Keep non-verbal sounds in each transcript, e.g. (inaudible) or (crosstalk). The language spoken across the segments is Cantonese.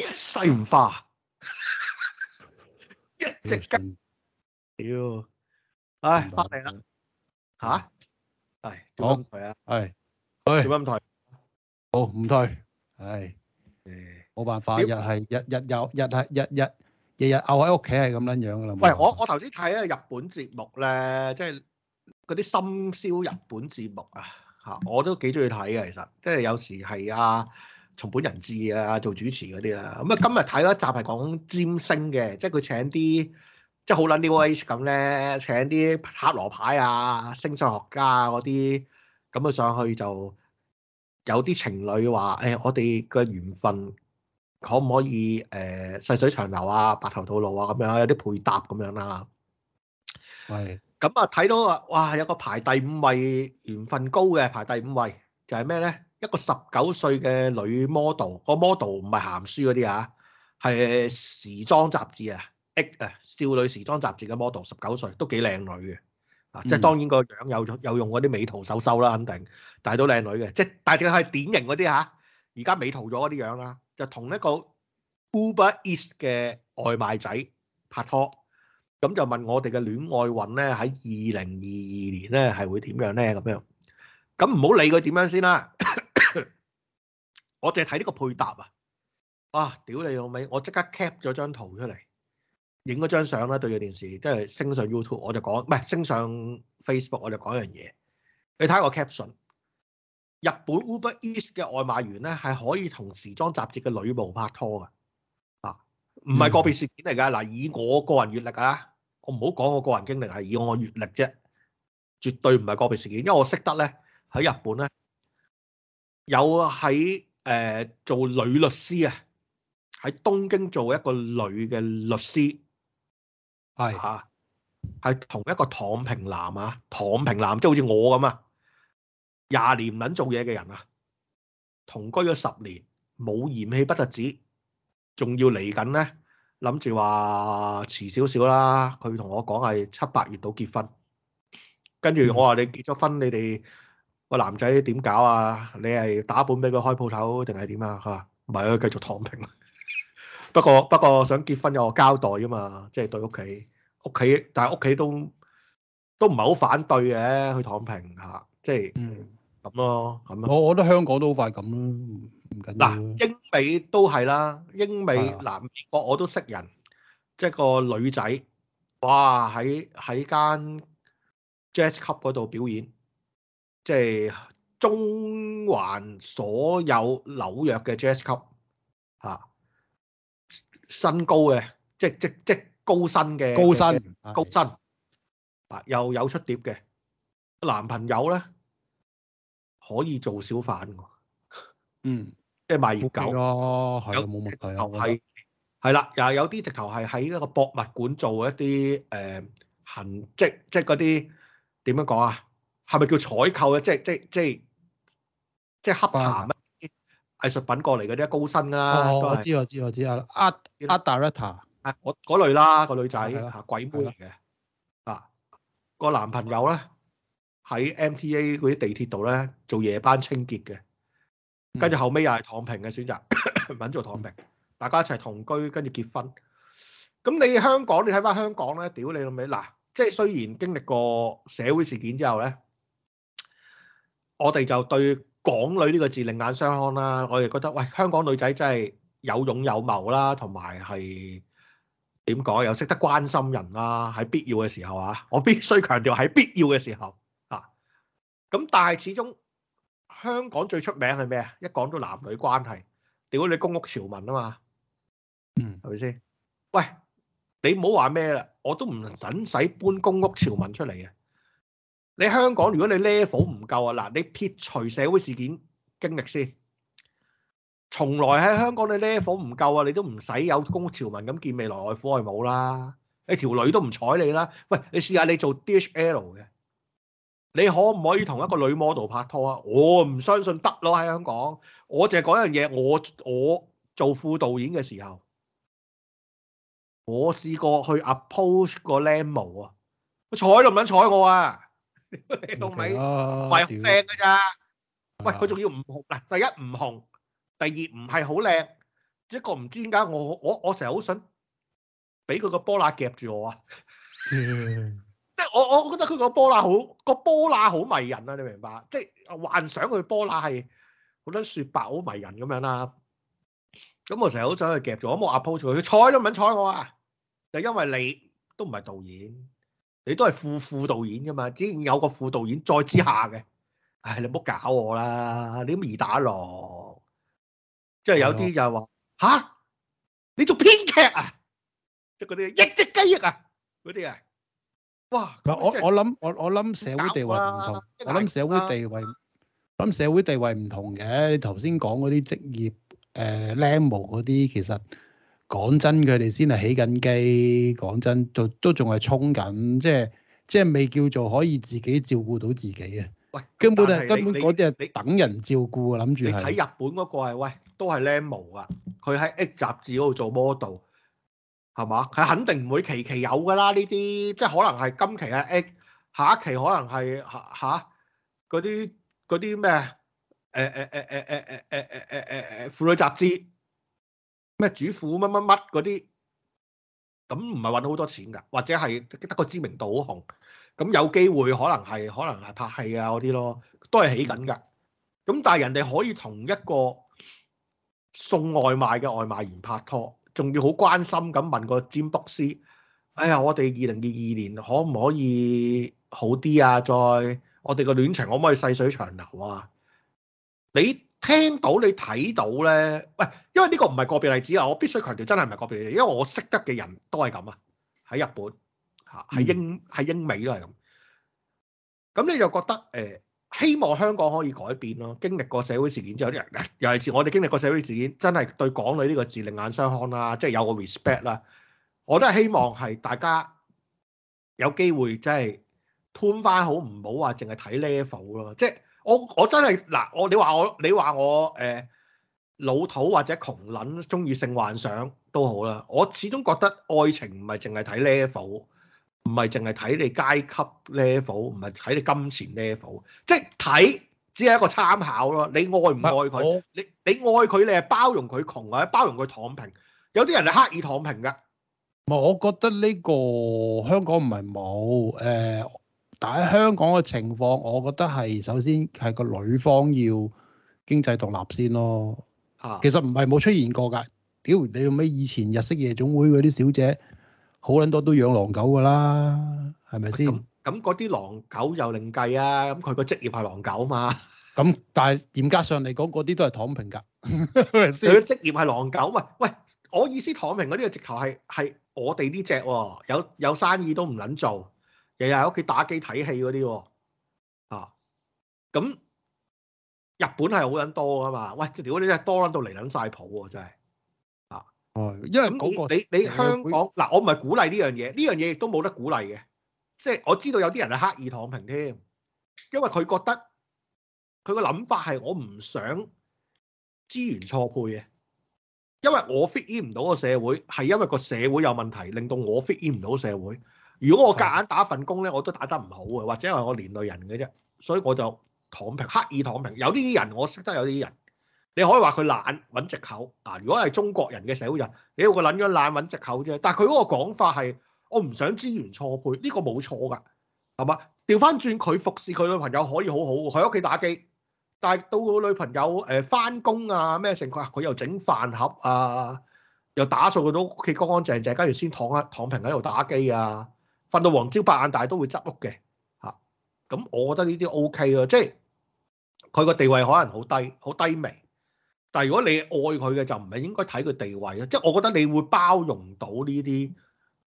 一世唔化，一隻雞，屌，哎，翻嚟啦，吓，係，好，係啊，係，做乜唔退？好唔退，係，誒，冇辦法，日係日日有，日係日日日日漚喺屋企係咁樣樣噶啦。喂，我我頭先睇一個日本節目咧，即係嗰啲深宵日本節目啊，吓，我都幾中意睇嘅，其實，即係有時係阿。從本人志啊，做主持嗰啲啦。咁啊，今日睇咗一集係講占星嘅，即係佢請啲即係好撚 new age 咁咧，請啲塔羅牌啊、星相學家啊嗰啲咁啊，上去就有啲情侶話：誒、哎，我哋嘅緣分可唔可以誒細、呃、水長流啊、白頭到老啊咁樣，有啲配搭咁樣啦。係。咁啊，睇是的 到啊，哇！有個排第五位緣分高嘅，排第五位就係咩咧？一個十九歲嘅女 model，個 model 唔係鹹書嗰啲啊，係時裝雜誌啊，A 啊少女時裝雜誌嘅 model，十九歲都幾靚女嘅啊，即係當然個樣有有用嗰啲美圖秀秀啦，肯定，但係都靚女嘅，即係但係佢係典型嗰啲嚇。而家美圖咗嗰啲樣啦，就同一個 Uber Eats 嘅外賣仔拍拖，咁就問我哋嘅戀愛運咧，喺二零二二年咧，係會點樣咧，咁樣，咁唔好理佢點樣先啦。我淨係睇呢個配搭啊！哇，屌你老味，我即刻 cap 咗張圖出嚟，影咗張相啦。對住電視，即係升上 YouTube，我就講唔係升上 Facebook，我就講一樣嘢。你睇我 caption，日本 Uber East 嘅外賣員咧係可以同時裝雜誌嘅女模拍拖噶啊！唔係個別事件嚟㗎。嗱、嗯，以我個人閱歷啊，我唔好講我個人經歷，啊，以我閱歷啫，絕對唔係個別事件，因為我識得咧喺日本咧有喺。有誒、呃、做女律師啊，喺東京做一個女嘅律師，係嚇是，係、啊、同一個躺平男啊，躺平男即係好似我咁啊，廿年唔撚做嘢嘅人啊，同居咗十年，冇嫌棄不特止，仲要嚟緊咧，諗住話遲少少啦，佢同我講係七八月到結婚，跟住我話你結咗婚、嗯，你哋。個男仔點搞啊？你係打本俾佢開鋪頭定係點啊？吓，唔係佢繼續躺平。 (laughs) 不過不過想結婚有個交代啊嘛，即係對屋企屋企，但係屋企都都唔係好反對嘅，去躺平吓，即係咁咯，咁啊。我我覺得香港都好快咁啦，唔緊嗱，英美都係啦，英美嗱，啊、南美國我都識人，即係個女仔，哇！喺喺間 jazz club 嗰度表演。即係中環所有紐約嘅 Jazz 級吓，新高嘅，即即即高薪嘅高薪高薪啊，又有出碟嘅。男朋友咧可以做小販，嗯，即係賣熱狗咯，係冇問題啊，係係啦，又有啲直頭係喺一個博物館做一啲誒痕跡，即係嗰啲點樣講啊？係咪叫採購咧？即係即係即係即係洽談一啲藝術品過嚟嗰啲高薪啦，哦。我知我知我知啊啊啊！director 啊，嗰嗰類啦，個女仔嚇、哦、鬼妹嚟嘅啊，了個男朋友咧喺 MTA 嗰啲地鐵度咧做夜班清潔嘅，跟住後尾又係躺平嘅選擇，揾、嗯、 (laughs) 做躺平，嗯、大家一齊同居，跟住結婚。咁你香港，你睇翻香港咧，屌你老味嗱，即係雖然經歷過社會事件之後咧。我哋就對港女呢個字另眼相看啦！我哋覺得喂香港女仔真係有勇有謀啦，同埋係點講又識得關心人啦。喺必要嘅時候啊，我必須強調喺必要嘅時候啊。咁但係始終香港最出名係咩啊？一講到男女關係，屌你公屋潮民啊嘛，嗯係咪先？喂，你唔好話咩啦，我都唔準使搬公屋潮民出嚟嘅。你香港如果你 level 唔夠啊，嗱，你撇除社會事件經歷先，從來喺香港你 level 唔夠啊，你都唔使有公條文咁見未來外父外母啦，你條女都唔睬你啦。喂，你試下你做 DHL 嘅，你可唔可以同一個女 model 拍拖啊？我唔相信得咯喺香港。我淨係講一樣嘢，我我做副導演嘅時候，我試過去 approach 個 Lemon 啊，睬都唔撚睬我啊！你到咪唔係好靚噶咋？喂，佢仲要唔紅嗱？第一唔紅，第二唔係好靚，一個唔知點解我我我成日好想俾佢個波拉夾住我啊！即 (laughs) 係 (laughs) 我我覺得佢個波拉好個波拉好迷人啊，你明唔明白？即係幻想佢波拉係好得雪白，好迷人咁樣啦。咁我成日好想去夾住，我冇 approach 佢，佢睬都唔肯睬我啊！就因為你都唔係導演。你都係副副導演噶嘛？之前有個副導演再之下嘅。唉，你唔好搞我啦！你咁易打落，即係有啲就話吓，你做編劇啊？即係嗰啲一隻雞翼啊？嗰啲啊？哇！我我諗我我諗社會地位唔同，我諗社會地位，諗社會地位唔同嘅。你頭先講嗰啲職業誒，靚模嗰啲其實，講真，佢哋先係起緊機。講真，就都仲係衝緊，即係即係未叫做可以自己照顧到自己啊！根本係根本嗰啲係你等人照顧啊！諗住係睇日本嗰個係喂，都係靚模啊！佢喺 A 雜誌嗰度做 model，係嘛？佢肯定唔會期期有噶啦。呢啲即係可能係今期嘅 A，下一期可能係嚇嗰啲啲咩誒誒誒誒誒誒誒誒誒誒婦女雜誌。咩主婦乜乜乜嗰啲，咁唔係搵到好多錢噶，或者係得個知名度好紅，咁有機會可能係可能係拍戲啊嗰啲咯，都係起緊噶。咁但係人哋可以同一個送外賣嘅外賣員拍拖，仲要好關心咁問個占卜師，哎呀，我哋二零二二年可唔可以好啲啊？再我哋個戀情可唔可以細水長流啊？你？聽到你睇到咧，喂，因為呢個唔係個別例子啊，我必須強調真係唔係個別例子，因為我識得嘅人都係咁啊，喺日本嚇，喺、嗯、英喺英美都係咁。咁你就覺得誒、呃，希望香港可以改變咯。經歷過社會事件之後，啲人尤其是我哋經歷過社會事件，真係對港女呢個字另眼相看啦，即係有個 respect 啦。我都係希望係大家有機會即係 turn 翻好，唔好話淨係睇 level 咯，即係。我我真係嗱，你我你話我你話我誒老土或者窮撚中意性幻想都好啦，我始終覺得愛情唔係淨係睇 level，唔係淨係睇你階級 level，唔係睇你金錢 level，即係睇只係一個參考咯。你愛唔愛佢麼？你你愛佢，你係包容佢窮啊，包容佢躺平。有啲人係刻意躺平嘅。唔係，我覺得呢、呢個香港唔係冇誒。呃但喺香港嘅情況，我覺得係首先係個女方要經濟獨立先咯。嚇，其實唔係冇出現過㗎。屌，你老味以前日式夜總會嗰啲小姐，好撚多都養狼狗㗎啦，係咪先？咁嗰啲狼狗又另計啊！咁佢個職業係狼狗嘛？咁 (laughs) 但係嚴格上嚟講，嗰啲都係躺平㗎。佢 (laughs) 嘅職業係狼狗。喂喂，我意思躺平嗰啲嘅直頭係係我哋呢隻喎，有有生意都唔撚做。日日喺屋企打機睇戲嗰啲喎，啊，咁日本係好撚多㗎嘛？喂，屌你真係多撚到嚟撚曬譜喎，真係啊！哦，因為你你香港嗱，我唔係鼓勵呢樣嘢，呢樣嘢亦都冇得鼓勵嘅。即係我知道有啲人係刻意躺平添，因為佢覺得佢個諗法係我唔想資源錯配嘅，因為我 fit in 唔到個社會係因為個社會有問題，令到我 fit in 唔到社會。如果我夾硬打份工咧，我都打得唔好嘅，或者係我連累人嘅啫，所以我就躺平，刻意躺平。有啲人我識得，有啲人你可以話佢懶揾藉口啊。如果係中國人嘅社會人，你話個撚樣懶揾藉口啫。但係佢嗰個講法係我唔想資源錯配，呢個冇錯㗎，係嘛？調翻轉佢服侍佢女朋友可以好好喎，喺屋企打機。但係到佢女朋友誒翻工啊咩成，佢、啊、又整飯盒啊，又打掃佢到屋企乾乾淨淨，跟住先躺一躺平喺度打機啊。瞓到黃朝白眼，大都會執屋嘅嚇。咁、啊、我覺得呢啲 O K 咯，即係佢個地位可能好低，好低微。但係如果你愛佢嘅，就唔係應該睇佢地位咯、啊。即係我覺得你會包容到呢啲，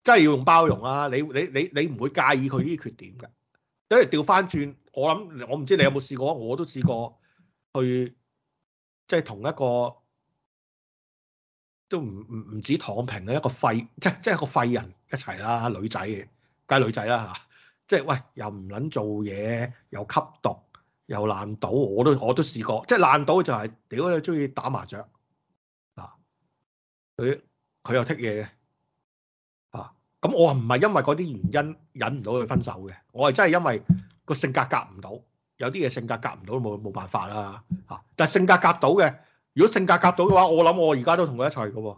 真係要用包容啊。你你你你唔會介意佢呢啲缺點㗎。因為調翻轉，我諗我唔知你有冇試過，我都試過去即係同一個都唔唔唔止躺平啦，一個廢即即係一個廢人一齊啦、啊，女仔嘅。街女仔啦吓？即係喂又唔捻做嘢，又吸毒，又爛賭，我都我都試過，即係爛賭就係屌你中意打麻雀啊，佢佢又剔嘢嘅啊，咁我唔係因為嗰啲原因忍唔到佢分手嘅，我係真係因為個性格夾唔到，有啲嘢性格夾唔到冇冇辦法啦嚇、啊。但性格夾到嘅，如果性格夾到嘅話，我諗我而家都同佢一齊㗎喎。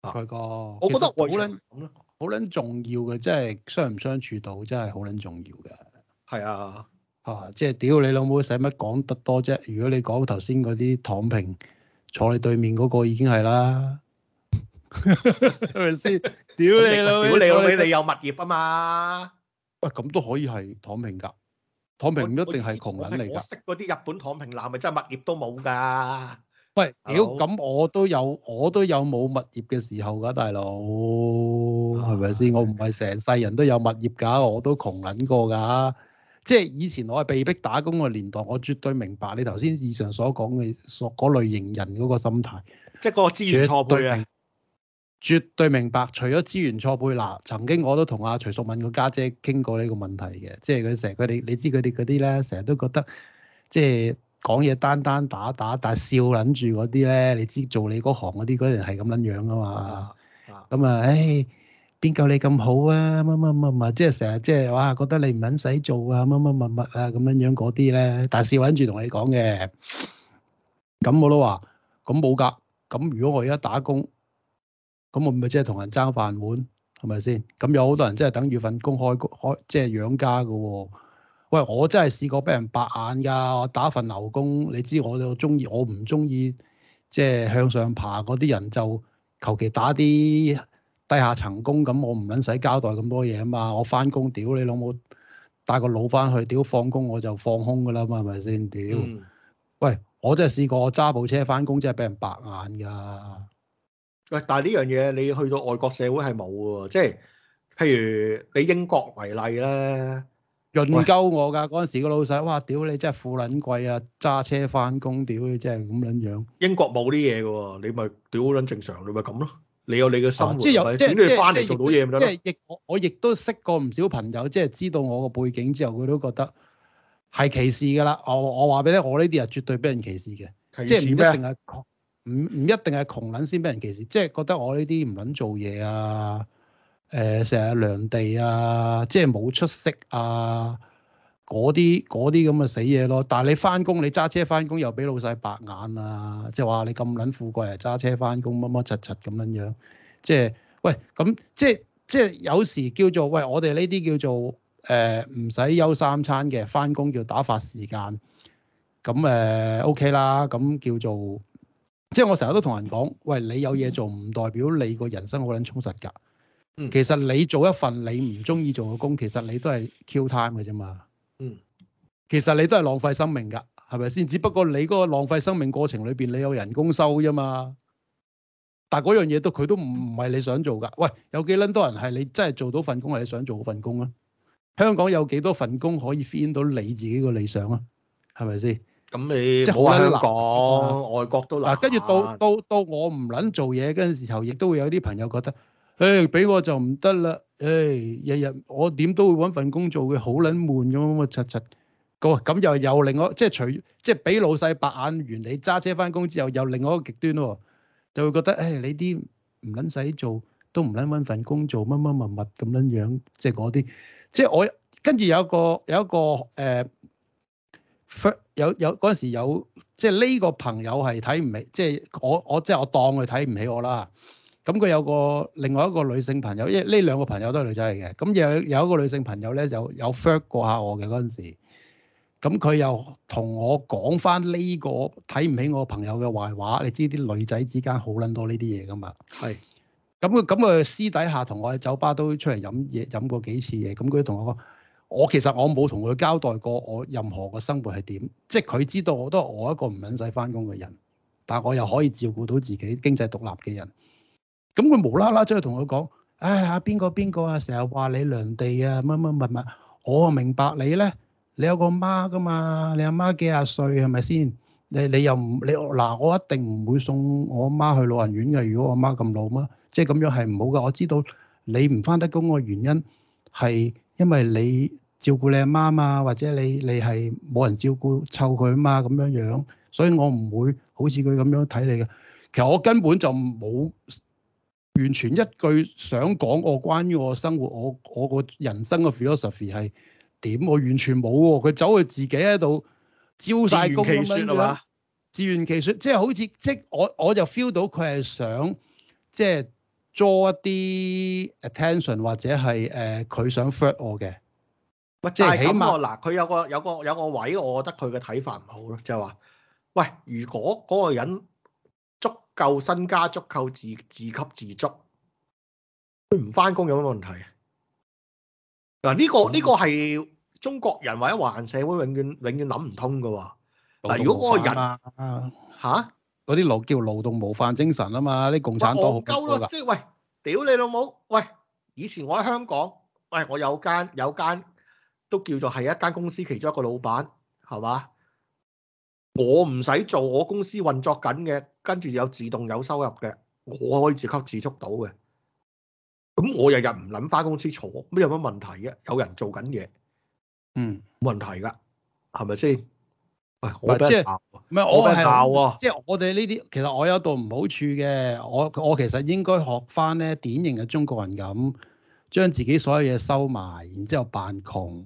蔡、啊、哥，我覺得我好捻諗咯。好捻重要嘅，即係相唔相處到，真係好捻重要嘅。係啊，吓、啊、即係屌你老母使乜講得多啫？如果你講頭先嗰啲躺平坐你對面嗰個已經係啦，係咪先？屌你老了 (laughs) 屌你老母你，你， (laughs) 你有物業啊嘛？喂、哎，咁都可以係躺平噶，躺平唔一定係窮人嚟噶我識嗰啲日本躺平男，咪真係物業都冇噶。喂，屌！咁我都有，我都有冇物業嘅時候噶，大佬係咪先？啊、吧我唔係成世人都有物業噶，我都窮捻過噶。即係以前我係被逼打工嘅年代，我絕對明白你頭先以上所講嘅所嗰類型人嗰個心態。即係嗰個資源錯配啊！絕對明白，除咗資源錯配嗱，曾經我都同阿徐淑敏個家姐傾過呢個問題嘅，即係佢成日佢哋，你知佢哋嗰啲咧，成日都覺得即係。講嘢單單打打，但係笑撚住嗰啲咧，你知做你嗰行嗰啲嗰人係咁樣樣噶嘛？咁啊，唉，邊、哎、夠你咁好啊？乜乜乜乜，即係成日即係哇，覺得你唔撚使做啊，乜乜乜，物啊，咁樣樣嗰啲咧，但係笑撚住同你講嘅，咁我都話，咁冇㗎，咁如果我而家打工，咁我咪即係同人爭飯碗，係咪先？咁有好多人即係等月份工開工即係、就是、養家噶喎、哦。喂，我真係試過俾人白眼㗎！我打份牛工，你知我就中意，我唔中意即係向上爬嗰啲人就求其打啲低下層工咁，我唔撚使交代咁多嘢啊嘛！我翻工屌你老母，帶個腦翻去屌放工我就放空㗎啦嘛，係咪先屌？嗯、喂，我真係試過我揸部車翻工，真係俾人白眼㗎。喂，但係呢樣嘢你去到外國社會係冇喎，即係譬如你英國為例啦。潤鳩我噶嗰陣時個老細，哇！屌你真係富捻貴啊，揸車翻工，屌你真係咁捻樣。英國冇啲嘢噶，你咪屌捻正常，你咪咁咯。你有你嘅生活，啊、即係如果即係、你翻嚟做到嘢就係、即係即係即係，我我亦都識過唔少朋友，即係知道我個背景之後，佢都覺得係歧視噶啦。我我話俾你聽，我呢啲啊絕對俾人歧視嘅，即係唔一定係窮，唔唔、啊、一定係窮捻先俾人歧視，即係覺得我呢啲唔捻做嘢啊。誒成日涼地啊，即係冇出息啊，嗰啲啲咁嘅死嘢咯。但係你翻工，你揸車翻工又俾老細白眼啊！即係話你咁撚富貴啊，揸車翻工乜乜柒柒咁樣樣。即係喂，咁即係即係有時叫做喂，我哋呢啲叫做誒唔使休三餐嘅翻工叫打發時間。咁誒、呃、OK 啦，咁叫做即係我成日都同人講，喂，你有嘢做唔代表你個人生好撚充實㗎。其實你做一份你唔中意做嘅工，其實你都係 Q time 嘅啫嘛。嗯，其實你都係浪費生命噶，係咪先？只不過你嗰個浪費生命過程裏邊，你有人工收啫嘛。但係嗰樣嘢都佢都唔係你想做噶。喂，有幾捻多人係你真係做到份工係你想做嗰份工啊？香港有幾多份工可以 feel 到你自己個理想啊？係咪先？咁那你即係好難，香港、啊、外國都難。嗱、啊，跟住到到到我唔捻做嘢嗰陣時候，亦都會有啲朋友覺得。誒俾、哎、我就唔得啦！誒日日我點都會揾份工做嘅，好撚悶咁乜柒柒。個咁又又另外，即係除即係俾老細白眼完，你揸車翻工之後，又有另外一個極端喎、哦，就會覺得誒、哎、你啲唔撚使做，都唔撚揾份工做，乜乜乜乜咁樣樣、就是，即係嗰啲。即係我跟住有一個有一個誒、呃，有有嗰陣時有，即係呢個朋友係睇唔起，即係我我即係我當佢睇唔起我啦。咁佢有個另外一個女性朋友，因為呢兩個朋友都係女仔嚟嘅，咁有有一個女性朋友咧有有 fur 過下我嘅嗰陣時，咁佢又同我講翻呢個睇唔起我朋友嘅壞話，你知啲女仔之間好撚多呢啲嘢噶嘛？係是。咁佢咁佢私底下同我喺酒吧都出嚟飲嘢飲過幾次嘢，咁佢同我講，我其實我冇同佢交代過我任何個生活係點，即係佢知道我都係我一個唔撚使翻工嘅人，但我又可以照顧到自己經濟獨立嘅人。咁佢無啦啦走去同佢講，唉，阿邊個邊個啊，成日話你糧地啊，乜乜乜乜，我啊明白你咧，你有個媽噶嘛，你阿媽幾廿歲係咪先？你你又唔你嗱，我一定唔會送我阿媽去老人院嘅。如果我阿媽咁老咩？即係咁樣係唔好嘅。我知道你唔翻得工嘅原因係因為你照顧你阿媽啊嘛，或者你你係冇人照顧湊佢啊嘛咁樣樣，所以我唔會好似佢咁樣睇你嘅。其實我根本就冇。完全一句想講我關於我生活我我個人生嘅 philosophy 係點？我完全冇喎、啊，佢走去自己喺度招曬工咁樣，自圓其說即係好似即我我就 feel 到佢係想即係 draw 一啲 attention 或者係誒佢想 fire 我嘅。喂是，即係起碼嗱，佢有個有個有個位，我覺得佢嘅睇法唔好咯，就係、是、話喂，如果嗰個人。夠身家足夠自自給自足，佢唔翻工有乜問題啊？嗱、呢個，呢、呢個呢個係中國人或者華人社會永遠永遠諗唔通㗎喎。嗱、啊，如果嗰個人嚇嗰啲勞、啊啊、叫勞動模範精神啊嘛，啲共產黨好鳩啦，即係喂屌你老母！喂，以前我喺香港，喂，我有間有間都叫做係一間公司，其中一個老闆係嘛？我唔使做，我公司運作緊嘅，跟住有自動有收入嘅，我可以自給自足到嘅。咁我日日唔諗翻公司坐，咩有乜問題嘅？人有人做緊嘢，嗯，冇問題噶，係咪先？喂、哎，我即係咩？係す我係教啊？即係我哋呢啲，其實我有一度唔好處嘅，我我其實應該學翻咧典型嘅中國人咁，將自己所有嘢收埋，然後之後扮窮，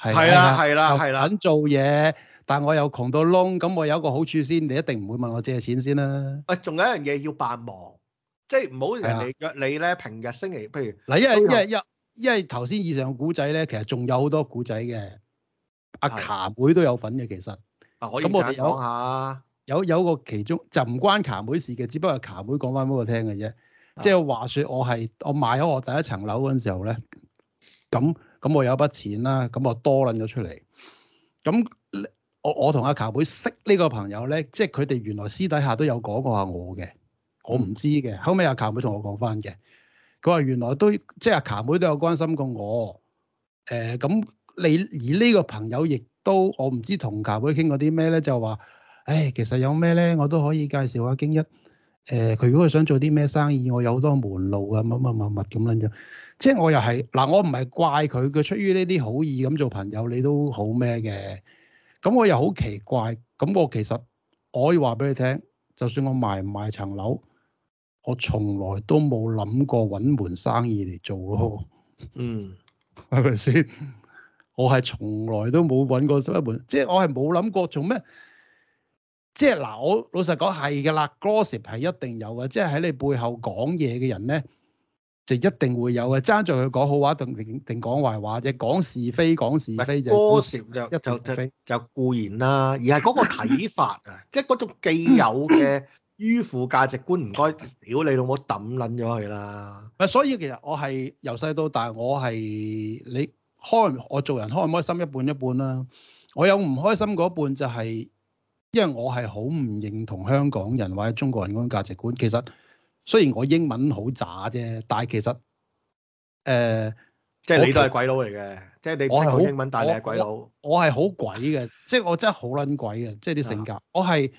係啦係啦係啦，咁做嘢。寶寶但我又窮到窿，咁我有個好處先，你一定唔會問我借錢先啦。喂，仲有一樣嘢要扮忙，即係唔好人哋約的你咧，平日星期日，譬如嗱為，因為因為因因為頭先以上古仔咧，其實仲有好多古仔嘅，的阿卡妹都有份嘅，其實的啊，我咁我講下，有有，有個其中就唔關卡妹事嘅，只不過卡妹講翻俾我聽嘅啫。即係話説，我係我賣咗我第一層樓嗰陣時候咧，咁咁我，我，我，我，我，我，我有一筆錢啦，咁我多撚咗出嚟，咁。我我同阿卡妹識呢個朋友咧，即係佢哋原來私底下都有講過下我嘅，我唔知嘅。後尾阿卡妹同我講翻嘅，佢話原來都即係阿卡妹都有關心過我。誒、呃、咁你而呢個朋友亦都我唔知同卡妹傾過啲咩咧，就話誒其實有咩咧，我都可以介紹阿經一誒。佢、呃、如果佢想做啲咩生意，我有好多門路㗎、啊，乜乜乜乜咁樣樣。即係我又係嗱，我唔係怪佢，佢出於呢啲好意咁做朋友，你都好咩嘅。咁我又好奇怪，咁我其實我可以話俾你聽，就算我賣唔賣層樓，我從來都冇諗過揾門生意嚟做咯。嗯，係咪先？我係從來都冇揾過什麼門，即係我係冇諗過做咩。即係嗱，我老實講係嘅啦，gossip 係一定有嘅，即係喺你背後講嘢嘅人咧。就一定會有嘅，爭住佢講好話定定講壞話啫，講是非講是非是就 gossip 就，就一就就就固然啦。而係嗰個睇法啊， (laughs) 即係嗰種既有嘅迂腐價值觀，唔該屌你老母抌撚咗佢啦。咪所以其實我係由細到大，我係你開我做人開唔開心一半一半啦、啊。我有唔開心嗰半就係，因為我係好唔認同香港人或者中國人嗰種價值觀，其實。雖然我英文好渣啫，但係其實誒，呃、即係你都係鬼佬嚟嘅，我即係你識好英文，我但係你係鬼佬。我係好鬼嘅， (laughs) 即係我真係好撚鬼嘅，即係啲性格。 (laughs) 我係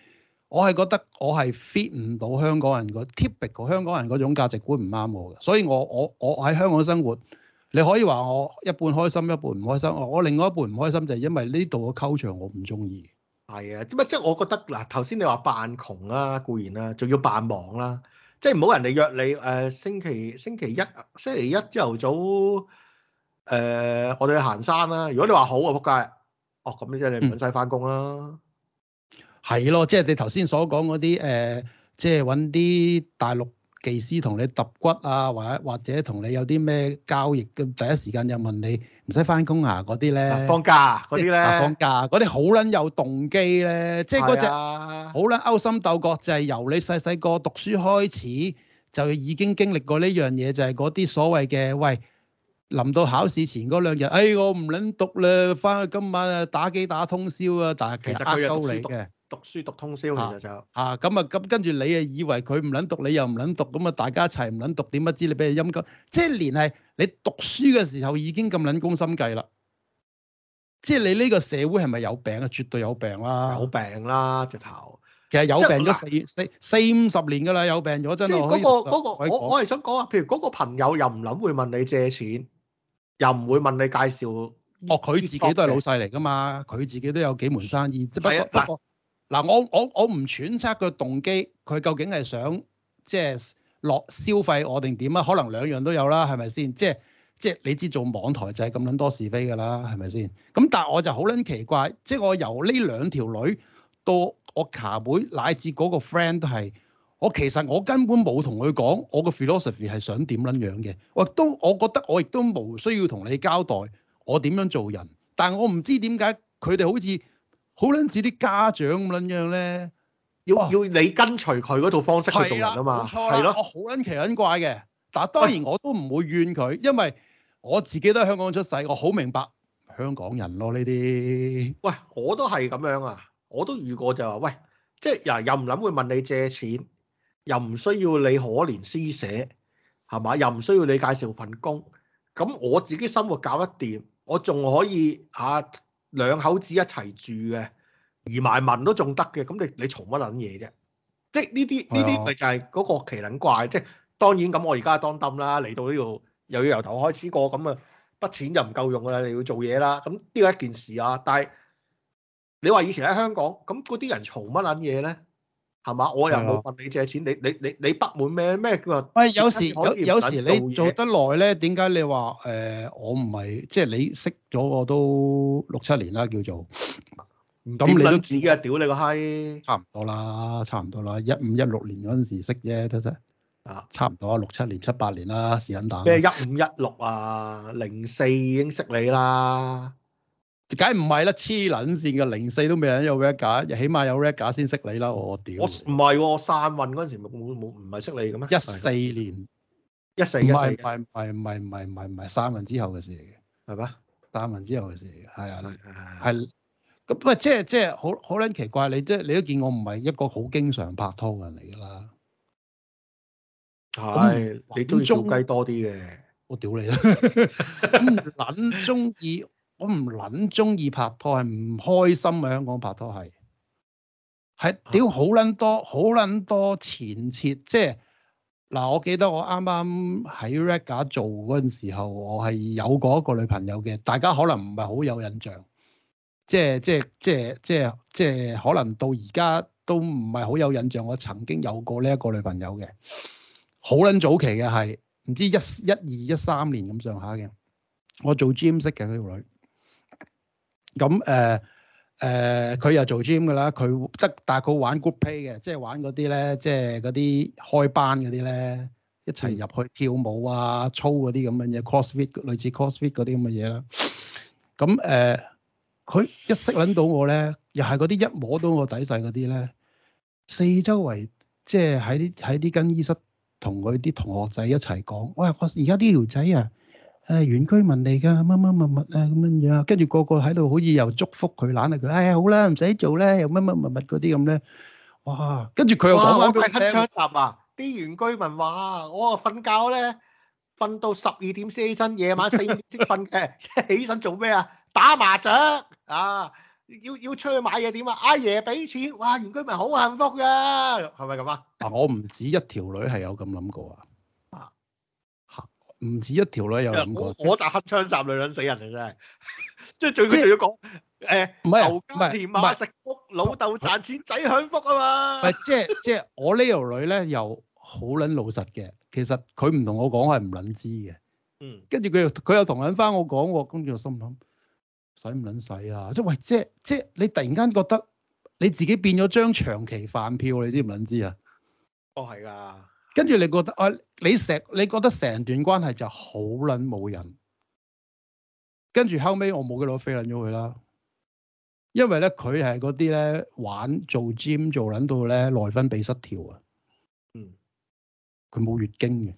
我係覺得我係 fit 唔到香港人，個 typical 香港人嗰種價值觀唔啱我嘅，所以我我我喺香港生活，你可以話我一半開心，一半唔開心。我另外一半唔開心就係，是，因為呢度嘅溝場我唔中意。係啊，即係即係我覺得嗱，頭先你話扮窮啦、啊，固然啦、啊，仲要扮忙啦、啊。即係唔好人哋約你，誒、呃、星期星期一星期一朝頭早，誒、呃、我哋去行山啦、啊。如果你話好啊，仆街！哦，咁你即係你唔使翻工啦。係咯、嗯，即係你頭先所講嗰啲，誒即係揾啲大陸。 (noise) (noise) (noise) (noise) (noise) (noise) 技師同你揼骨啊，或者或者同你有啲咩交易嘅，第一時間就問你唔使翻工啊嗰啲咧，放假嗰啲咧，放假嗰啲好撚有動機咧，即係嗰隻好撚勾心鬥角，就係由你細細個讀書開始就已經經歷過呢樣嘢，就係嗰啲所謂嘅喂，臨到考試前嗰兩日，哎我唔撚讀啦，翻去今晚啊打機打通宵啊，但係其實佢係讀書嘅。讀書讀通宵其實就嚇，咁啊咁跟住你啊以為佢唔撚讀，你又唔撚讀，咁啊大家一齊唔撚讀，點不知你俾佢陰溝。即係連係你讀書嘅時候已經咁撚攻心計啦！即係你呢個社會係咪有病啊？絕對有病啦！有病啦！直頭其實有病都四四四五十年噶啦，有病咗真係。即係嗰個我我係想講啊，譬如嗰個朋友又唔撚會問你借錢，又唔會問你介紹。哦，佢自己都係老細嚟噶嘛，佢自己都有幾門生意。係不過。嗱，我我我唔揣測佢動機，佢究竟係想即係落消費我定點啊？可能兩樣都有啦，係咪先？即係即係你知做網台就係咁撚多是非㗎啦，係咪先？咁但係我就好撚奇怪，即係我由呢兩條女到我卡妹乃至嗰個 friend 都係，我其實我根本冇同佢講我個 philosophy 係想點撚樣嘅。我都我覺得我亦都冇需要同你交代我點樣做人，但係我唔知點解佢哋好似。好撚似啲家長咁撚樣咧，要要你跟隨佢嗰套方式去做人啊嘛，係咯，的我好撚奇撚怪嘅。但當然我都唔會怨佢，喂因為我自己都喺香港出世，我好明白香港人咯呢啲。喂，我都係咁樣啊，我都遇過就話，喂，即係又又唔諗會問你借錢，又唔需要你可憐施捨，係嘛？又唔需要你介紹份工，咁我自己生活搞得掂，我仲可以啊。兩口子一齊住嘅，移埋民都仲得嘅，咁你你嘈乜撚嘢啫？即係呢啲呢啲咪就係嗰個奇撚怪。即係當然咁，我而家當冧啦，嚟到呢度又要由頭開始過，咁啊筆錢就唔夠用啦，你要做嘢啦，咁呢一件事啊。但係你話以前喺香港，咁嗰啲人嘈乜撚嘢咧？係嘛？我又冇問你借錢，你你你你不滿咩咩佢話？喂，有時有有時你做得耐咧，點解你話誒、呃、我唔係？即係你識咗我都六七年啦，叫做。咁你自己啊！屌你個閪！差唔多啦，差唔多啦，一五一六年嗰陣時識啫，都得啊，差唔多六七年、七八年啦，時間即咩一五一六啊？零四已經識你啦。梗唔係啦，黐捻線嘅零四都未有 record 架，又起碼有 record 架先識你啦，我屌、喔喔！我唔係喎，散運嗰陣時冇冇唔係識你嘅咩？一四年，一四一唔係唔係唔係唔係唔係唔係散運之後嘅事，嚟嘅是，係嘛？散運之後嘅事，嚟嘅，係啊，係係咁，喂、啊，即係即係好好捻奇怪，你即係你都見我唔係一個好經常拍拖嘅人嚟噶啦，係唉你都喜中意多啲嘅，我屌你啦，咁捻中意。啊我唔撚中意拍拖，係唔開心嘅。香港拍拖係係屌好撚多好撚多前設，即係嗱。我記得我啱啱喺 Red 假做嗰陣時候，我係有過一個女朋友嘅。大家可能唔係好有印象，即係即係即係即係即係可能到而家都唔係好有印象。我曾經有過呢一個女朋友嘅，好撚早期嘅係唔知一一,一二一三年咁上下嘅。我做 gym 識嘅嗰條女。咁誒誒，佢、呃呃、又做 gym 嘅啦，佢得但係佢玩 group play 嘅，即係玩嗰啲咧，即係嗰啲開班嗰啲咧，一齊入去跳舞啊、操嗰啲咁樣嘢 cross fit 類似 cross fit 嗰啲咁嘅嘢啦。咁誒，佢、呃、一識撚到我咧，又係嗰啲一摸到我底細嗰啲咧，四周圍即係喺啲喺啲更衣室同佢啲同學仔一齊講，喂，我而家呢條仔啊～誒、哎、原居民嚟㗎，乜乜乜乜啊咁樣樣，跟住個個喺度，好似又祝福佢，懶啊佢，哎呀好啦，唔使做咧，又乜乜乜乜嗰啲咁咧，哇！跟住佢又，哇！我睇黑槍集啊，啲原居民話：我啊瞓覺咧，瞓到十二點先起身，夜晚四點先瞓嘅， (laughs) 起身做咩啊？打麻雀啊！要要出去買嘢點啊？阿爺俾錢，哇！原居民好幸福㗎，係咪咁啊？嗱、啊，我唔止一條女係有咁諗過啊！唔止一條女有兩個，我集黑槍集女人死人嚟真係， (laughs) 即係最佢仲要講誒牛耕田，馬食穀，老豆賺錢，仔享福啊嘛！唔係即係即係我呢條女咧，又好撚老實嘅。其實佢唔同我講係唔撚知嘅。嗯，跟住佢又佢又同撚翻我講喎，跟住我心諗使唔撚使啊！即係喂，即係即係你突然間覺得你自己變咗張長,長期飯票，你知唔撚知啊？哦是，係㗎。跟住你覺得啊，你成你覺得成段關係就好撚冇癮，跟住後尾我冇嘅攞飛撚咗佢啦。因為咧佢係嗰啲咧玩做 gym 做撚到咧內分泌失調啊。嗯，佢冇月經嘅，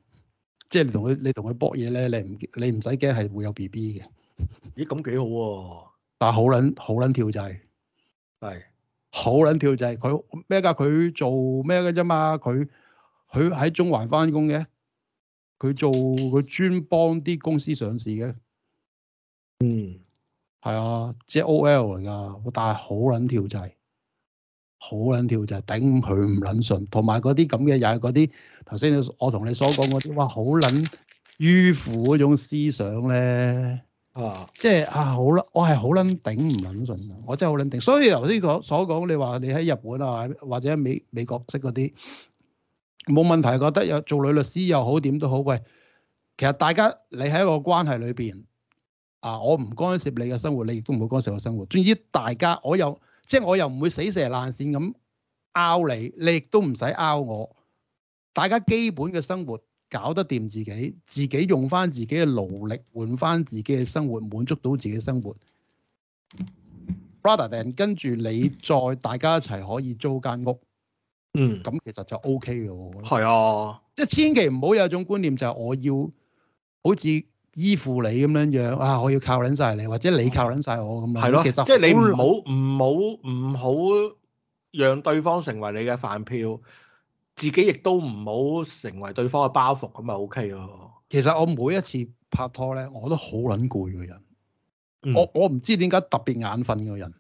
即係你同佢你同佢搏嘢咧，你唔你唔使驚係會有 B B 嘅。咦，咁幾好喎？但係好撚好撚跳掣係好撚跳掣佢咩㗎？佢做咩嘅啫嘛？佢佢喺中環返工嘅，佢做佢專幫啲公司上市嘅，嗯，係啊，即係 OL 嚟㗎，但係好撚跳掣，好撚跳掣，頂佢唔撚順，同埋嗰啲咁嘅又係嗰啲頭先我同你所講嗰啲，哇，好撚迂腐嗰種思想咧，啊即係，啊，即係啊，好撚，我係好撚頂唔撚順，我真係好撚頂。所以頭先所講，你話你喺日本啊，或者美美國識嗰啲。冇問題，覺得有做女律師又好，點都好。喂，其實大家你喺一個關係裏邊，啊，我唔干涉你嘅生活，你亦都唔好干涉我生活。總之大家，我又即係我又唔會死蛇爛線咁拗你，你亦都唔使拗我。大家基本嘅生活搞得掂自己，自己用翻自己嘅勞力換翻自己嘅生活，滿足到自己嘅生活。Rather than 跟住你再大家一齊可以租間屋。嗯，咁其實就 O K 嘅，我覺得係啊，即係千祈唔好有種觀念就係我要好似依附你咁樣樣啊，我要靠撚晒你，或者你靠撚晒我咁樣。係咯、哦，其實即係你唔好唔好唔好讓對方成為你嘅飯票，自己亦都唔好成為對方嘅包袱咁咪 O K 咯。OK、其實我每一次拍拖咧，我都好撚攰嘅人，嗯、我我唔知點解特別眼瞓嘅人，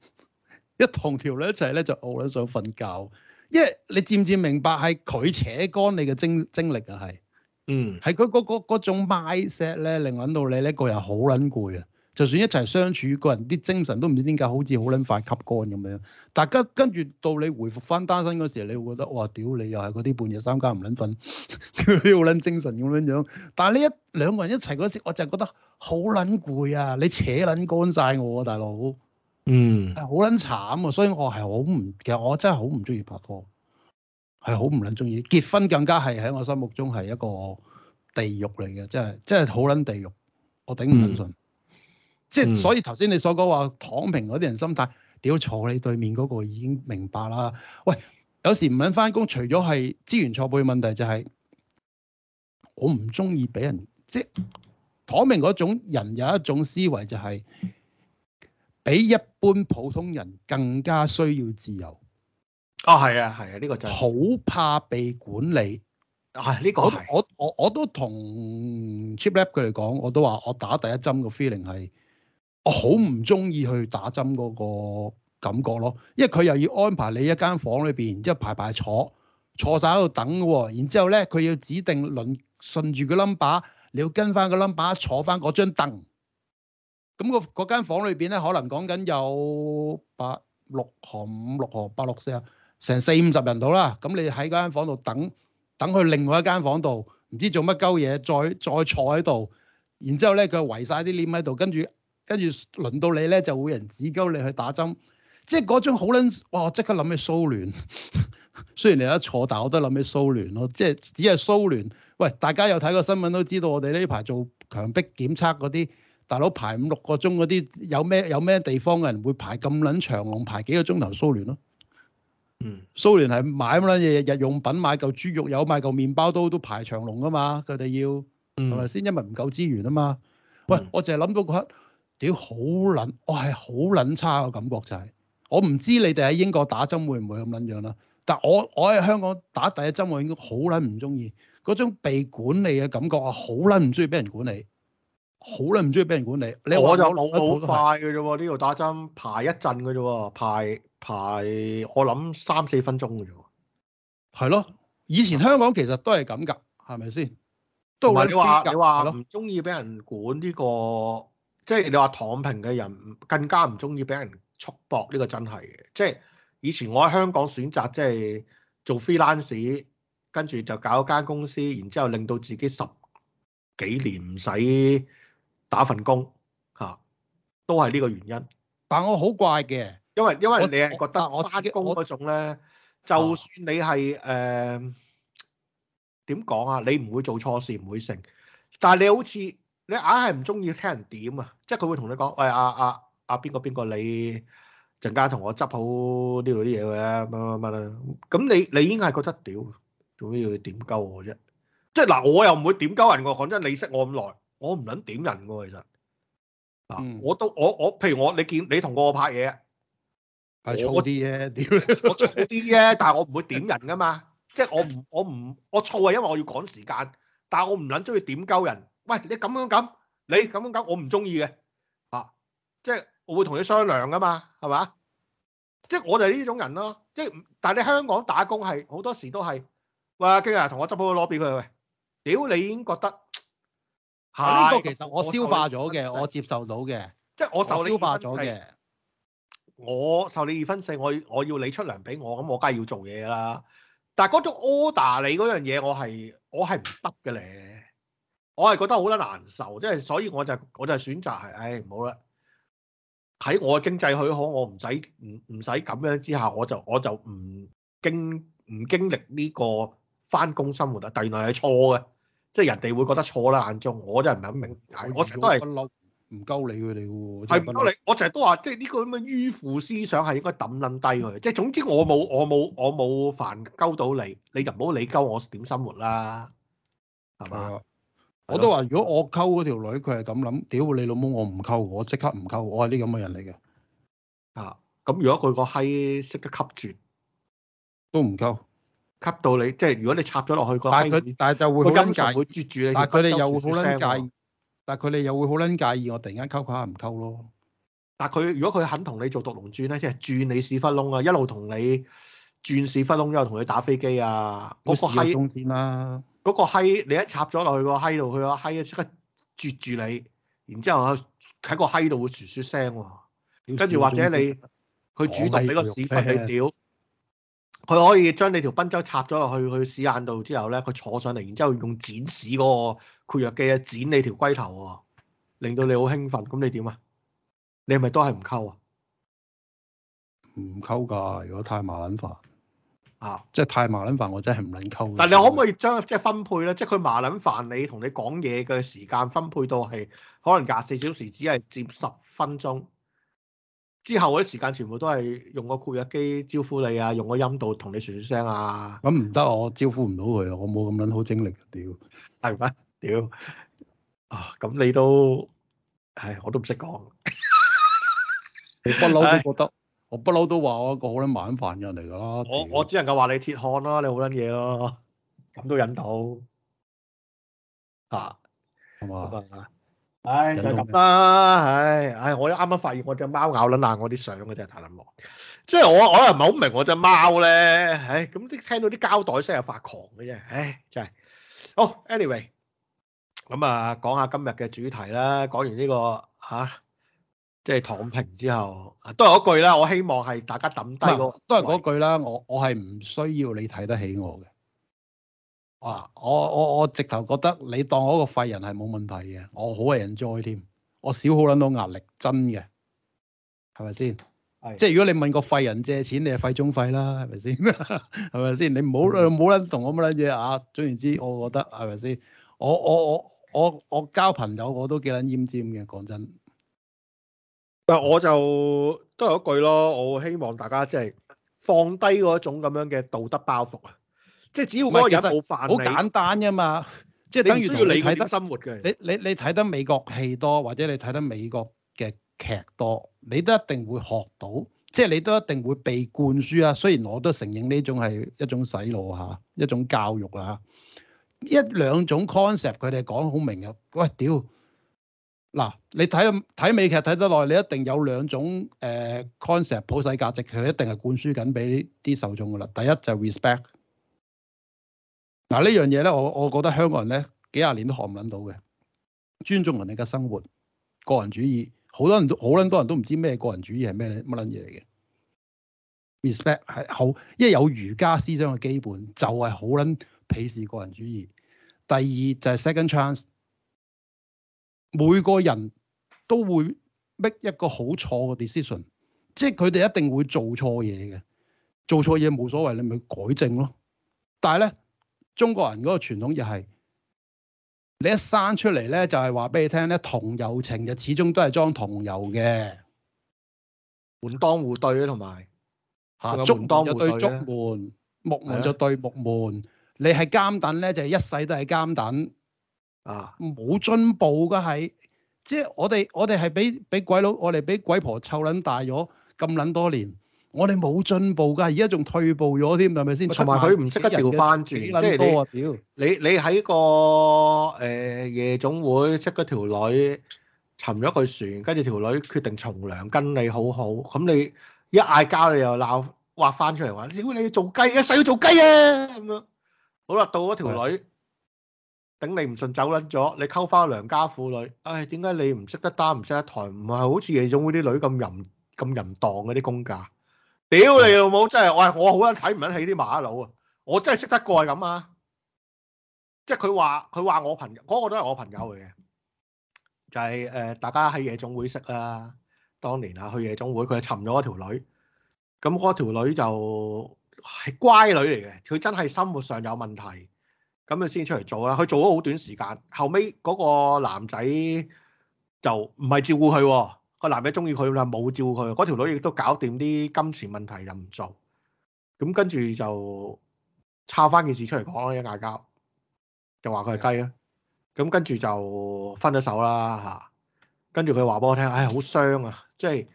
(laughs) 一同條女一齊咧就餓啦，想瞓覺。因為你漸漸明白係佢扯乾你嘅精精力啊，係，嗯，係嗰個嗰種 mindset 咧，令到你呢個人好撚攰啊！就算一齊相處，個人啲精神都唔知點解好似好撚快吸乾咁樣。大家跟住到你回復翻單身嗰時候，你會覺得哇，屌你又係嗰啲半夜三更唔撚瞓，屌好撚精神咁樣樣。但係呢一兩個人一齊嗰時，我就覺得好撚攰啊！你扯撚乾晒我啊，大佬。嗯，好捻慘啊！所以我係好唔，其實我真係好唔中意拍拖，係好唔捻中意。結婚更加係喺我心目中係一個地獄嚟嘅，真係真係好捻地獄，我頂唔捻順。嗯、即係所以頭先你所講話躺平嗰啲人的心態，屌坐你對面嗰個已經明白啦。喂，有時唔捻翻工，除咗係資源錯配問題，就是，就係我唔中意俾人即係躺平嗰種人有一種思維就係、是。比一般普通人更加需要自由。哦，係啊，係啊，呢、啊這個真係好怕被管理。係呢、啊這個係我我我都同 ChipLab 佢哋講，我都話我，我打第一針嘅 feeling 係我好唔中意去打針嗰個感覺咯，因為佢又要安排你一間房裏邊，然之後排排坐坐晒喺度等嘅喎，然之後咧佢要指定輪順住個 number，你要跟翻個 number 坐翻嗰張凳。咁個嗰間房裏邊咧，可能講緊有八六行五六行八六四啊，成四五十人度啦。咁你喺嗰間房度等，等去另外一間房度，唔知做乜鳩嘢，再再坐喺度。然之後咧，佢圍晒啲簾喺度，跟住跟住輪到你咧，就會有人指鳩你去打針。即係嗰張好撚哇！即刻諗起蘇聯。 (laughs) 雖然你一坐，但我都諗起蘇聯咯。即係只係蘇聯。喂，大家有睇過新聞都知道我，我哋呢排做強迫檢測嗰啲。大佬，排五六個鐘，嗰啲有咩有咩地方嘅人會排咁撚長龍，排幾個鐘頭蘇聯咯，啊？嗯，蘇聯係買乜撚嘢日用品，買嚿豬肉有買嚿麵包都都排長龍啊嘛！佢哋要係咪先？嗯，因為唔夠資源啊嘛。喂，我淨係諗到嗰刻屌，好撚我係好撚差嘅感覺就係、是，我唔知你哋喺英國打針會唔會咁撚樣啦？但我我喺香港打第一針我已經好撚唔中意嗰種被管理嘅感覺啊！好撚唔中意俾人管理。好啦，唔中意俾人管理你，我就老老快嘅啫喎。呢度打針排一陣嘅啫喎，排排我諗三四分鐘嘅啫喎。係咯，以前香港其實都係咁㗎，係咪先？都唔係你話你話唔中意俾人管呢個，即係你話躺平嘅人更加唔中意俾人束縛呢個真係嘅。即係以前我喺香港選擇即係做 freelance 跟住就搞間公司，然之後令到自己十幾年唔使。打份工嚇，都係呢個原因。但我好怪嘅，因為因為你係覺得我。打工嗰種咧，就算你係誒點講啊，你唔會做錯事唔會成。但係你好似你硬係唔中意聽人點、哎、啊，即係佢會同你講，喂，阿阿阿邊個邊個，你陣間同我執好呢度啲嘢嘅乜乜乜啦。咁你你已經係覺得屌，做咩要點鳩我啫？即係嗱，我又唔會點鳩人喎。講真，你識我咁耐。我唔捻點人噶，其實啊，我都我我，譬如我你見你同過我拍嘢，係錯啲啫，屌，我錯啲啫，但係我唔會點人噶嘛，即係我唔我唔我錯係因為我要趕時間，但係我唔捻中意點鳩人。喂，你咁樣咁，你咁樣咁，我唔中意嘅啊，即係我會同你商量噶嘛，係嘛？即係我哋呢種人咯，即係但係你香港打工係好多時都係，喂阿經啊，同我執好個攞俾佢，喂，屌你已經覺得。呢個其實我消化咗嘅，我，我接受到嘅，即係我受你消化咗嘅。我受，我受你二分四，我我要你出糧俾我，咁我梗係要做嘢啦。但係嗰種 order 你嗰樣嘢，我係我係唔得嘅咧。我係覺得好得難受，即係所以我就我就選擇係，唉，唔好啦。喺我嘅經濟許可，我唔使唔唔使咁樣之下，我就我就唔經唔經歷呢個翻工生活啦。但原來係錯嘅。即係人哋會覺得錯啦眼中，我真係唔係咁明解。我成日都係唔鳩你佢哋喎。係唔鳩你？你我成日都話，即係呢個咁嘅迂腐思想係應該抌撚低佢。嗯、即係總之我冇我冇我冇煩鳩到你，你就唔好理鳩我點生活啦，係嘛？嗯、我都話如果我溝嗰條女佢係咁諗，屌你老母！我唔溝，我即刻唔溝，我係啲咁嘅人嚟嘅。啊，咁如果佢個閪識得吸住，都唔溝。吸到你，即係如果你插咗落去個閪，但係佢但係就會啜住你。但係佢哋又會好撚介意，但係佢哋又會好撚介意我突然間溝佢下唔溝咯。但係佢如果佢肯同你做毒龍鑽咧，即係轉你屎忽窿啊，一路同你轉屎忽窿，一路同你打飛機啊。嗰、那個閪先啦。嗰個閪你一插咗落去個閪度，佢個閪啊，即刻啜住你，然之後喺個閪度會喘喘聲喎。跟住或者你佢主動俾個屎忽你屌，佢可以將你條賓州插咗入去佢屎眼度之後咧，佢坐上嚟，然之後用剪屎嗰個括約肌啊，剪你條龜頭喎，令到你好興奮。咁你點啊？你係咪都係唔溝啊？唔溝㗎，如果太麻撚煩啊！即係太麻撚煩，我真係唔撚溝。但係你可唔可以將即係分配咧？即係佢麻撚煩，你同你講嘢嘅時間分配到係可能廿四小時只係接十分鐘。之後嗰啲時間全部都係用個括約肌招呼你啊，用個音度同你傳傳聲啊。咁唔得，我招呼唔到佢啊，我冇咁撚好精力。屌，係咪？屌啊！咁你都唉，我都唔識講。 (laughs) 你不嬲都覺得。唉我不嬲都話我一個好撚麻煩嘅人嚟㗎啦。我我只能夠話你鐵漢啦，你好撚嘢啦。咁都忍到啊？係嘛嗎？啊唉，就係咁啦，唉唉，我都啱啱發現我隻貓咬撚爛我啲相嘅啫，真大林樂，即係我我又唔係好明我隻貓咧，唉，咁即係聽到啲膠袋聲又發狂嘅啫，唉，真係。好 anyway 咁啊，講下今日嘅主題啦，講完呢個吓，即係躺平之後，都係嗰句啦，我希望係大家抌低個，都係嗰句啦，我我係唔需要你睇得起我嘅。啊！我我我直頭覺得你當我一個廢人係冇問題嘅，我好係人 n 添，我少好捻到壓力，真嘅，係咪先？係的即係如果你問個廢人借錢，你係廢中廢啦，係咪先？係咪先？你唔好唔捻同我咁捻嘅啊！總言之，我覺得係咪先？我我我我我交朋友我都幾捻尖尖嘅，講真。嗱，我就都係一句咯，我希望大家即係放低嗰種咁樣嘅道德包袱啊！即係只要嗰個人冇犯你，好簡單噶嘛。即係等於要你睇得生活嘅。你你你睇得美國戲多，或者你睇得美國嘅劇多，你都一定會學到。即係你都一定會被灌輸啊。雖然我都承認呢種係一種洗腦嚇、啊，一種教育啊。一兩種 concept 佢哋講好明嘅。喂，屌！嗱、啊，你睇睇美劇睇得耐，你一定有兩種誒 concept、呃、普世價值，佢一定係灌輸緊俾啲受眾㗎啦。第一就係 respect。嗱，呢樣嘢咧，我我覺得香港人咧幾廿年都學唔捻到嘅，尊重人哋嘅生活，個人主義，好多人都好捻多人都唔知咩個人主義係咩乜捻嘢嚟嘅。Respect 係好，因為有儒家思想嘅基本就係好捻鄙視個人主義。第二就係 second chance，每個人都會 make 一個好錯嘅 decision，即係佢哋一定會做錯嘢嘅，做錯嘢冇所謂，你咪改正咯。但係咧。中國人嗰個傳統就係你一生出嚟咧，就係話俾你聽咧，同油情就始終都係裝同油嘅，門當戶對咧，同埋嚇竹門就對竹門，木門就對木門，嗎你係監等咧，就係、是、一世都係監等啊，冇進步嘅係，即係我哋我哋係俾俾鬼佬，我哋俾鬼婆湊撚大咗咁撚多年。我哋冇進步㗎，而家仲退步咗添，係咪先？同埋佢唔識得調翻轉，即係你，你你喺個誒夜總會識嗰條女，沉咗佢船，跟住條女決定從良，跟你好好。咁你一嗌交，你又鬧話翻出嚟話，屌你做雞，一世要做雞啊！咁樣好啦，到嗰條女頂你唔順走撚咗，你溝翻良家婦女。唉，點解你唔識得擔，唔識得抬？唔係好似夜總會啲女咁淫咁淫蕩嗰啲公價。屌你老母！真係我好撚睇唔起啲麻甩佬啊！我真係識得個係咁啊！即係佢話佢話我朋友嗰、嗰個都係我朋友嚟嘅，就係、是、誒、呃，大家喺夜總會識啦，當年啊去夜總會，佢係尋咗條女，咁嗰條女就係乖女嚟嘅，佢真係生活上有問題，咁佢先出嚟做啦。佢做咗好短時間，後尾嗰個男仔就唔係照顧佢。個男嘅中意佢啦，冇照顧佢，嗰條女亦都搞掂啲金錢問題又唔做，咁跟住就抄翻件事出嚟講啊，嗌交，就話佢係雞啊，咁跟住就分咗手啦吓，跟住佢話俾我聽，唉，好傷啊，即係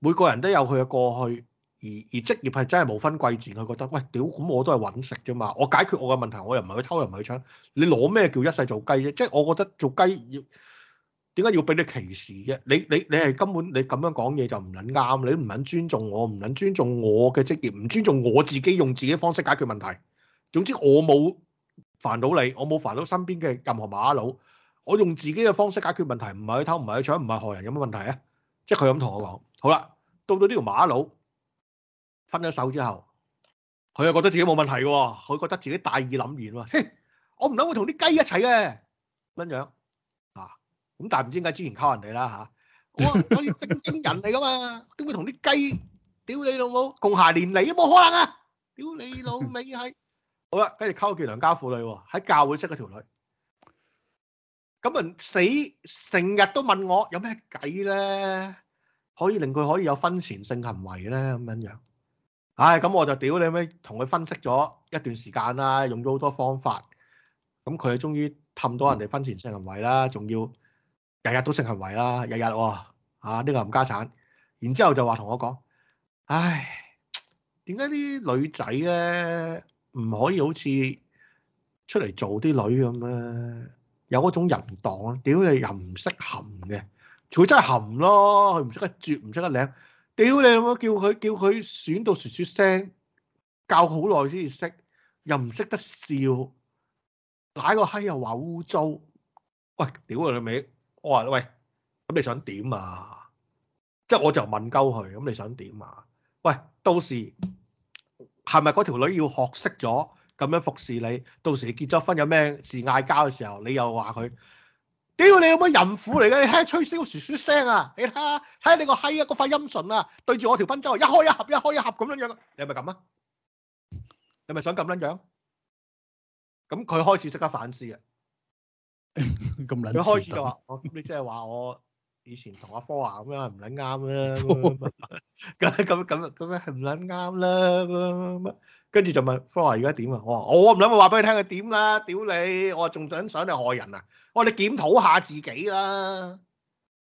每個人都有佢嘅過去，而而職業係真係冇分貴賤，佢覺得喂屌，咁我都係揾食啫嘛，我解決我嘅問題，我又唔係去偷又唔係去搶，你攞咩叫一世做雞啫？即係我覺得做雞要。點解要俾你歧視嘅？你你你係根本你咁樣講嘢就唔撚啱，你唔撚尊重我，唔撚尊重我嘅職業，唔尊重我自己用自己方式解決問題。總之我冇煩到你，我冇煩到身邊嘅任何馬佬，我用自己嘅方式解決問題，唔係去偷，唔係去搶，唔係害人，有乜問題啊？即係佢咁同我講。好啦，到到呢條馬佬分咗手之後，佢又覺得自己冇問題嘅，佢覺得自己大義凜然喎，嘿，我唔撚會同啲雞一齊嘅，乜樣？咁但係唔知點解之前溝人哋啦嚇，我我正經人嚟噶嘛，點會同啲雞？屌你老母，共諧連理都冇可能啊！屌你老味係。好啦，跟住溝個良家婦女喎，喺教會識嗰條女，咁啊死成日都問我有咩計咧，可以令佢可以有婚前性行為咧咁樣樣。唉，咁我就屌你咪同佢分析咗一段時間啦，用咗好多方法，咁佢終於氹到人哋婚前性行為啦，仲要～日日都食行為啦，日日喎啊！呢、啊呢個冚家鏟，然之後就話同我講：唉，點解啲女仔咧唔可以好似出嚟做啲女咁咧？有嗰種淫蕩啊！屌你又唔識含嘅，佢真係含咯，佢唔識得啜，唔識得舐。屌你，咁樣叫佢叫佢選到雪雪聲，教好耐先至識，又唔識得笑，打個閪又話污糟，喂，屌你咪！我話：喂，咁你想點啊？即係我就問鳩佢，咁你想點啊？喂，到時係咪嗰條女要學識咗咁樣服侍你？到時你結咗婚有咩事嗌交嘅時候，你又話佢屌你有乜淫婦嚟嘅？你睇下吹簫噓噓聲啊！你睇下睇下你個閪啊，個塊陰唇啊，對住我條賓周一開一合一開一合咁樣樣，你係咪咁啊？你係咪想咁樣樣、啊？咁佢開始即刻反思嘅。咁捻，你開始就話，你即係話我以前同阿 Flora 咁樣唔捻啱啦，咁咁咁咁樣係唔捻啱啦，跟住就問 Flora 而家點啊？我話我唔捻，我話俾你聽佢點啦，屌你，我仲想想你害人啊！我話你檢討下自己啦，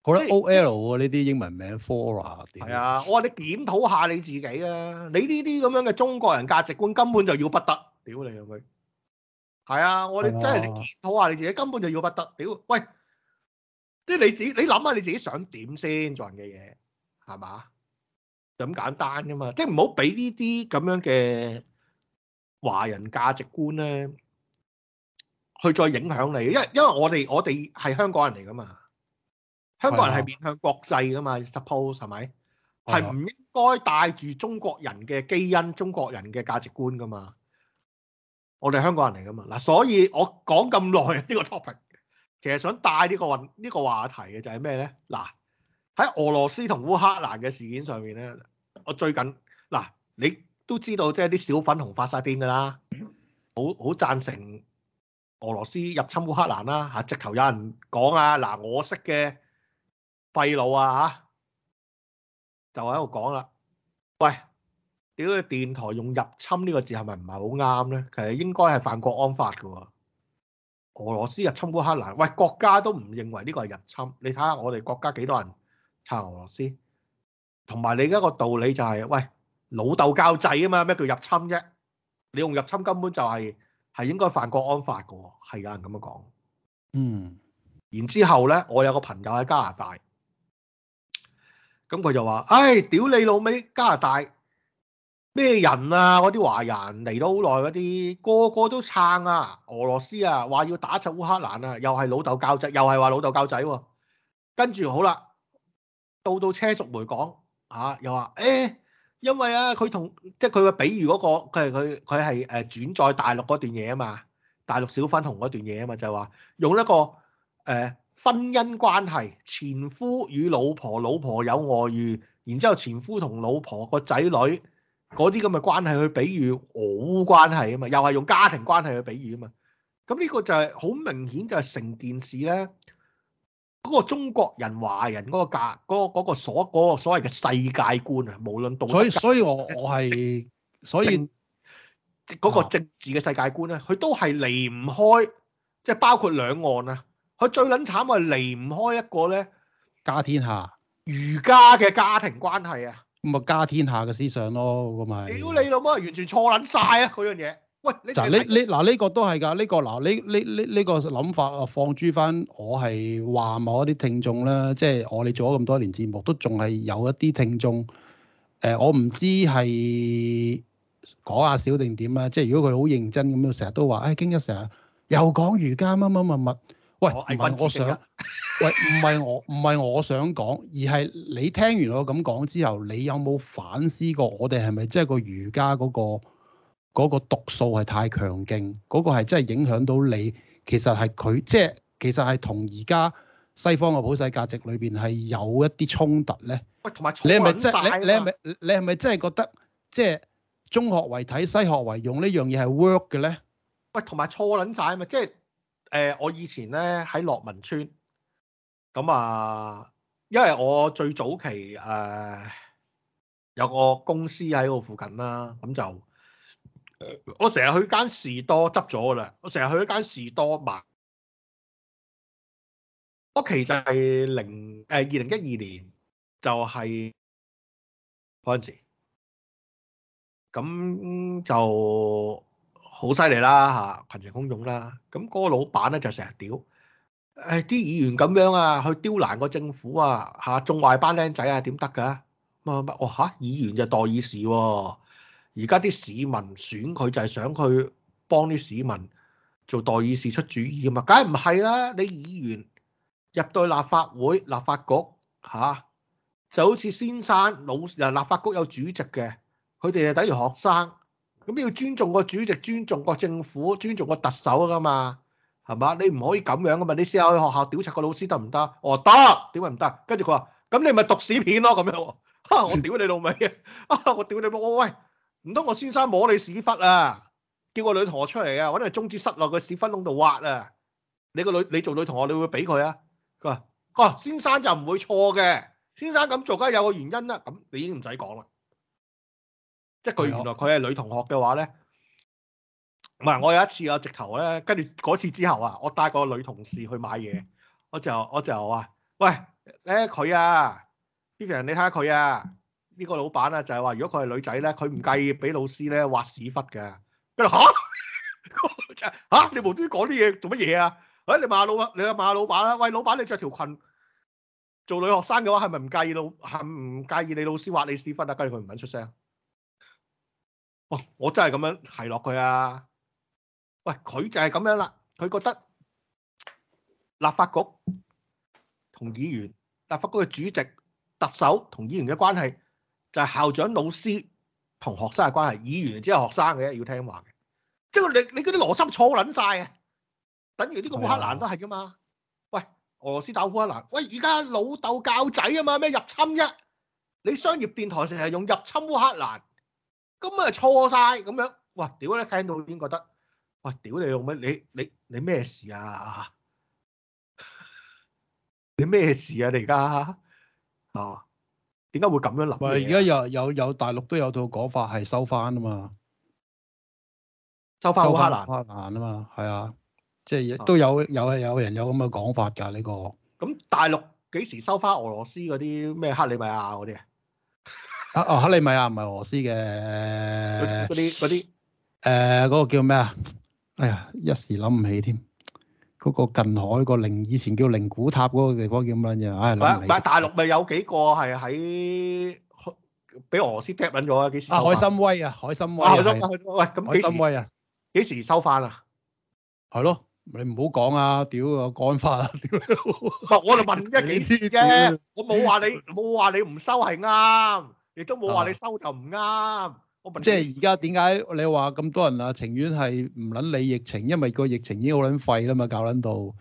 好啦，O L 喎呢啲英文名 Flora 點，係啊，我話你檢討下你自己啦，你呢啲咁樣嘅中國人價值觀根本就要不得，屌你啊喂！係啊，啊我哋真係嚟檢討下、啊、你自己根本就要不得，屌！喂，即係你自己，你諗下你自己想點先？做人嘅嘢係嘛？咁簡單噶嘛，即係唔好俾呢啲咁樣嘅華人價值觀咧，去再影響你。因為因為我哋我哋係香港人嚟噶嘛，香港人係面向國際噶嘛，suppose 係咪？係唔應該帶住中國人嘅基因、中國人嘅價值觀噶嘛？我哋香港人嚟噶嘛。嗱，所以我講咁耐呢個 topic，其實想帶呢個運呢個話題嘅就係咩咧？嗱，喺俄羅斯同烏克蘭嘅事件上面咧，我最近嗱，你都知道即係啲小粉紅發晒癲噶啦，好好贊成俄羅斯入侵烏克蘭啦吓、啊，直頭有人講啊，嗱，我識嘅廢老啊吓，就喺度講啦，喂。屌嘅電台用入侵呢個字係咪唔係好啱呢？其實應該係犯國安法㗎喎。俄羅斯入侵烏克蘭，喂，國家都唔認為呢個係入侵。你睇下我哋國家幾多人撐俄羅斯？同埋你一個道理就係，喂老豆教仔啊嘛，咩叫入侵啫？你用入侵根本就係、係應該犯國安法㗎喎。係有人咁樣講。嗯。然之後呢，我有個朋友喺加拿大，咁佢就話：唉，屌你老味加拿大！咩人啊？嗰啲華人嚟到好耐嗰啲，個個都撐啊！俄羅斯啊，話要打柒烏克蘭啊，又係老豆教仔，又係話老豆教仔喎、啊。跟住好啦，到到車淑梅講嚇、啊，又話誒、欸，因為啊，佢同即係佢嘅比喻嗰、那個，佢係佢佢係誒轉載大陸嗰段嘢啊嘛，大陸小粉紅嗰段嘢啊嘛，就係話、是、用一個誒、呃、婚姻關係，前夫與老婆，老婆有外遇，然之後前夫同老婆個仔女。嗰啲咁嘅關係去比喻俄烏關係啊嘛，又係用家庭關係去比喻啊嘛，咁呢個就係、是、好明顯就係成件事咧，嗰、那個中國人華人嗰、那個家嗰、那個那個、所嗰、那個、所謂嘅世界觀啊，無論動，所以所以我我係所以嗰個政治嘅世界觀咧，佢、啊、都係離唔開，即、就、係、是、包括兩岸啦，佢最撚慘啊，係離唔開一個咧家天下儒家嘅家庭關係啊。咁啊，家天下嘅思想咯，咁咪，屌你老母，完全錯撚晒啊！嗰樣嘢，喂。就係你你嗱呢個都係㗎，呢個嗱呢呢呢呢個諗法啊，放諸翻我係話某一啲聽眾啦，即係我哋做咗咁多年節目，都仲係有一啲聽眾，誒，我唔知係講下少定點啊，即係如果佢好認真咁樣，成日都話，誒，經一成日又講儒家乜乜乜乜。」喂，唔係我想。喂，唔係我唔係我想講，而係你聽完我咁講之後，你有冇反思過我哋係咪即係個儒家嗰個毒素係太強勁，嗰、嗰個係真係影響到你？其實係佢即係其實係同而家西方嘅普世價值裏邊係有一啲衝突咧。喂，同埋錯撚晒啊！你係咪真？你你係咪你係咪真係覺得即係中學為體，西學為用呢樣嘢係 work 嘅咧？喂，同埋錯撚晒，啊、即係！嘛，即係誒，我以前咧喺樂文村。.咁啊、嗯，因為我最早期誒、呃、有個公司喺我附近啦，咁、嗯、就我成日去間士多執咗噶啦，我成日去一間士多買。我其實係零誒二零一二年就係嗰陣時，咁就好犀利啦嚇，群情洶湧啦，咁、那、嗰個老闆咧就成日屌。誒啲、哎、議員咁樣啊，去刁難個政府啊，嚇縱壞班靚仔啊，點得㗎？乜乜我嚇議員就代議士喎、啊，而家啲市民選佢就係想佢幫啲市民做代議士出主意啊嘛，梗係唔係啦？你議員入到立法會、立法局嚇、啊，就好似先生老，啊立法局有主席嘅，佢哋就等於學生，咁你要尊重個主席，尊重個政府，尊重個特首㗎嘛。係嘛？你唔可以咁樣噶嘛？你試下去學校調查個老師得唔得？我話得，點解唔得？跟住佢話：咁你咪讀屎片咯咁樣喎！哈！我屌你老味啊！啊！我屌你！我喂，唔通我先生摸你屎忽啊？叫個女同學出嚟啊！揾嚟中字室內個屎忽窿度挖啊！你個女，你做女同學，你會俾佢啊？佢話：哦，先生就唔會錯嘅。先生咁做梗係有個原因啦。咁你已經唔使講啦。即係佢原來佢係女同學嘅話咧。唔係，我有一次啊，直頭咧，跟住嗰次之後啊，我帶個女同事去買嘢，我就我就話，喂咧，佢啊，Peter，你睇下佢啊，呢、啊呢個老闆啊，就係、是、話如果佢係女仔咧，佢唔介意俾老師咧挖屎忽嘅。跟住，嚇、啊，嚇、 (laughs) 啊、你無端端講啲嘢做乜嘢啊？誒、啊，你問下老，你問下老闆啦、啊。喂，老闆你着條裙做女學生嘅話，係咪唔介意老，係唔介意你老師挖你屎忽啊？跟住佢唔肯出聲。哦，我真係咁樣係落佢啊！喂，佢就係咁樣啦。佢覺得立法局同議員、立法局嘅主席、特首同議員嘅關係就係校長老師同學生嘅關係。議員只係學生嘅，要聽話嘅。即係你你嗰啲邏輯錯撚晒嘅，等於呢個烏克蘭都係噶嘛？喂，俄羅斯打烏克蘭，喂，而家老豆教仔啊嘛？咩入侵啫？你商業電台成日用入侵烏克蘭，根本係錯曬咁樣。喂，屌你，聽到已經覺得。我屌你老咩？你你你咩事啊？你咩事啊？你而家啊？點解會咁樣諗？而家有有有大陸都有套講法係收翻啊嘛，收翻烏克蘭啊嘛，係啊，即係都有、啊、有有人有咁嘅講法噶呢、這個。咁大陸幾時收翻俄羅斯嗰啲咩克里米亞嗰啲啊？啊、哦、啊克里米亞唔係俄羅斯嘅，嗰啲嗰啲誒嗰個叫咩啊？哎呀，一時諗唔起添，嗰個近海個靈，以前叫寧古塔嗰個地方叫乜撚嘢？哎，諗唔起。唔係，唔係大陸咪有幾個係喺，俾俄羅斯 take 咗啊？幾時？啊，海參崴啊，海參崴。喂，咁幾時？幾時收翻啊？係咯，你唔好講啊！屌，我講翻啦！屌，唔係我就問啫，幾時啫？我冇話你，冇話你唔收係啱，亦都冇話你收就唔啱。即係而家點解你話咁多人啊？情願係唔撚理疫情，因為個疫情已經好撚廢啦嘛，搞撚到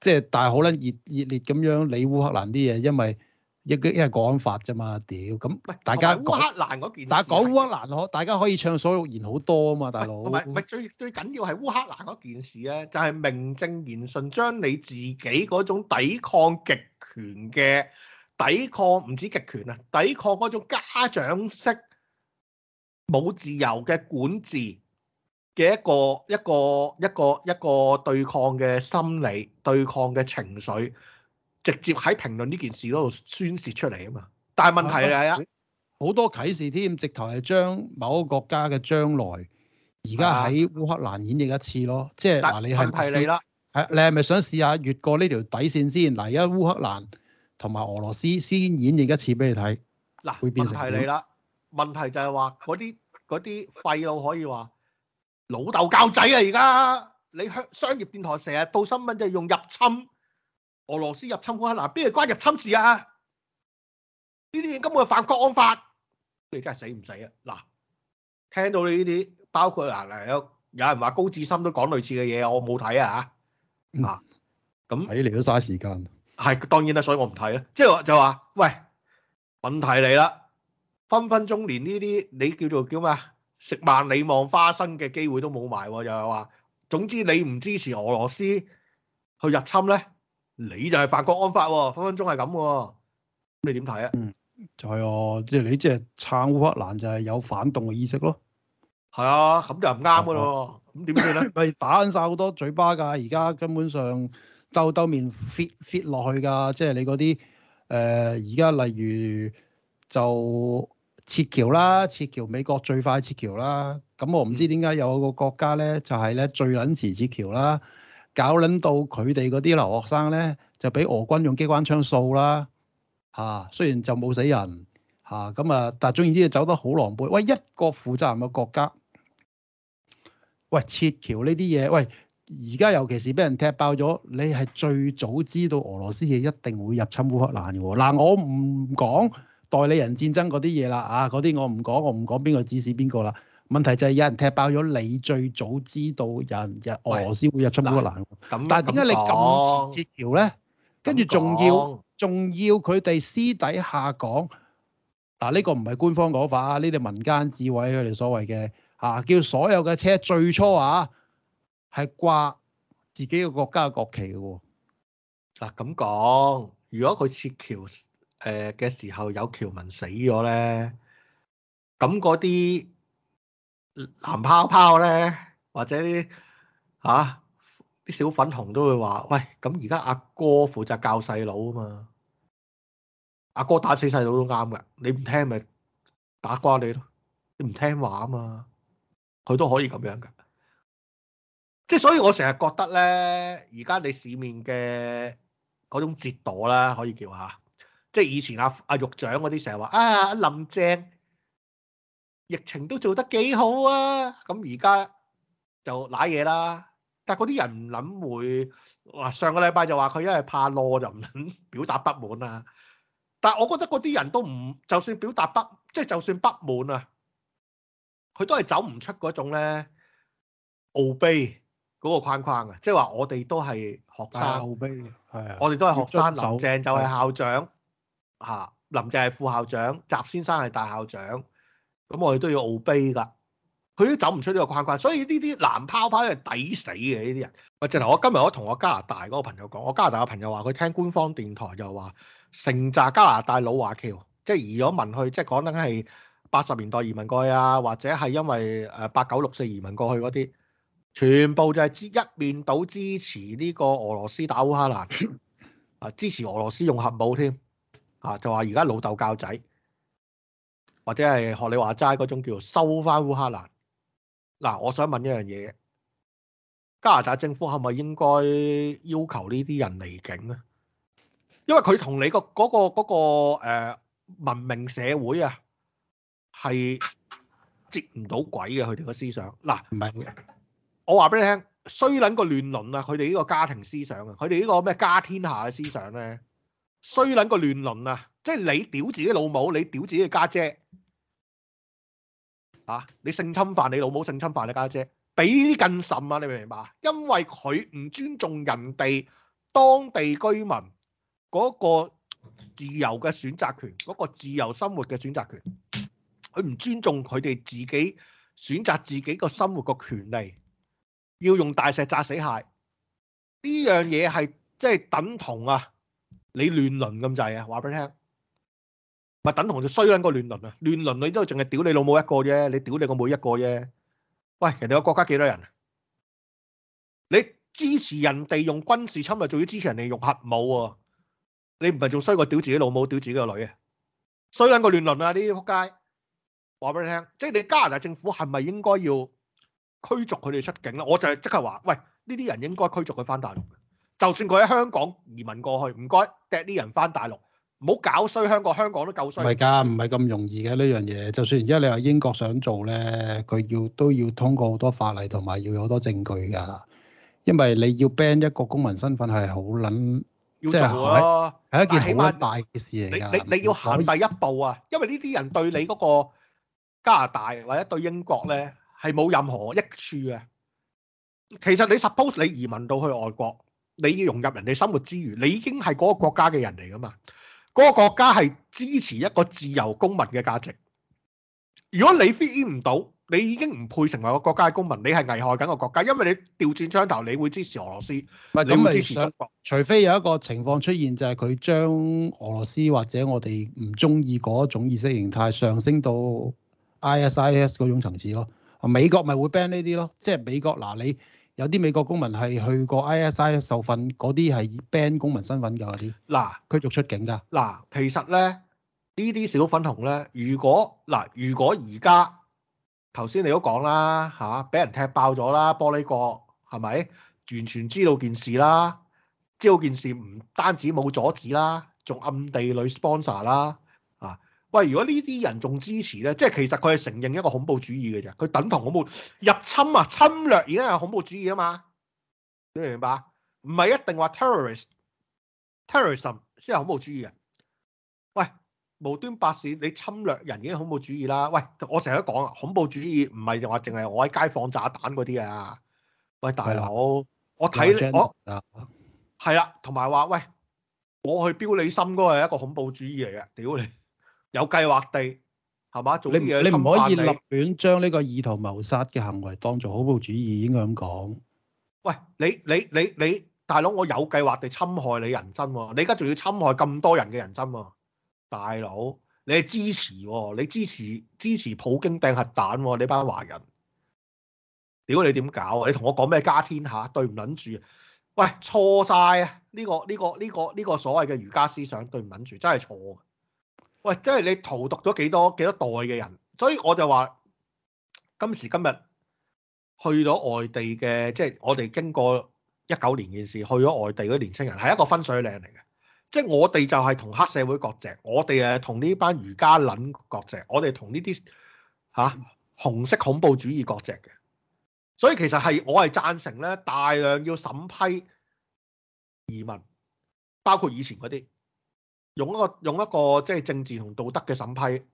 即係，但係好撚熱熱烈咁樣理烏克蘭啲嘢，因為一一係講法啫嘛。屌咁喂，大家烏克蘭件，但係講烏克蘭可大家可以暢所欲言好多啊嘛，大佬。唔係唔係，最最緊要係烏克蘭嗰件事咧、啊，就係、是、名正言順將你自己嗰種抵抗極權嘅抵抗，唔止極權啊，抵抗嗰種家長式。冇自由嘅管治嘅一個一個一個一個對抗嘅心理對抗嘅情緒，直接喺評論呢件事嗰度宣洩出嚟啊嘛！但係問題係啊，好多啟示添，直頭係將某一個國家嘅將來而家喺烏克蘭演繹一次咯，的即係是嗱，你係唔係你係咪想試下越過呢條底線先？嗱，而家烏克蘭同埋俄羅斯先演繹一次俾你睇，嗱，會變成我你啦。問題就係話嗰啲嗰啲廢老可以話老豆教仔啊！而家你香商業電台成日報新聞就係用入侵俄羅斯入侵嗰刻，嗱邊度關入侵事啊？呢啲嘢根本係犯國安法，你真係死唔死啊？嗱，聽到你呢啲，包括嗱嗱有有人話高志森都講類似嘅嘢，我冇睇啊吓。嗱，咁睇嚟都嘥時間。係當然啦，所以我唔睇啦。即係就話喂，問題你啦。分分鐘連呢啲你叫做叫咩啊？食萬里望花生嘅機會都冇埋喎，又係話，總之你唔支持俄羅斯去入侵咧，你就係犯國安法喎、哦，分分鐘係咁嘅。咁你點睇啊？嗯，就係、是、哦、啊，即、就、係、是、你即係撐烏克蘭就係有反動嘅意識咯。係啊，咁就唔啱嘅咯。咁點算咧？咪 (laughs) 打緊晒好多嘴巴噶，而家根本上兜兜面 fit fit 落去噶，即係你嗰啲誒，而、呃、家例如就。撤僑啦，撤僑！美國最快撤僑啦。咁我唔知點解有個國家咧，就係咧最撚遲撤僑啦，搞撚到佢哋嗰啲留學生咧就俾俄軍用機關槍掃啦。嚇、啊，雖然就冇死人嚇，咁啊，啊，但係總言之走得好狼狽。喂，一個負責任嘅國家，喂，撤僑呢啲嘢，喂，而家尤其是俾人踢爆咗，你係最早知道俄羅斯嘢一定會入侵烏克蘭嘅嗱，我唔講。代理人戰爭嗰啲嘢啦，啊，嗰啲我唔講，我唔講邊個指使邊個啦。問題就係有人踢爆咗，你最早知道人日俄羅斯會入侵烏克蘭。但係點解你咁設橋咧？跟住仲要仲要佢哋私底下講嗱，呢、啊呢個唔係官方講法啊，呢啲民間智慧，佢哋所謂嘅嚇、啊，叫所有嘅車最初啊係掛自己嘅國家嘅國旗嘅喎。嗱咁講，如果佢設橋？誒嘅、呃、時候有僑民死咗咧，咁嗰啲藍泡泡咧，或者啲吓啲小粉紅都會話，喂，咁而家阿哥負責教細佬啊嘛，阿哥打死細佬都啱噶你唔聽咪打瓜你咯，你唔聽話啊嘛，佢都可以咁樣噶即係所以我成日覺得咧，而家你市面嘅嗰種折墮啦，可以叫下。即係以前阿、啊、阿、啊、玉長嗰啲成日話啊，林鄭疫情都做得幾好啊，咁而家就揦嘢啦。但係嗰啲人唔諗會話，上個禮拜就話佢因為怕囉就唔諗表達不滿啦，啊。但係我覺得嗰啲人都唔，就算表達不，即、就、係、是、就算不滿啊，佢都係走唔出嗰種咧，obey 嗰個框框啊。即係話我哋都係學生，obey 係啊，我哋都係學生，的林鄭就係校長。吓、啊，林鄭係副校長，習先生係大校長，咁我哋都要 obey 噶，佢都走唔出呢個框框，所以呢啲藍泡泡係抵死嘅呢啲人。喂、啊，直、就、頭、是、我今日我同我加拿大嗰個朋友講，我加拿大個朋友話佢聽官方電台就話，成紮加拿大老華僑，即係移咗民去，即係講緊係八十年代移民過去啊，或者係因為誒八九六四移民過去嗰啲，全部就係一面倒支持呢個俄羅斯打烏克蘭，啊支持俄羅斯用核武添。啊啊！就話而家老豆教仔，或者係學你話齋嗰種叫做收翻烏克蘭。嗱、啊，我想問一樣嘢：加拿大政府係咪應該要求離呢啲人離境咧？因為佢同你、嗰個、嗰個、嗰個呃、文明社會啊，係接唔到鬼嘅佢哋個思想。嗱，唔係。我話俾你聽，衰撚個亂倫啊！佢哋呢個家庭思想啊，佢哋呢個咩家天下嘅思想咧？衰撚個亂倫啊！即係你屌自己老母，你屌自己嘅家姐、姐啊！你性侵犯你老母，性侵犯你家姐、姐，比啲更甚啊！你明唔明白？因為佢唔尊重人哋當地居民嗰個自由嘅選擇權，嗰、嗰個自由生活嘅選擇權，佢唔尊重佢哋自己選擇自己個生活個權利，要用大石砸死蟹呢樣嘢係即係等同啊！你亂倫咁滯啊！話俾你聽，咪等同就衰撚個亂倫啊！亂倫你都淨係屌你老母一個啫，你屌你個妹一個啫。喂，人哋個國家幾多人？你支持人哋用軍事侵略，仲要支持人哋用核武喎？你唔係仲衰過屌自己老母、屌自己個女啊？衰撚個亂倫啊！呢啲撲街，話俾你聽，即係你加拿大政府係咪應該要驅逐佢哋出境咧？我就係即係話，喂，呢啲人應該驅逐佢翻大陸。就算佢喺香港移民過去，唔該，掟啲人翻大陸，唔好搞衰香港，香港都夠衰。唔係㗎，唔係咁容易嘅呢樣嘢。就算而家你話英國想做咧，佢要都要通過好多法例，同埋要有好多證據㗎。因為你要 ban 一個公民身份係好撚，要做咯，係一件好大嘅事嚟㗎。你你要行第一步啊，因為呢啲人對你嗰個加拿大或者對英國咧係冇任何益處嘅。其實你 suppose 你移民到去外國。你要融入人哋生活之餘，你已經係嗰個國家嘅人嚟噶嘛？嗰、嗰個國家係支持一個自由公民嘅價值。如果你 feel 唔到，你已經唔配成為一個國家嘅公民，你係危害緊個國家。因為你調轉槍頭，你會支持俄羅斯，你會支持中國，除非有一個情況出現，就係、是、佢將俄羅斯或者我哋唔中意嗰一種意識形態上升到 ISIS 嗰 IS 種層次咯。美國咪會 ban 呢啲咯？即係美國嗱、啊、你。有啲美國公民係去過 ISI 受訓，嗰啲係 ban 公民身份㗎嗰啲。嗱，驅逐出境㗎。嗱，其實咧呢啲小粉紅咧，如果嗱，如果而家頭先你都講啦吓，俾、啊、人踢爆咗啦，玻璃個係咪？完全知道件事啦，知道件事唔單止冇阻止啦，仲暗地裏 sponsor 啦。喂，如果呢啲人仲支持咧，即係其實佢係承認一個恐怖主義嘅啫，佢等同恐怖入侵啊，侵略已經係恐怖主義啊嘛，你明唔明白？唔係一定話 terrorist terrorism 先係恐怖主義啊。喂，無端白事，你侵略人已經恐怖主義啦。喂，我成日都講啊，恐怖主義唔係就話淨係我喺街放炸彈嗰啲啊。喂，大佬，我睇我係啦，同埋話喂，我去標你心嗰個係一個恐怖主義嚟嘅，屌你！有計劃地係嘛做啲嘢去侵犯你。你唔可以立亂將呢個意圖謀殺嘅行為當做恐怖主義，應該咁講。喂，你你你你，大佬，我有計劃地侵害你人身喎、哦，你而家仲要侵害咁多人嘅人身喎、哦，大佬，你係支持喎、哦，你支持支持普京掟核彈喎、哦，你班華人，屌你點搞啊？你同我講咩家天下？對唔撚住？喂，錯晒啊！呢個呢個呢個呢個所謂嘅儒家思想，對唔撚住，真係錯。喂，即係你荼毒咗幾多幾多代嘅人，所以我就話今時今日去咗外地嘅，即係我哋經過一九年件事去咗外地嗰啲年青人，係一個分水嶺嚟嘅。即係我哋就係同黑社會割席，我哋誒同呢班儒家捻割席，我哋同呢啲吓紅色恐怖主義割席嘅。所以其實係我係贊成咧，大量要審批移民，包括以前嗰啲。用一個用一個即係政治同道德嘅審批，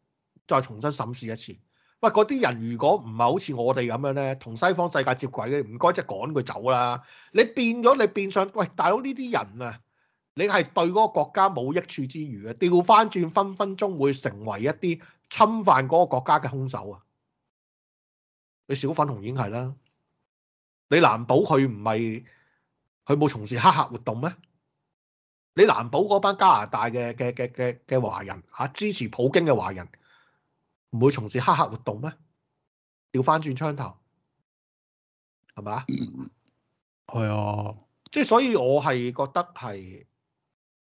再重新審視一次。喂，嗰啲人如果唔係好似我哋咁樣呢，同西方世界接軌嘅，唔該即係趕佢走啦。你變咗你變相，喂，大佬呢啲人啊，你係對嗰個國家冇益處之餘啊。調翻轉分分鐘會成為一啲侵犯嗰個國家嘅兇手啊！你小粉紅已經係啦，你難保佢唔係佢冇從事黑客活動咩？你難保嗰班加拿大嘅嘅嘅嘅嘅華人吓、啊、支持普京嘅華人唔會從事黑客活動咩？掉返轉槍頭係咪、嗯、啊？係啊，啊，即係所以我係覺得係，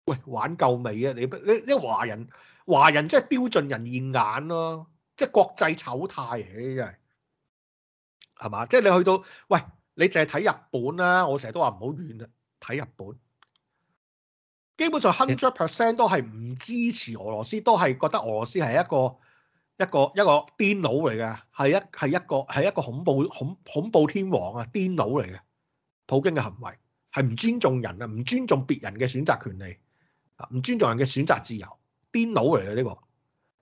喂，玩夠未啊？你你你華人華人真係丟盡人現眼咯，即係國際醜態，呢啲真係嘛？即係你去到喂，你淨係睇日本啦、啊。我成日都話唔好遠啦，睇日本。基本上 hundred percent 都係唔支持俄羅斯，都係覺得俄羅斯係一個一個一個癲佬嚟嘅，係一係一個係一個恐怖恐恐怖天王啊，癲佬嚟嘅，普京嘅行為係唔尊重人啊，唔尊重別人嘅選擇權利啊，唔尊重人嘅選擇自由，癲佬嚟嘅呢個。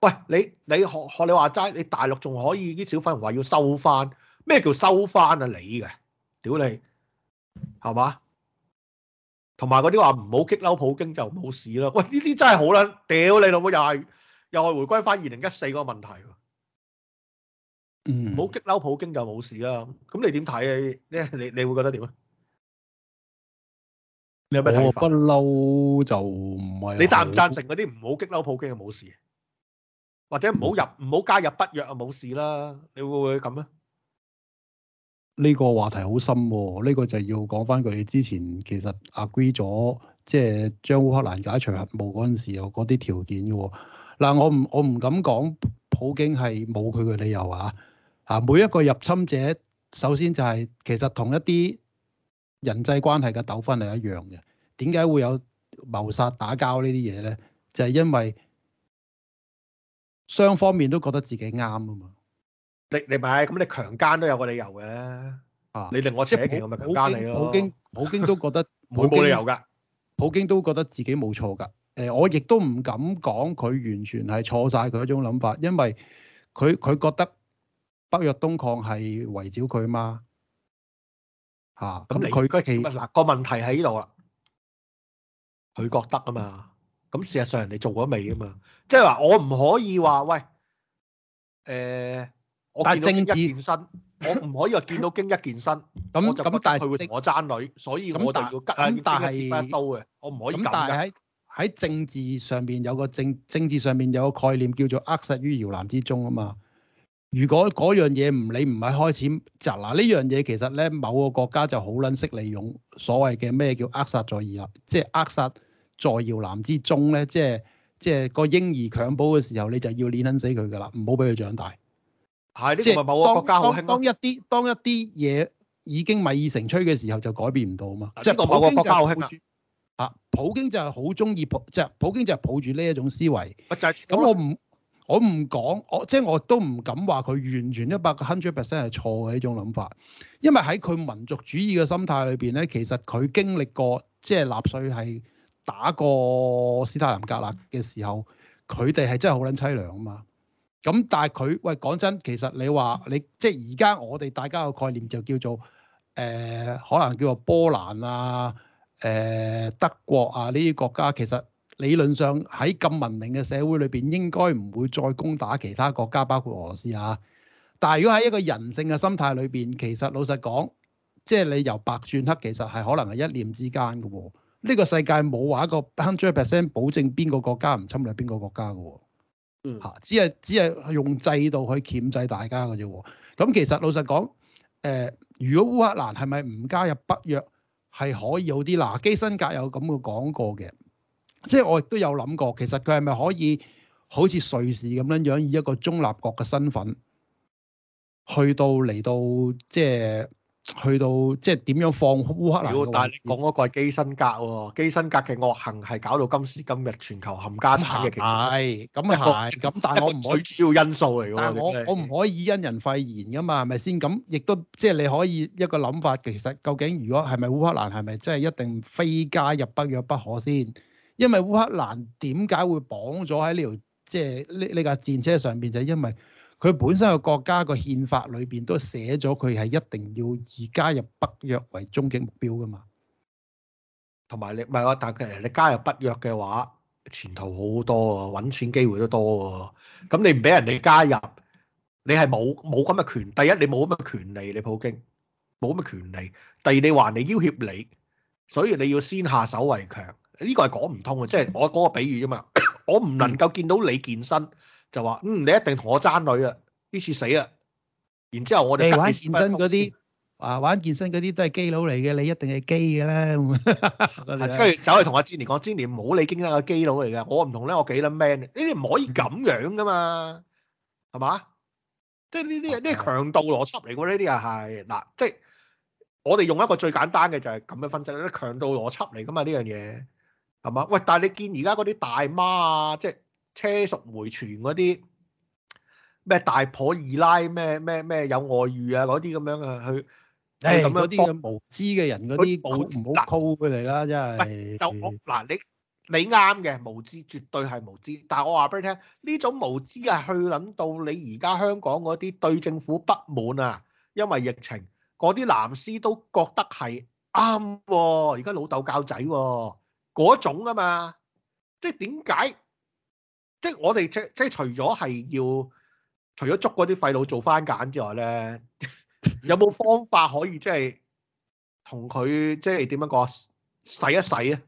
喂，你你學學你話齋，你大陸仲可以啲小粉紅話要收翻咩，叫收翻啊你嘅，屌你係嘛？同埋嗰啲話唔好激嬲普京就冇事咯，喂呢啲真係好卵屌你老母，又係又係回歸翻二零一四個問題，嗯，唔好激嬲普京就冇事啦，咁你點睇啊？你你你會覺得點啊？你有咩睇法？我不嬲就唔係，你贊唔贊成嗰啲唔好激嬲普京就冇事，或者唔好入唔好加入北約就冇事啦，你會唔會咁咩？呢個話題好深，哦，呢、呢個就要講翻佢哋之前其實 agree 咗，即係將烏克蘭解除核武嗰陣時有嗰啲條件嘅，哦。嗱，我唔我唔敢講普京係冇佢嘅理由啊。啊，每一個入侵者首先就係其實同一啲人際關係嘅糾紛係一樣嘅。點解會有謀殺、打交呢啲嘢咧？就係、是、因為雙方面都覺得自己啱啊嘛。你你咪咁，你強姦都有個理由嘅。你令我扯旗，我咪強姦你咯。普京普京都覺得冇 (laughs) 京理由噶。普京都覺得自己冇錯噶。誒、呃，我亦都唔敢講佢完全係錯晒，佢一種諗法，因為佢佢覺得北約東擴係圍繞佢嘛。吓，咁佢佢其嗱，個問題喺呢度啦。佢覺得啊嘛，咁事實上人哋做咗未啊嘛？即係話我唔可以話喂，誒、欸。但我見到政一健身，我唔可以話見到經一健身，咁我， (laughs) 那我就覺得佢會同我爭女，是所以我就要拮下一切翻一刀嘅，我唔可以但係喺政治上面有個政政治上面有個概念叫做扼殺於搖籃之中啊嘛。如果嗰樣嘢唔理唔係開始，就嗱呢樣嘢其實咧，某個國家就好撚識利用所謂嘅咩叫扼殺，殺在搖籃，即係扼殺在搖籃之中咧，即係即係個嬰兒襁褓嘅時候，你就要捏撚死佢㗎啦，唔好俾佢長大。係，即係、啊這個、當當，當一啲當一啲嘢已經米已成炊嘅時候，就改變唔到啊嘛。即係普京就係啊、就是，普京就係好中意普，就係普京就係抱住呢一種思維。咁、啊就是嗯、我唔我唔講，我即係、就是、我都唔敢話佢完全一百個 hundred percent 係錯嘅呢種諗法。因為喺佢民族主義嘅心態裏邊咧，其實佢經歷過即係納粹係打過斯大林格勒嘅時候，佢哋係真係好撚凄涼啊嘛。咁但係佢喂，講真，其實你話你即係而家我哋大家嘅概念就叫做誒、呃，可能叫做波蘭啊、誒、呃、德國啊呢啲國家，其實理論上喺咁文明嘅社會裏邊，應該唔會再攻打其他國家，包括俄羅斯嚇、啊。但係如果喺一個人性嘅心態裏邊，其實老實講，即係你由白轉黑，其實係可能係一念之間嘅喎、哦。呢、這個世界冇話一個百分之百保證邊個國家唔侵略邊個國家嘅喎、哦。吓，只係只係用制度去鉗制大家嘅啫。咁其實老實講，誒、呃，如果烏克蘭係咪唔加入北約係可以好啲？嗱，基辛格有咁嘅講過嘅，即係我亦都有諗過。其實佢係咪可以好似瑞士咁樣樣，以一個中立國嘅身份去到嚟到即係。去到即係點樣放烏克蘭？但係你講嗰個係基辛格喎，哦，基辛格嘅惡行係搞到今時今日全球冚家鏟嘅，其係咁係咁，但係我唔可以主要因素嚟㗎。我我唔可以因人廢言㗎嘛，係咪先？咁亦都即係你可以一個諗法，其實究竟如果係咪烏克蘭係咪真係一定非加入北約不可先？因為烏克蘭點解會綁咗喺呢條即係呢呢架戰車上邊？就係因為，佢本身個國家個憲法裏邊都寫咗，佢係一定要以加入北約為終極目標噶嘛。同埋你唔係話，但係你加入北約嘅話，前途好多啊，揾錢機會都多喎。咁你唔俾人哋加入，你係冇冇咁嘅權。第一，你冇咁嘅權利，你普京冇咁嘅權利。第二，你話你要挾你，所以你要先下手為強。呢、呢個係講唔通嘅，即係我嗰個比喻啫嘛。我唔能夠見到你健身。就話嗯，你一定同我爭女啊！呢次死啊！然之後我哋玩健身嗰啲，啊玩健身嗰啲都係基佬嚟嘅，你一定係基嘅啦。 (laughs) 啊、跟住走去同阿芝年講，芝年唔好你經得起基佬嚟嘅，我唔同咧，我幾撚 man。呢啲唔可以咁樣噶嘛，係嘛、嗯？即係呢啲呢係強盜邏輯嚟喎。呢啲又係嗱，即係我哋用一個最簡單嘅就係咁樣分析啦。強盜邏輯嚟噶嘛，呢樣嘢係嘛？喂，但係你見而家嗰啲大媽啊，即係。車熟回傳嗰啲咩大婆二奶咩咩咩有外遇啊，嗰啲咁樣啊去，誒嗰啲咁無知嘅人嗰啲，冇唔好 call 佢哋啦真係。就我嗱你你啱嘅無知絕對係無知，但係我話俾你聽，呢種無知係去諗到你而家香港嗰啲對政府不滿啊，因為疫情嗰啲藍絲都覺得係啱喎，而家老豆教仔喎嗰種啊嘛，即係點解？即係我哋即係即係除咗係要除咗捉嗰啲廢老做番簡之外咧， (laughs) 有冇方法可以即係同佢即係點樣講洗一洗啊，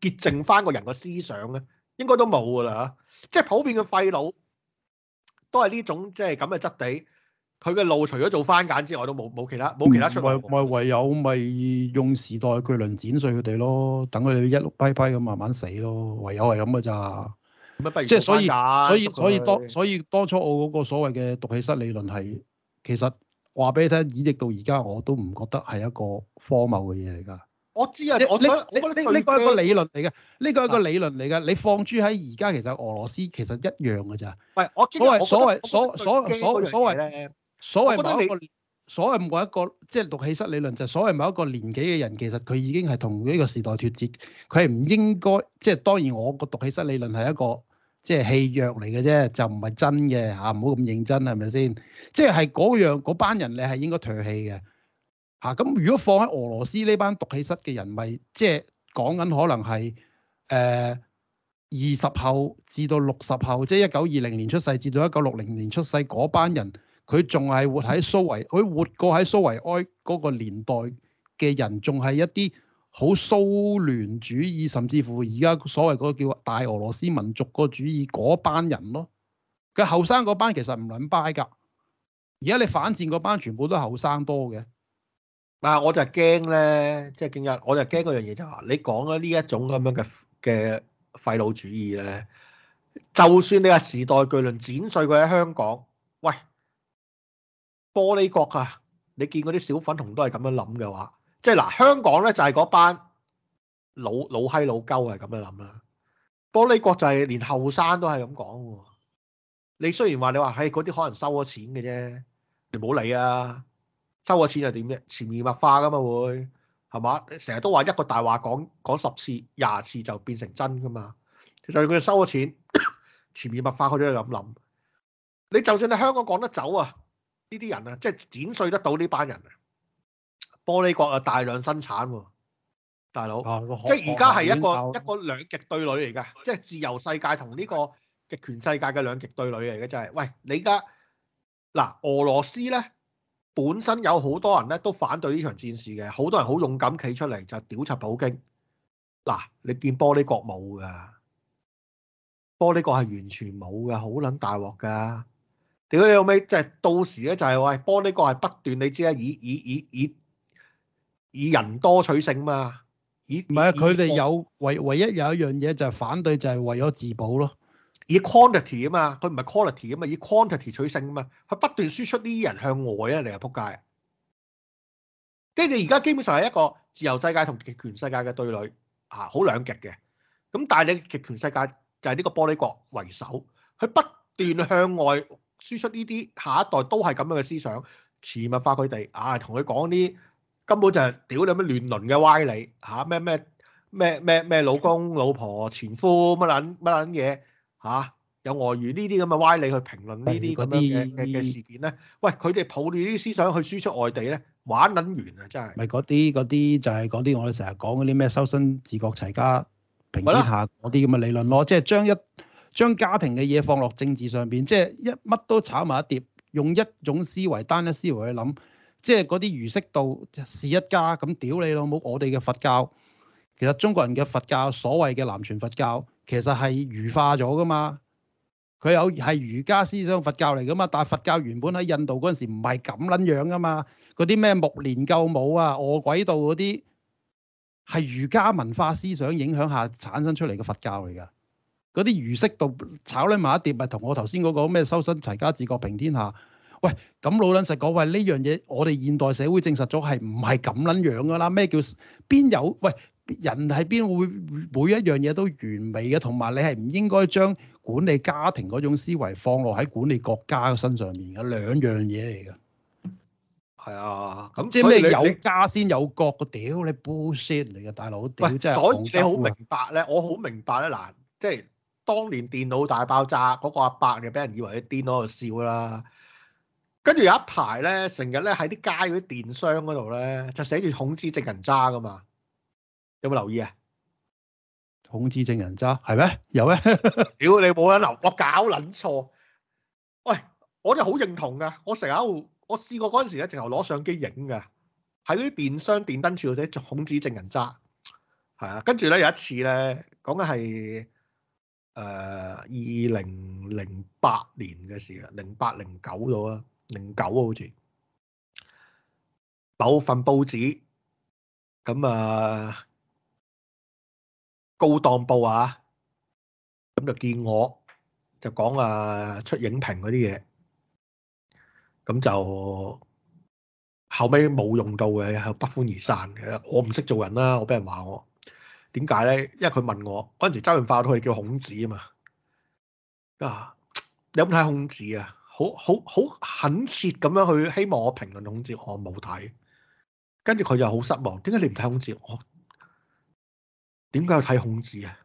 潔淨翻個人嘅思想咧？應該都冇噶啦，即係普遍嘅廢老都係呢種即係咁嘅質地，佢嘅路除咗做番簡之外都冇冇其他冇其他出路，咪唯有咪用時代巨輪剪碎佢哋咯，等佢哋一碌批批咁慢慢死咯，唯有係咁噶咋～即係所以，所以所以當所以當初我嗰個所謂嘅毒氣室理論係，其實話俾你聽，演繹到而家我都唔覺得係一個荒謬嘅嘢嚟噶。我知啊，我我我呢個係一個理論嚟嘅，呢的個係一個理論嚟嘅。你放諸喺而家，其實俄羅斯其實一樣噶咋？喂，我所謂所謂所謂所謂所謂所謂所謂某一所謂某一個，即係毒氣室理論就是所謂某一個年紀嘅人，其實佢已經係同呢個時代脫節，佢係唔應該。即係當然，我個毒氣室理論係一個。即係戲約嚟嘅啫，就唔係真嘅嚇，唔好咁認真，係咪先？即係係嗰樣嗰班人，你係應該唾棄嘅嚇。咁、啊、如果放喺俄羅斯呢班毒氣室嘅人，咪即係講緊可能係誒二十後至到六十後，即係一九二零年出世至到一九六零年出世嗰班人，佢仲係活喺蘇維，佢活過喺蘇維埃嗰個年代嘅人，仲係一啲。好蘇聯主義，甚至乎而家所謂嗰個叫大俄羅斯民族個主義嗰班人咯，佢後生嗰班其實唔撚掰㗎。而家你反戰嗰班全部都後生多嘅。嗱、啊，我就係驚咧，即係驚一，我就係驚嗰樣嘢就話、是，你講咗呢一種咁樣嘅嘅廢老主義咧，就算你話時代巨輪剪碎佢喺香港，喂，玻璃國啊，你見嗰啲小粉紅都係咁樣諗嘅話。即係嗱，香港咧就係、是、嗰班老老閪老鳩係咁樣諗啦。玻璃呢國就係連後生都係咁講喎。你雖然話你話係嗰啲可能收咗錢嘅啫，你唔好理啊。收咗錢又點啫？潛移默化噶嘛會係嘛？你成日都話一個大話講講十次、廿次就變成真噶嘛。就算佢收咗錢，潛 (laughs) 移默化，佢都係咁諗。你就算你香港講得走啊，呢啲人啊，即係剪碎得到呢班人啊。玻璃國啊，大量生產喎、啊，大佬，啊、即係而家係一個、啊、一個兩極對壘嚟嘅，的即係自由世界同呢個極權世界嘅兩極對壘嚟嘅，就係、是、喂你而家嗱俄羅斯咧，本身有好多人咧都反對呢場戰事嘅，好多人好勇敢企出嚟就屌柒普京。嗱，你見玻璃國冇噶，玻璃國係完全冇噶，好撚大鑊噶。屌你老味，即係到時咧就係、是、喂玻璃國係不斷，你知啦，以以以以。以人多取勝嘛，以唔係啊！佢哋是以有唯唯一有一樣嘢就係反對，就係為咗自保咯。以 quantity 啊嘛，佢唔係 quality 啊嘛，以 quantity 取勝啊嘛，佢不斷輸出呢啲人向外啊，你係仆街。即跟住而家基本上係一個自由世界同極權世界嘅對壘啊，好兩極嘅。咁但係你極權世界就係呢個玻璃國為首，佢不斷向外輸出呢啲下一代都係咁樣嘅思想，潛密化佢哋啊，同佢講啲。根本就係屌你乜亂倫嘅歪理嚇，咩咩咩咩咩老公老婆前夫乜撚乜撚嘢嚇，有外遇呢啲咁嘅歪理去評論呢啲咁樣嘅嘅些事件咧？喂，佢哋抱住啲思想去輸出外地咧，玩撚完啊！真係咪嗰啲嗰啲就係講啲我哋成日講嗰啲咩修身治國齊家，平天下嗰啲咁嘅理論咯，即係將一將家庭嘅嘢放落政治上邊，即係一乜都炒埋一碟，用一種思維單一思維去諗。即係嗰啲儒釋道是一家，咁屌你老母！我哋嘅佛教，其實中國人嘅佛教，所謂嘅南傳佛教其實係儒化咗噶嘛，佢有係儒家思想佛教嚟噶嘛。但佛教原本喺印度嗰陣時唔係咁撚樣噶嘛，嗰啲咩目連救母啊、餓鬼道嗰啲係儒家文化思想影響下產生出嚟嘅佛教嚟㗎。嗰啲儒釋道炒撚埋一碟，咪同我頭先嗰個咩修身齊家治國平天下。喂，咁老捻實講，喂呢樣嘢，我哋現代社會證實咗係唔係咁撚樣噶啦？咩叫邊有？喂，人係邊會每一樣嘢都完美嘅？同埋你係唔應該將管理家庭嗰種思維放落喺管理國家嘅身上面嘅兩樣嘢嚟嘅。係啊，咁即係咩有家先有國？屌你，你 bullshit 嚟嘅，大佬屌喂真係。所以你好明白咧，我好明白咧嗱，即係當年電腦大爆炸嗰個阿伯就俾人以為佢癲咗喺度笑啦。跟住有一排咧，成日咧喺啲街嗰啲電商嗰度咧，就寫住孔子證人渣噶嘛，有冇留意啊？孔子證人渣係咩？有咩？屌你冇捻留，我搞捻錯。喂，我就好認同噶，我成日我試過嗰陣時咧，淨係攞相機影噶，喺啲電商電燈柱度寫住孔子證人渣，係啊。跟住咧有一次咧，講緊係誒二零零八年嘅事啊，零八零九度啊。零九啊，2009, 好似某份報紙咁啊，高檔報啊，咁就見我就講啊出影評嗰啲嘢，咁就後尾冇用到嘅，不歡而散嘅。我唔識做人啦，啊，我俾人話我點解咧？因為佢問我嗰陣時，周潤發都係叫孔子啊嘛，啊有冇睇孔子啊？好好好懇切咁樣去希望我評論孔子，我冇睇，跟住佢就好失望。點解你唔睇孔子？我點解要睇孔子啊？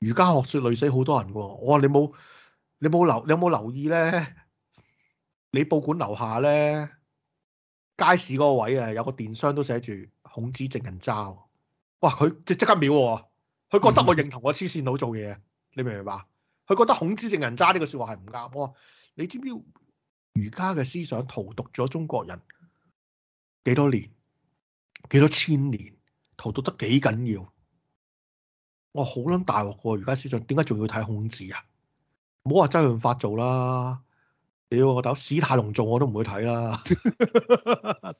儒家學説累死好多人喎。我話你冇你冇留，你有冇留意咧？你報館樓下咧，街市嗰個位啊，有個電箱都寫住孔子正人渣。哇！佢即即刻秒喎，佢覺得我認同我黐線佬做嘢，你明唔明白？佢覺得孔子正人渣呢個説話係唔啱喎。你知唔知儒家嘅思想荼毒咗中國人幾多年？幾多千年？荼毒得幾緊要？我好捻大鑊嘅儒家思想，點解仲要睇孔子啊？唔好話周潤發做啦，屌我豆史太龍做我都唔會睇啦。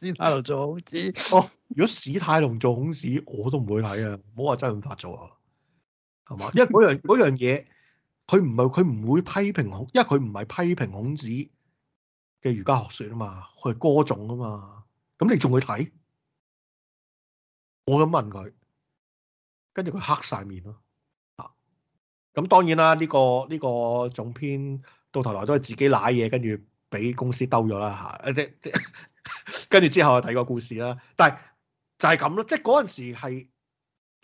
史太龍做， (laughs) 做孔子哦，如果史太龍做孔子我都唔會睇啊！唔好話周潤發做啊，係嘛？ (laughs) 因為嗰樣嗰樣嘢。佢唔係，佢唔會批評孔，因為佢唔係批評孔子嘅儒家學說啊嘛，佢係歌頌啊嘛，咁你仲會睇？我咁問佢，跟住佢黑晒面咯啊！咁當然啦，呢個呢個總編到頭來都係自己瀨嘢，跟住俾公司兜咗啦吓。誒，跟住之後睇個故事啦，但係就係咁咯，即係嗰陣時係。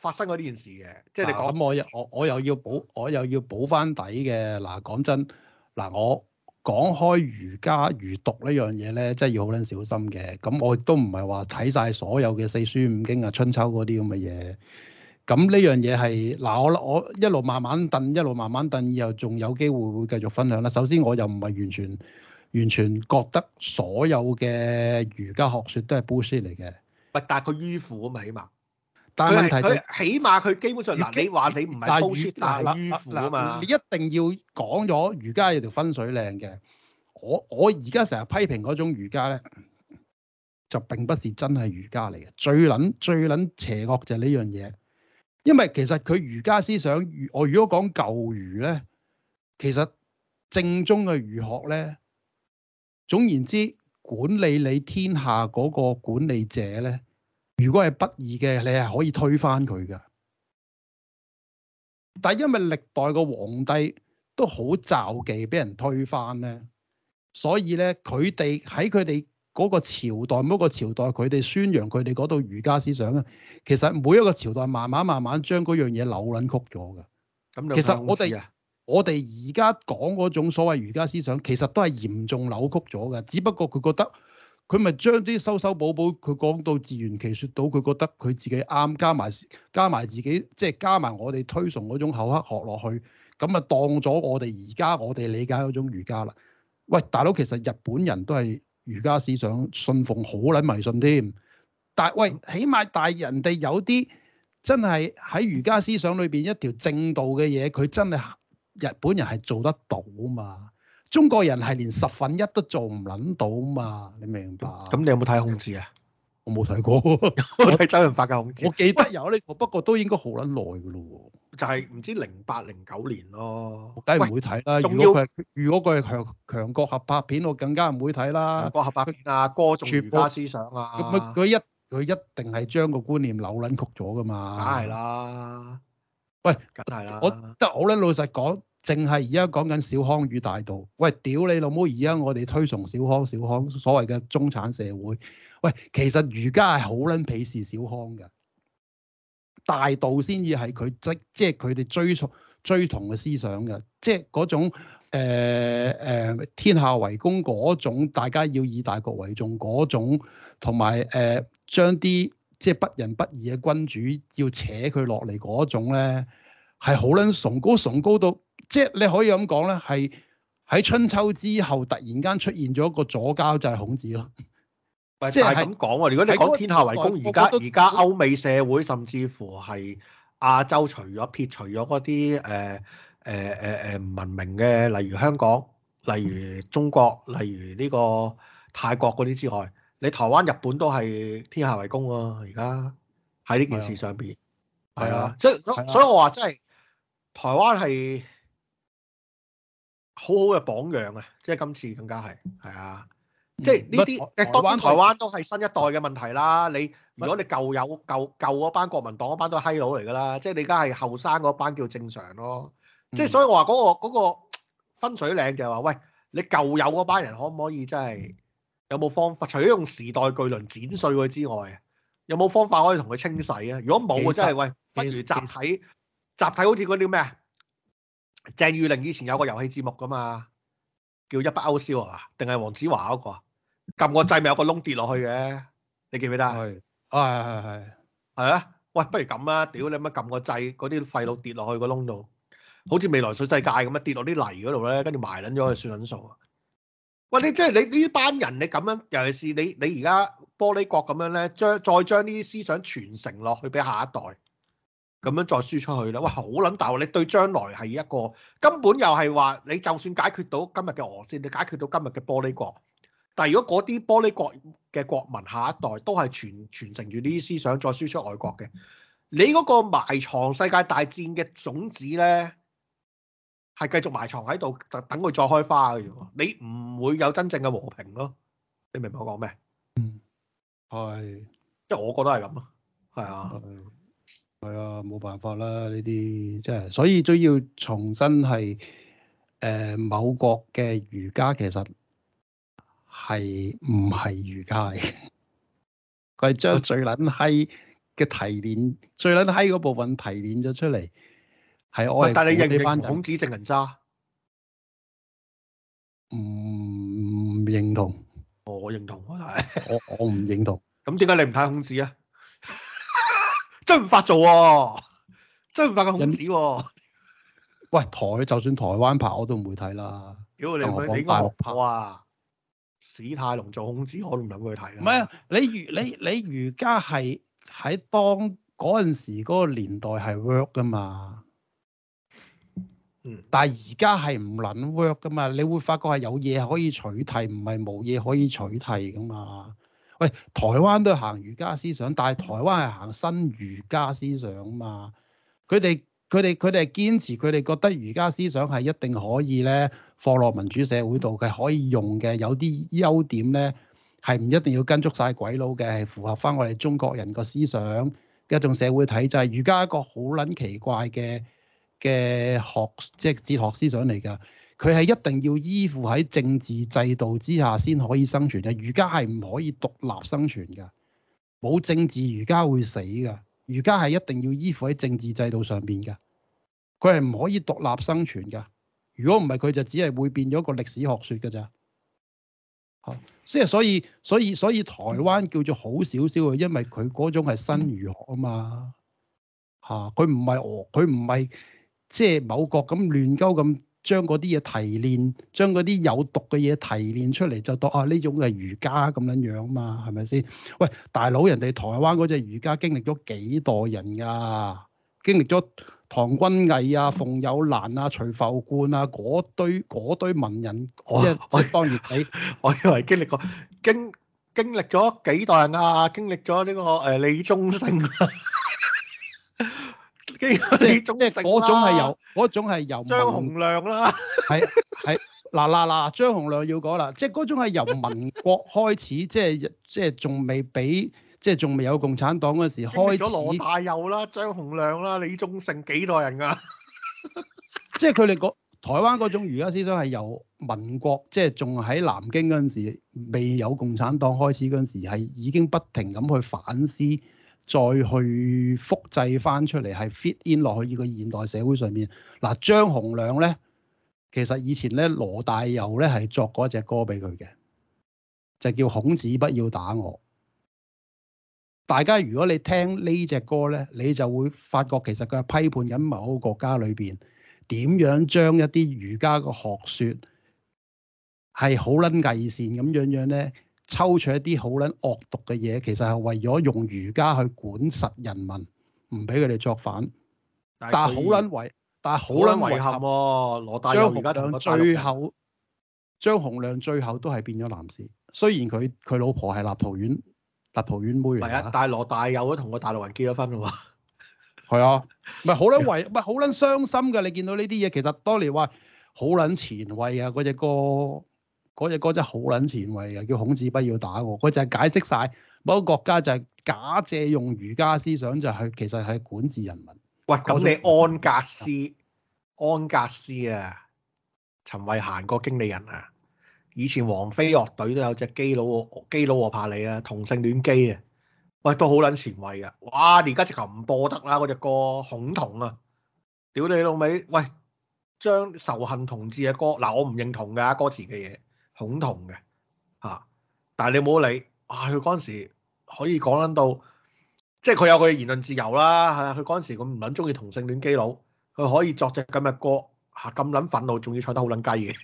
發生過呢件事嘅，即係你講、啊嗯、我又我我又要補我又要補翻底嘅嗱，講、啊、真嗱、啊，我講開儒家儒讀呢樣嘢咧，真係要好撚小心嘅。咁、啊、我亦都唔係話睇晒所有嘅四書五經啊、春秋嗰啲咁嘅嘢。咁、啊、呢、啊、樣嘢係嗱，我我一路慢慢揼，一路慢慢揼，以後仲有機會會繼續分享啦。首先，我又唔係完全完全覺得所有嘅儒家學説都係 b o 嚟嘅。唔係，但迂腐咁啊，起碼。但係問題佢、就係、起碼佢基本上嗱，要你話你唔係高處，大於迂啊嘛！你一定要講咗儒家有條分水嶺嘅。我我而家成日批評嗰種儒家咧，就並不是真係儒家嚟嘅。最撚最撚邪惡就係呢樣嘢，因為其實佢儒家思想，我如果講舊儒咧，其實正宗嘅儒學咧，總言之，管理你天下嗰個管理者咧。如果係不義嘅，你係可以推翻佢噶。但係因為歷代個皇帝都好就忌俾人推翻咧，所以咧佢哋喺佢哋嗰個朝代，每一個朝代佢哋宣揚佢哋嗰套儒家思想咧，其實每一個朝代慢慢慢慢將嗰樣嘢扭捻曲咗嘅。咁，其實我哋、啊、我哋而家講嗰種所謂儒家思想，其實都係嚴重扭曲咗嘅。只不過佢覺得。佢咪將啲修修補補，佢講到自圓其説，到佢覺得佢自己啱，加埋加埋自己，即係加埋我哋推崇嗰種口刻學落去，咁啊當咗我哋而家我哋理解嗰種儒家啦。喂，大佬，其實日本人都係儒家思想信奉好撚迷信添，但係喂，起碼但係人哋有啲真係喺儒家思想裏邊一條正道嘅嘢，佢真係日本人係做得到啊嘛。中國人係連十分一都做唔撚到嘛？你明白？咁你有冇睇《孔子》啊？我冇睇過，我睇周潤發嘅《孔子》。我記得有呢個，不過都應該好撚耐嘅咯。就係唔知零八零九年咯。我梗係唔會睇啦。仲要係如果佢係如果佢係強強國合拍片，我更加唔會睇啦。強國合拍片啊，歌頌儒家思想啊。佢一佢一定係將個觀念扭撚曲咗㗎嘛。梗係啦。喂，梗係啦。我即係我咧老實講。淨係而家講緊小康與大道。喂，屌你老母！而家我哋推崇小康，小康所謂嘅中產社會。喂，其實儒家係好撚鄙視小康嘅，大道先至係佢即即係佢哋追崇追崇嘅思想嘅，即係嗰種誒、呃呃、天下為公嗰種，大家要以大局為重嗰種，同埋誒將啲即係不仁不義嘅君主要扯佢落嚟嗰種咧，係好撚崇高崇高到～即係你可以咁講咧，係喺春秋之後突然間出現咗一個左膠，就係、是、孔子咯。但係即係咁講喎。如果你講天下為公，而家而家歐美社會，甚至乎係亞洲除，除咗撇除咗嗰啲誒誒誒誒文明嘅，例如香港、例如中國、例如呢個泰國嗰啲之外，你台灣、日本都係天下為公啊！而家喺呢件事上邊，係啊，即係、啊啊、所，所以我話即係台灣係。好好嘅榜樣啊，即係今次更加係，係啊，即係呢啲誒，台灣、欸、當然台灣都係新一代嘅問題啦。你如果你舊有舊舊嗰班國民黨嗰班都係閪佬嚟噶啦，即係你而家係後生嗰班叫正常咯。即係所以我話嗰、嗰個、嗰個分水嶺就係話，喂，你舊有嗰班人可唔可以即係有冇方法？除咗用時代巨輪剪碎佢之外，有冇方法可以同佢清洗啊？如果冇啊，真係喂，例如集體集體好似嗰啲咩啊？鄭裕玲以前有個遊戲節目噶嘛，叫一筆勾銷啊，定係黃子華嗰、嗰個，撳個掣咪有個窿跌落去嘅，你記唔記得？係係係係啊，喂，不如咁啦，屌你乜撳個掣，嗰啲廢老跌落去個窿度，好似未來水世界咁樣跌落啲泥嗰度咧，跟住埋捻咗去算捻數啊！的喂，你即係你呢班人，你咁樣，尤其是你你而家玻璃國咁樣咧，將再將呢啲思想傳承落去俾下一代。咁樣再輸出去咧，哇！好撚大喎！你對將來係一個根本又係話，你就算解決到今日嘅俄戰，你解決到今日嘅玻璃國，但係如果嗰啲玻璃國嘅國民下一代都係傳傳承住呢啲思想再輸出外國嘅，你嗰個埋藏世界大戰嘅種子呢，係繼續埋藏喺度，就等佢再開花嘅啫。你唔會有真正嘅和平咯，啊。你明唔明我講咩？嗯，係、哎，即係我覺得係咁咯。係啊。係啊，冇、哎、辦法啦，呢啲即係，所以都要重新係誒、呃，某國嘅儒家其實係唔係儒家嘅，佢係將最撚閪嘅提煉， (laughs) 最撚閪嗰部分提煉咗出嚟，係我是。但你認唔認同孔子淨人渣？唔、嗯、認同、哦，我認同， (laughs) 我我唔認同。咁點解你唔睇孔子啊？真唔發做喎、哦，真唔發個孔子喎。喂，台就算台灣拍我都唔會睇啦。屌、哦，你唔係俾我大陸拍啊！史泰龍做孔子，我都唔諗去睇。唔係啊，你如你你而家係喺當嗰陣時嗰個年代係 work 噶嘛？嗯。但係而家係唔撚 work 噶嘛？你會發覺係有嘢可以取替，唔係冇嘢可以取替噶嘛？喂，台灣都行儒家思想，但係台灣係行新儒家思想啊嘛。佢哋佢哋佢哋係堅持佢哋覺得儒家思想係一定可以咧放落民主社會度，佢可以用嘅，有啲優點咧係唔一定要跟足晒鬼佬嘅，係符合翻我哋中國人個思想一種社會體制。儒家一個好撚奇怪嘅嘅學即係、就是、哲學思想嚟㗎。佢係一定要依附喺政治制度之下先可以生存嘅，儒家係唔可以獨立生存噶，冇政治儒家會死噶，儒家係一定要依附喺政治制度上邊噶，佢係唔可以獨立生存噶。如果唔係，佢就只係會變咗個歷史學說噶咋。即、啊、係所，所以，所以，所以台灣叫做好少少啊，因為佢嗰種係新儒學啊嘛。吓、啊，佢唔係佢唔係即係某國咁亂鳩咁。將嗰啲嘢提煉，將嗰啲有毒嘅嘢提煉出嚟，就當啊呢種嘅儒家咁樣樣嘛，係咪先？喂，大佬，人哋台灣嗰隻儒家經歷咗幾代人噶、啊，經歷咗唐君毅啊、馮友蘭啊、徐復觀啊嗰堆、堆、堆文人，我我、哦、當然，睇， (laughs) 我以為經歷過，經經歷咗幾代人啊，經歷咗呢、這個誒、呃、李宗盛。 (laughs) 即係即係嗰種係由嗰種係由張洪亮啦，係係嗱嗱嗱張洪亮要講啦， (laughs) 即係嗰種係由民國開始，即係即係仲未俾即係仲未有共產黨嗰時開咗羅大佑啦，張洪亮啦，李宗盛幾代人噶、啊， (laughs) 即係佢哋講台灣嗰種儒家思想係由民國即係仲喺南京嗰陣時未有共產黨開始嗰陣時係已經不停咁去反思。再去複製翻出嚟係 fit in 落去呢個現代社會上面。嗱、啊，張洪亮咧，其實以前咧，羅大佑咧係作過一隻歌俾佢嘅，就叫《孔子不要打我》。大家如果你聽呢隻歌咧，你就會發覺其實佢係批判緊某個國家裏邊點樣將一啲儒家嘅學説係好撚偽善咁樣樣咧。抽取一啲好撚惡毒嘅嘢，其實係為咗用儒家去管實人民，唔俾佢哋作反。但係好撚遺，但係好撚遺憾喎、啊！張洪量最後，張洪量最後都係變咗男士，雖然佢佢老婆係立陶宛，立陶宛妹嚟。啊，但係羅大佑都同個大陸人結咗婚喎。係 (laughs) 啊，唔係好撚遺，唔係好撚傷心㗎。你見到呢啲嘢，其實當年話好撚前衞啊，嗰隻歌。嗰隻歌真係好撚前衞呀，叫《孔子不要打我》。佢就係解釋晒某個國家就係假借用儒家思想，就係其實係管治人民。喂，咁種喂你安格斯、的安格斯啊，陳慧嫻個經理人啊，以前王菲樂隊都有隻基佬，基佬我怕你啊，同性戀基啊。喂，都好撚前衞噶、啊。哇，而家直頭唔播得啦！嗰隻歌《恐同》啊，屌你老味，喂，將仇恨同志嘅歌，嗱，我唔認同㗎歌詞嘅嘢。共同嘅嚇，但係你冇理，哇、啊！佢嗰陣時可以講撚到，即係佢有佢嘅言論自由啦，係佢嗰陣時咁唔撚中意同性戀基佬，佢可以作隻咁嘅歌嚇，咁、啊、撚憤怒，仲要唱得好撚雞嘅，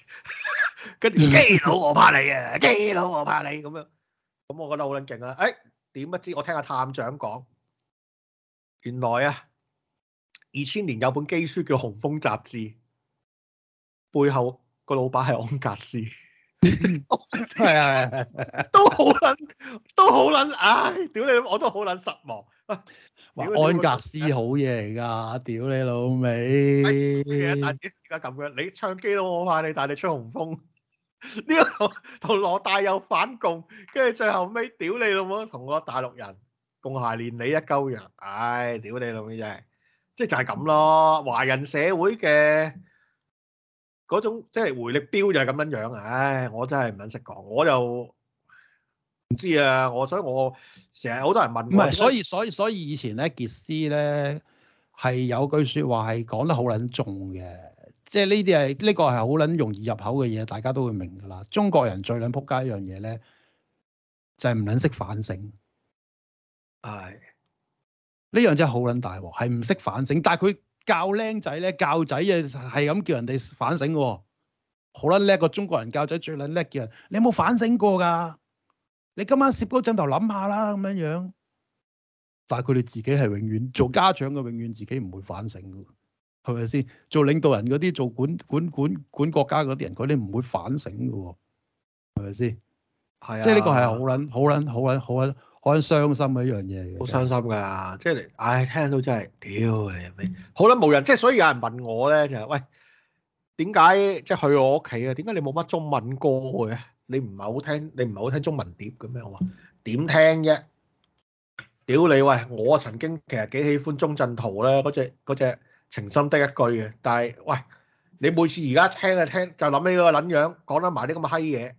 跟住基佬我怕你啊，基佬我怕你咁樣，咁我覺得好撚勁啊！誒、哎，點不知我聽阿探長講，原來啊，二千年有本基書叫《雄風雜誌》，背後個老闆係安格斯。係啊，都好捻，都好捻，唉，屌你，我都好捻失望。安格斯好嘢嚟噶，屌你老味。而家咁樣，你唱基佬我怕你，但係你吹紅風，呢個同羅大又反共，跟住最後尾，屌你老母，同個大陸人共下連理一鳩人，唉，屌你老味真係，即係就係咁咯，華人社會嘅。嗰種即係回力標就係咁樣樣，唉，我真係唔撚識講，我就唔知啊！我所以我，我成日好多人問唔係，所以，所以，所以以前咧傑斯咧係有句説話係講得好撚重嘅，即係呢啲係呢個係好撚容易入口嘅嘢，大家都會明㗎啦。中國人最撚撲街一樣嘢咧，就係唔撚識反省。係呢的樣真係好撚大鑊，係唔識反省，但係佢。教僆仔咧，教仔啊，係咁叫人哋反省嘅，哦。好啦，叻個中國人教仔最撚叻嘅人，你有冇反省過㗎？你今晚攝高枕頭諗下啦，咁樣樣。但係佢哋自己係永遠做家長嘅，永遠自己唔會反省嘅。係咪先？做領導人嗰啲，做管管管管國家嗰啲人，佢哋唔會反省嘅。係咪先？係啊，即係呢個係好撚好撚好撚好撚。好傷心嘅一樣嘢，好傷心㗎，即係，唉，聽到真係，屌你！好啦，無人，即係所以有人問我咧，就係，喂，點解即係去我屋企啊？點解你冇乜中文歌嘅？你唔係好聽，你唔係好聽中文碟噉樣？我話點聽啫？屌你喂！我曾經其實幾喜歡鍾鎮濤咧，嗰隻嗰隻情深的一句嘅，但係喂，你每次而家聽啊聽，就諗起嗰個撚樣，講得埋啲咁嘅閪嘢，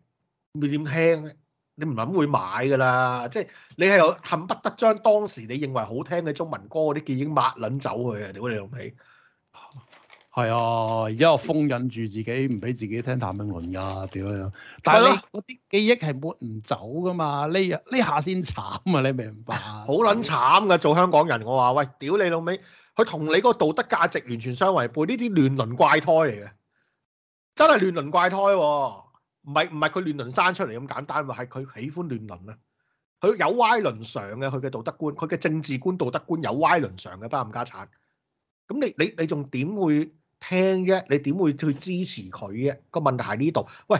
你點聽咧。你唔諗會買㗎啦，即係你係有恨不得將當時你認為好聽嘅中文歌嗰啲記憶抹撚走佢啊！屌你老味，係啊，而家我封印住自己，唔俾 (laughs) 自己聽譚詠麟㗎！屌你，你，但係嗰啲記憶係抹唔走噶嘛？呢呢下先慘啊！你明唔白？好撚慘㗎！做香港人，我話喂，屌你老味，佢同你嗰個道德價值完全相違背，呢啲亂倫怪胎嚟嘅，真係亂倫怪胎喎，啊！唔係唔係佢亂倫生出嚟咁簡單，話係佢喜歡亂倫啊，佢有歪倫常嘅，佢嘅道德觀，佢嘅政治觀、道德觀有歪倫常嘅家唔家產，咁你你你仲點會聽啫？你點會去支持佢嘅？個問題喺呢度。喂，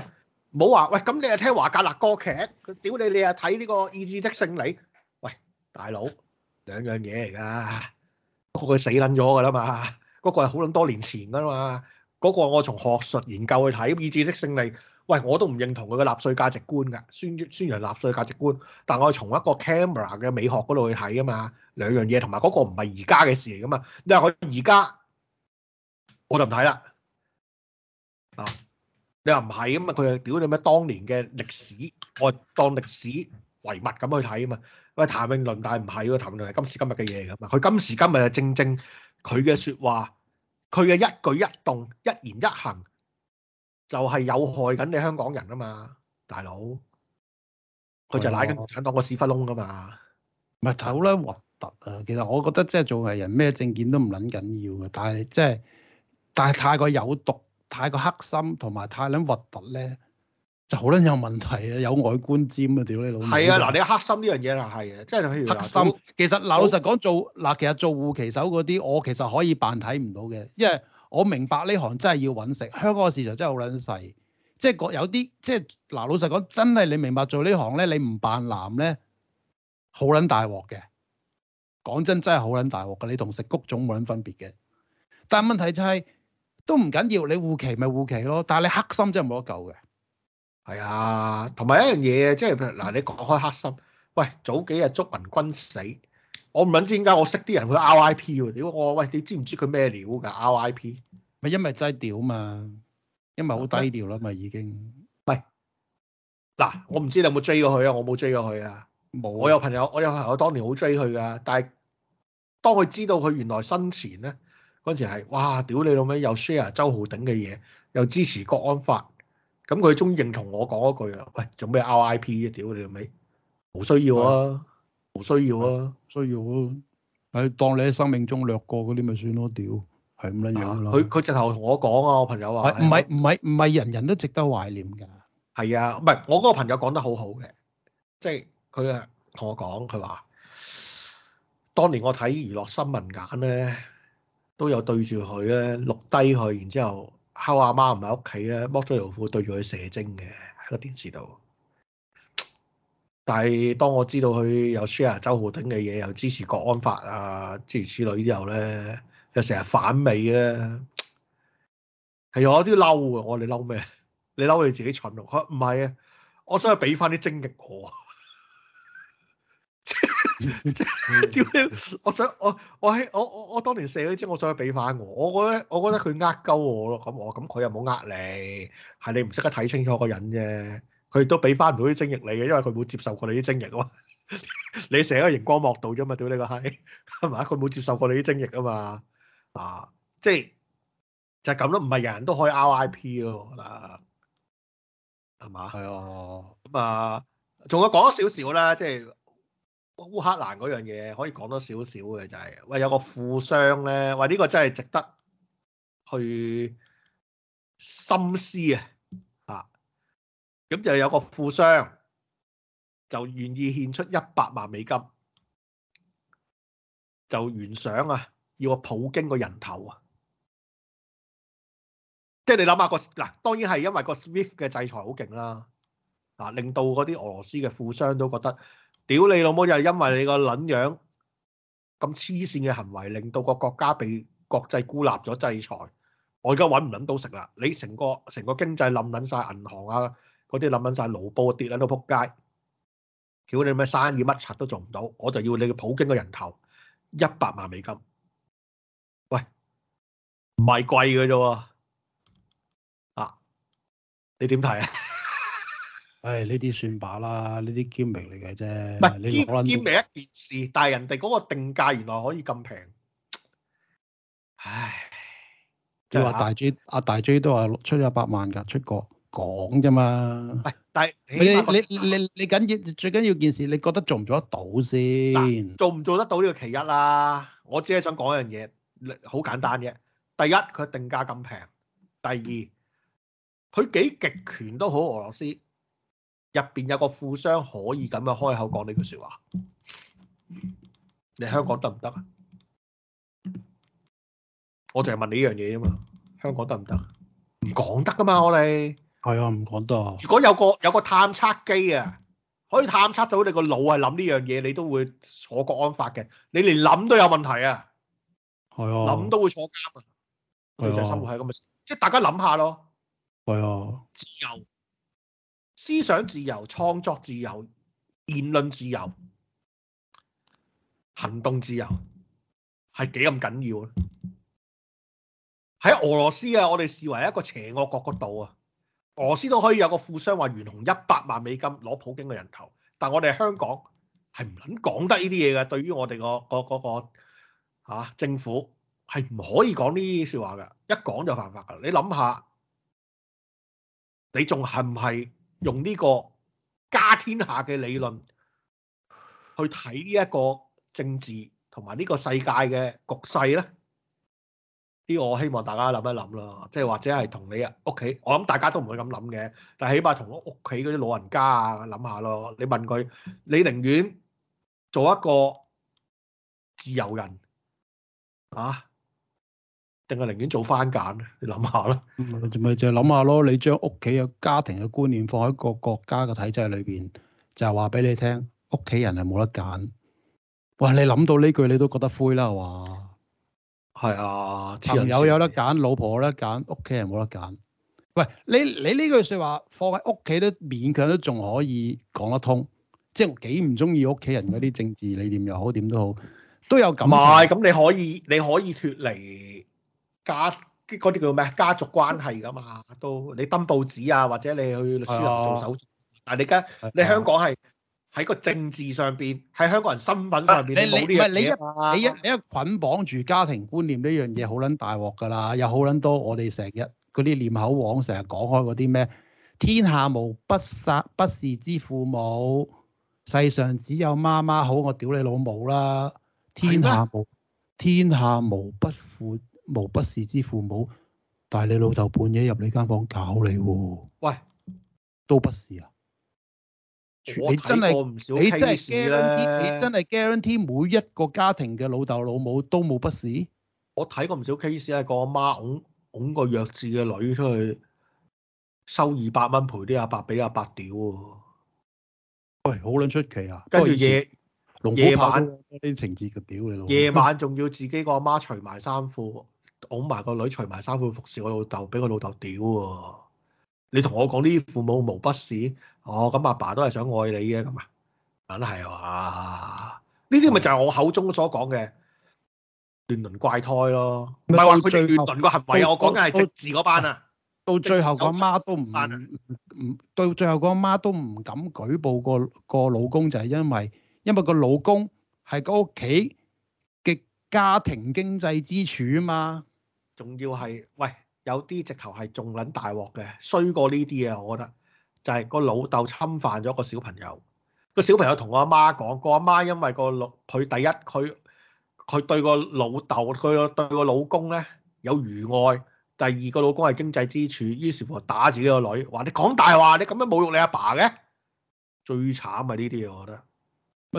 唔好話喂，咁你又聽華格納歌劇，屌你你又睇呢個意志的勝利？喂，大佬，兩樣嘢嚟噶，嗰個佢死撚咗噶啦嘛，嗰個係好捻多年前噶啦嘛，嗰個我從學術研究去睇《意志的勝利》。喂，我都唔認同佢嘅納粹價值觀㗎，宣宣揚納粹價值觀。但係我從一個 camera 嘅美學嗰度去睇㗎嘛，兩樣嘢同埋嗰個唔係而家嘅事嚟㗎嘛。你話我而家我就唔睇啦。你話唔係咁嘛？佢就屌你咩？當年嘅歷史，我當歷史遺物咁去睇啊嘛。喂，譚詠麟，但係唔係喎？譚詠麟係今時今日嘅嘢㗎嘛。佢今時今日係正正佢嘅説話，佢嘅一舉一動，一言一行。就係有害緊你香港人啊嘛，大佬，佢就舐緊共產黨個屎窟窿噶嘛，唔係好啦，核突啊！其實我覺得即係做藝人咩政見都唔撚緊要嘅，但係即係但係太過有毒、太過黑心同埋太撚核突咧，就好撚有問題啊！有外觀尖啊，屌你老！係啊，嗱你黑心呢樣嘢啊係啊，即係譬如黑心。做其實嗱，老實講做嗱做其實做護旗手嗰啲，我其實可以扮睇唔到嘅，因為。我明白呢行真係要揾食，香港嘅事就真係好撚細，即係有啲即係嗱，老實講真係你明白做呢行咧，你唔扮藍咧，好撚大鑊嘅。講真，真係好撚大鑊㗎，你同食谷種冇撚分別嘅。但係問題就係，都唔緊要，你護旗咪護旗咯。但係你黑心真係冇得救嘅。係啊，同埋一樣嘢啊，即係嗱，你講開黑心，喂，早幾日祝民軍死。我唔捻知點解我識啲人會 R.I.P 喎？屌我喂，你知唔知佢咩料㗎？R.I.P 咪因為真係屌啊嘛，因為好低調啦，嘛已經喂嗱。我唔知你有冇追過佢啊？我冇追過佢啊，冇。我有朋友，我有朋友，有朋友當年好追佢噶，但係當佢知道佢原來生前咧嗰陣時係哇，屌你老味又 share 周浩鼎嘅嘢，又支持國安法，咁佢終於認同我講嗰句啊，喂做咩 R.I.P 啊？屌你老味，冇需要啊，冇需要啊。所以我都當你喺生命中掠過嗰啲咪算咯，屌，係咁樣樣啦。佢佢直頭同我講啊，我朋友話，唔係唔係唔係人人都值得懷念㗎。係啊，唔係我嗰個朋友講得好好嘅，即係佢啊同我講，佢話當年我睇娛樂新聞眼咧，都有對住佢咧錄低佢，然之後敲阿媽唔喺屋企咧，剝咗條褲對住佢射精嘅喺個電視度。但係當我知道佢有 share 周浩鼎嘅嘢，又支持國安法啊，諸如此類之後咧，又成日反美咧，係我都嬲嘅。我話你嬲咩？你嬲你自己蠢咯。我話唔係啊，我想俾翻啲精極我精。 (laughs) (laughs) 點解我想我我喺我我我，我當年寫嗰啲，我想俾翻我。我覺得我覺得佢呃鳩我咯。咁我咁佢又冇呃你，係你唔識得睇清楚個人啫。佢都俾翻唔到啲精液你嘅，因為佢冇接受過你啲精液喎。 (laughs) 你成個熒光幕度啫嘛，屌你個閪，係嘛？佢冇接受過你啲精液嘛啊嘛，啊，即係就係咁咯，唔係人人都可以 RIP 咯，啊，嗱，係嘛？係啊，咁啊，仲有講多少少啦，即係烏克蘭嗰樣嘢可以講多少少嘅就係，喂，有個富商咧，喂，呢、哎、呢個真係值得去深思啊！咁就有個富商就願意獻出一百萬美金，就懸賞啊要個普京個人頭啊！即係你諗下個嗱，當然係因為個 Swift 嘅制裁好勁啦，嗱，令到嗰啲俄羅斯嘅富商都覺得屌你老母！又係因為你個撚樣咁黐線嘅行為，令到個國家被國際孤立咗制裁，我而家揾唔撚到食啦！你成個成個經濟冧撚晒銀行啊！嗰啲諗緊晒盧布跌喺度撲街，叫你咩生意乜柒都做唔到，我就要你個普京嘅人頭一百萬美金。喂，唔係貴嘅啫喎，啊，你點睇啊？唉、 (laughs) 哎，呢啲算把啦，呢啲簽名嚟嘅啫。唔係簽簽名一件事，但係人哋嗰個定價原來可以咁平。唉，啊、你話大 G，阿大 G 都話出咗一百萬㗎，出過。講啫嘛，唔係，但係你你你你你緊要最緊要件事，你覺得做唔做得到先？做唔做得到呢個其一啦？我只係想講一樣嘢，好簡單嘅。第一，佢定價咁平，第二，佢幾極權都好，俄羅斯入邊有個富商可以咁樣開口講呢句說話。你香港得唔得啊？我淨係問你呢樣嘢啫嘛，香港得唔得？唔講得噶嘛，我哋。係啊，唔講得啊。如果有個有個探測機啊，可以探測到你個腦係諗呢樣嘢，你都會坐國安法嘅。你連諗都有問題啊，係啊，諗都會坐監啊。就係、啊、生活係咁嘅，即係大家諗下咯。係啊，自由、思想自由、創作自由、言論自由、行動自由，係幾咁緊要咧？喺俄羅斯啊，我哋視為一個邪惡國、國度啊。俄羅斯都可以有個富商話懸紅一百萬美金攞普京嘅人頭，但我哋香港係唔撚講得呢啲嘢㗎。對於我哋、嗰個、嗰個、嗰個、啊、政府係唔可以講呢啲説話㗎，一講就犯法㗎。你諗下，你仲係唔係用呢個家天下嘅理論去睇呢一個政治同埋呢個世界嘅局勢呢？呢個我希望大家諗一諗咯，即係或者係同你啊屋企，我諗大家都唔會咁諗嘅，但係起碼同屋企嗰啲老人家啊諗下咯。你問佢，你寧願做一個自由人啊，定係寧願做番揀？你諗下啦。咪就諗下咯，你將屋企嘅家庭嘅觀念放喺個國家嘅體制裏邊，就係話俾你聽，屋企人係冇得揀。哇！你諗到呢句你都覺得灰啦，係嘛？係啊，朋友有得揀，老婆有得揀，屋企人冇得揀。喂，你，你呢句説話放喺屋企都勉強都仲可以講得通，即係幾唔中意屋企人嗰啲政治理念又好點都好，都有感情。唔係，咁你可以，你可以脱離家嗰啲叫咩？家族關係㗎嘛，都你登報紙啊，或者你去律師樓做手。但係你而家你香港係。喺個政治上邊，喺香港人身份上邊你、啊，你你唔係你一你一你一捆綁住家庭觀念呢樣嘢，好撚大鑊㗎啦！有好撚多我哋成日嗰啲念口簧，成日講開嗰啲咩？天下無不殺不是之父母，世上只有媽媽好，我屌你老母啦！天下無嗎天下無不父無不是之父母，但係你老豆半夜入你間房搞你喎、啊！喂，都不是啊！我少你真係，你真係 guarantee gu 每一個家庭嘅老豆老母都冇不恥？我睇過唔少 case 啊，個阿媽拱拱個弱智嘅女出去收二百蚊，陪啲阿伯俾阿伯屌。喂，好卵出奇啊！哎、啊跟住夜夜晚啲情節嘅屌、啊、你老屌、啊，夜晚仲要自己個阿媽除埋衫褲，拱埋個女除埋衫褲服侍我老豆，俾我老豆屌、啊。你同我講呢啲父母無不是，哦咁阿爸都係想愛你嘅咁啊，梗係話呢啲咪就係我口中所講嘅亂倫怪胎咯？唔係話佢哋亂倫個行為，我講嘅係直字嗰班啊。到最後個阿媽都唔、啊、到最後個阿媽都唔敢舉報個個老公，就係、是、因為因為個老公係個屋企嘅家庭經濟支柱啊嘛，仲要係喂。有啲直頭係仲捻大鑊嘅，衰過呢啲嘢，我覺得就係、是、個老豆侵犯咗個小朋友，個小朋友同我阿媽講，個阿媽因為、個老佢第一佢佢對個老豆，佢個對個老公呢有餘愛，第二個老公係經濟支柱，於是乎打自己個女，話你講大話，你咁樣侮辱你阿爸嘅，最慘咪呢啲啊，我覺得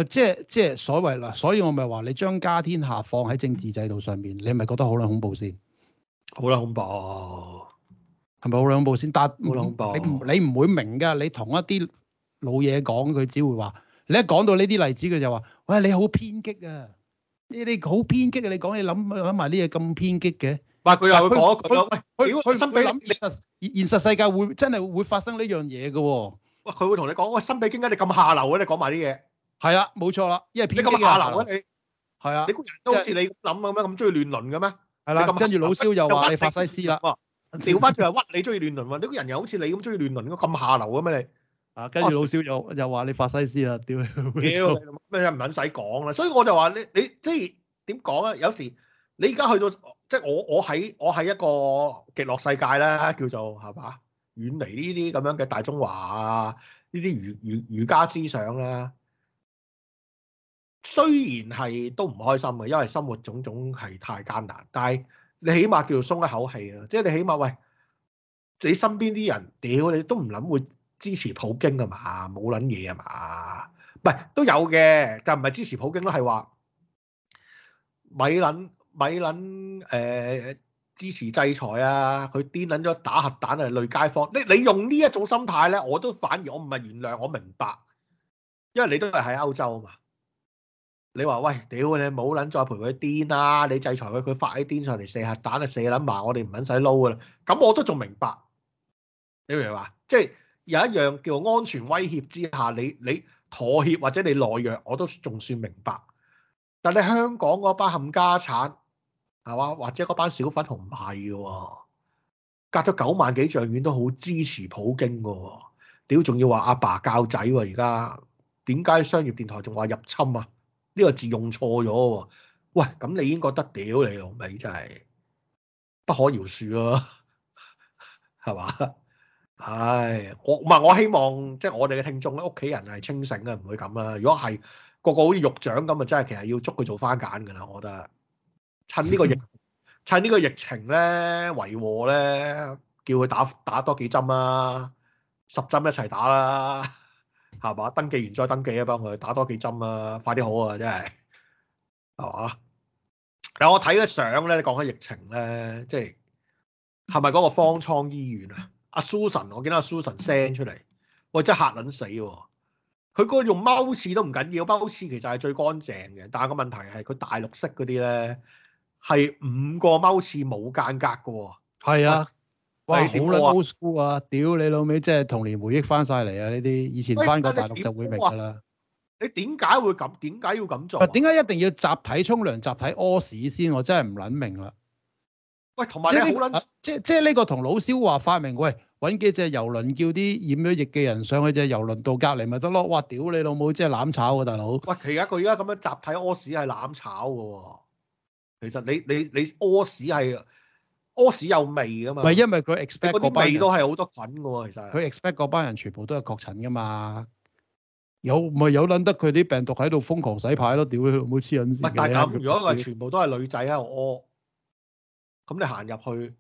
即係、即係即係、所謂啦，所以我咪話你將家天下放喺政治制度上面，你咪覺得好捻恐怖先。好恐怖，係咪好恐怖先？得。好恐怖，你唔會明㗎。你同一啲老嘢講，佢只會話你一講到呢啲例子，佢就話：喂，你好偏激啊！你你好偏激啊！你講嘢諗諗埋啲嘢咁偏激嘅。喂，佢又會講佢喂，佢心底諗，實現實世界會真係會發生、哦、會呢樣嘢嘅喎。喂，佢會同你講：喂，心比金堅，點解你咁下流啊！你講埋啲嘢。係啊，冇錯啦，因為你咁下流啊！你係啊？你個人都好似你咁諗啊？咩咁中意亂倫嘅咩？係啦，跟住老蕭又話你法西斯啦，調翻轉係屈你中意亂倫，你個人又好似你咁中意亂倫咁下流咁咩你？啊，跟住老蕭又、啊、又話你法西斯啦，屌咩唔肯使講啦，所以我就話你你即係點講啊？有時你而家去到即係我我喺我喺一個極樂世界啦，叫做係嘛，遠離呢啲咁樣嘅大中華啊，呢啲儒儒儒家思想啦。雖然係都唔開心嘅，因為生活種種係太艱難，但係你起碼叫做鬆一口氣啊！即係你起碼喂，你身邊啲人屌你都唔諗會支持普京啊嘛，冇捻嘢啊嘛，唔係都有嘅，但唔係支持普京都係話米捻米捻誒、呃、支持制裁啊！佢癲捻咗打核彈啊，累街坊！你你用呢一種心態咧，我都反而我唔係原諒，我明白，因為你都係喺歐洲啊嘛。你話喂，屌你冇捻再陪佢癲啦！你制裁佢，佢發起癲上嚟射核彈啊！射捻埋，我哋唔捻使撈噶啦。咁我都仲明白，你明唔明話？即係有一樣叫安全威脅之下，你你妥協或者你懦弱，我都仲算明白。但係香港嗰班冚家產係嘛，或者嗰班小粉紅唔係噶，隔咗九萬幾丈遠都好支持普京噶、哦。屌仲要話阿爸，爸教仔、哦，而家點解商業電台仲話入侵啊？呢個字用錯咗喎！喂，咁你已經覺得屌你老味真係不可饒恕咯、啊，係 (laughs) 嘛？唉，我唔係我希望，即、就、係、是、我哋嘅聽眾咧，屋企人係清醒嘅，唔會咁啦、啊。如果係個個好似獄長咁，就真係其實要捉佢做番簡㗎啦。我覺得趁呢個疫趁呢個疫情咧，圍禍咧，叫佢打打多幾針啊，十針一齊打啦！係嘛？登記完再登記啊，幫佢打多幾針啊，快啲好啊，真係，係嘛？嗱，我睇咗相咧，講緊疫情咧，即係係咪嗰個方艙醫院啊？阿 Susan，我見到阿 Susan send 出嚟，我、哎、真嚇撚死喎！佢嗰個用踎廁都唔緊要，踎廁其實係最乾淨嘅，但係個問題係佢大陸式嗰啲咧係五個踎廁冇間隔嘅喎，係啊。喂，好啦，osco 啊，屌你老味，即係童年回憶翻晒嚟啊！呢啲以前翻過大陸就會明噶啦。你點解會咁？點解要咁做？點解一定要集體沖涼、集體屙屎先？我真係唔撚明啦、這個啊。喂，同埋你好撚，即即係呢個同老蕭話發明喂，揾幾隻遊輪叫啲染咗疫嘅人上去隻遊輪度隔離咪得咯？哇，屌你老母，真係攬炒啊，大佬！喂，其家佢而家咁樣集體屙屎係攬炒噶喎、啊。其實你你你屙屎係。屙屎有味噶嘛？唔係因為佢 expect 嗰班，嗰啲味都係好多菌噶喎，其實。佢 expect 嗰班人全部都係確診噶嘛？有咪有捻得佢啲病毒喺度瘋狂洗牌咯？屌佢，唔好黐人先。唔但係如果佢全部都係女仔喺度屙，咁你行入去，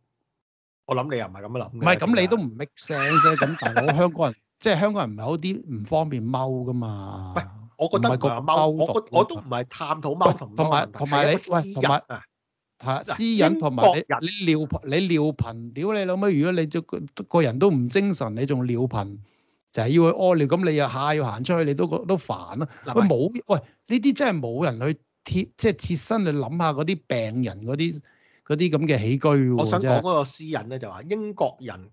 我諗你又唔係咁樣諗。唔係咁，你都唔 make sense 啫。咁 (laughs) 但係我香港人，即係香港人唔係好啲唔方便踎噶嘛。我覺得唔係個踎，我覺得我都唔係探討踎同埋。踎問題，係但個私人啊。嚇、啊！私隱同埋你你，你，尿你尿頻你尿頻屌你老母！如果你個個人都唔精神，你仲尿頻，就係要去屙尿。咁你又下要行出去，你都覺都煩咯、啊。喂冇喂呢啲真係冇人去貼，即係切身去諗下嗰啲病人嗰啲啲咁嘅起居、啊。我想講嗰個私隱咧，就話英國人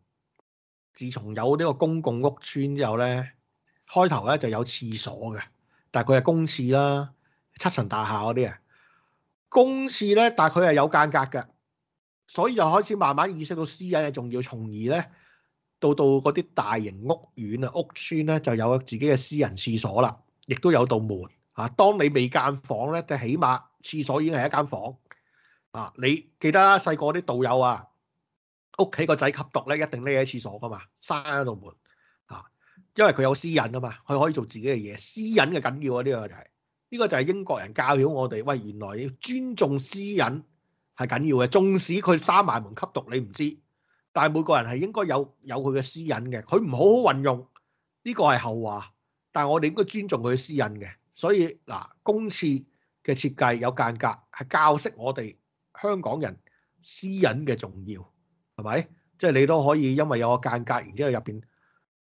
自從有呢個公共屋邨之後咧，開頭咧就有廁所嘅，但係佢係公廁啦，七層大廈嗰啲啊。公廁咧，但係佢係有間隔嘅，所以就開始慢慢意識到私隱係重要，從而咧到到嗰啲大型屋苑啊、屋村咧就有自己嘅私人廁所啦，亦都有道門啊。當你未間房咧，就起碼廁所已經係一間房啊。你記得細個啲道友啊，屋企個仔吸毒咧，一定匿喺廁所噶嘛，閂一道門啊，因為佢有私隱啊嘛，佢可以做自己嘅嘢。私隱嘅緊要啊，呢個就係。呢個就係英國人教曉我哋，喂，原來要尊重私隱係緊要嘅。縱使佢閂埋門吸毒，你唔知，但係每個人係應該有有佢嘅私隱嘅。佢唔好好運用呢個係後話，但係我哋應該尊重佢嘅私隱嘅。所以嗱、呃，公廁嘅設計有間隔，係教識我哋香港人私隱嘅重要，係咪？即係你都可以因為有個間隔，然之後入邊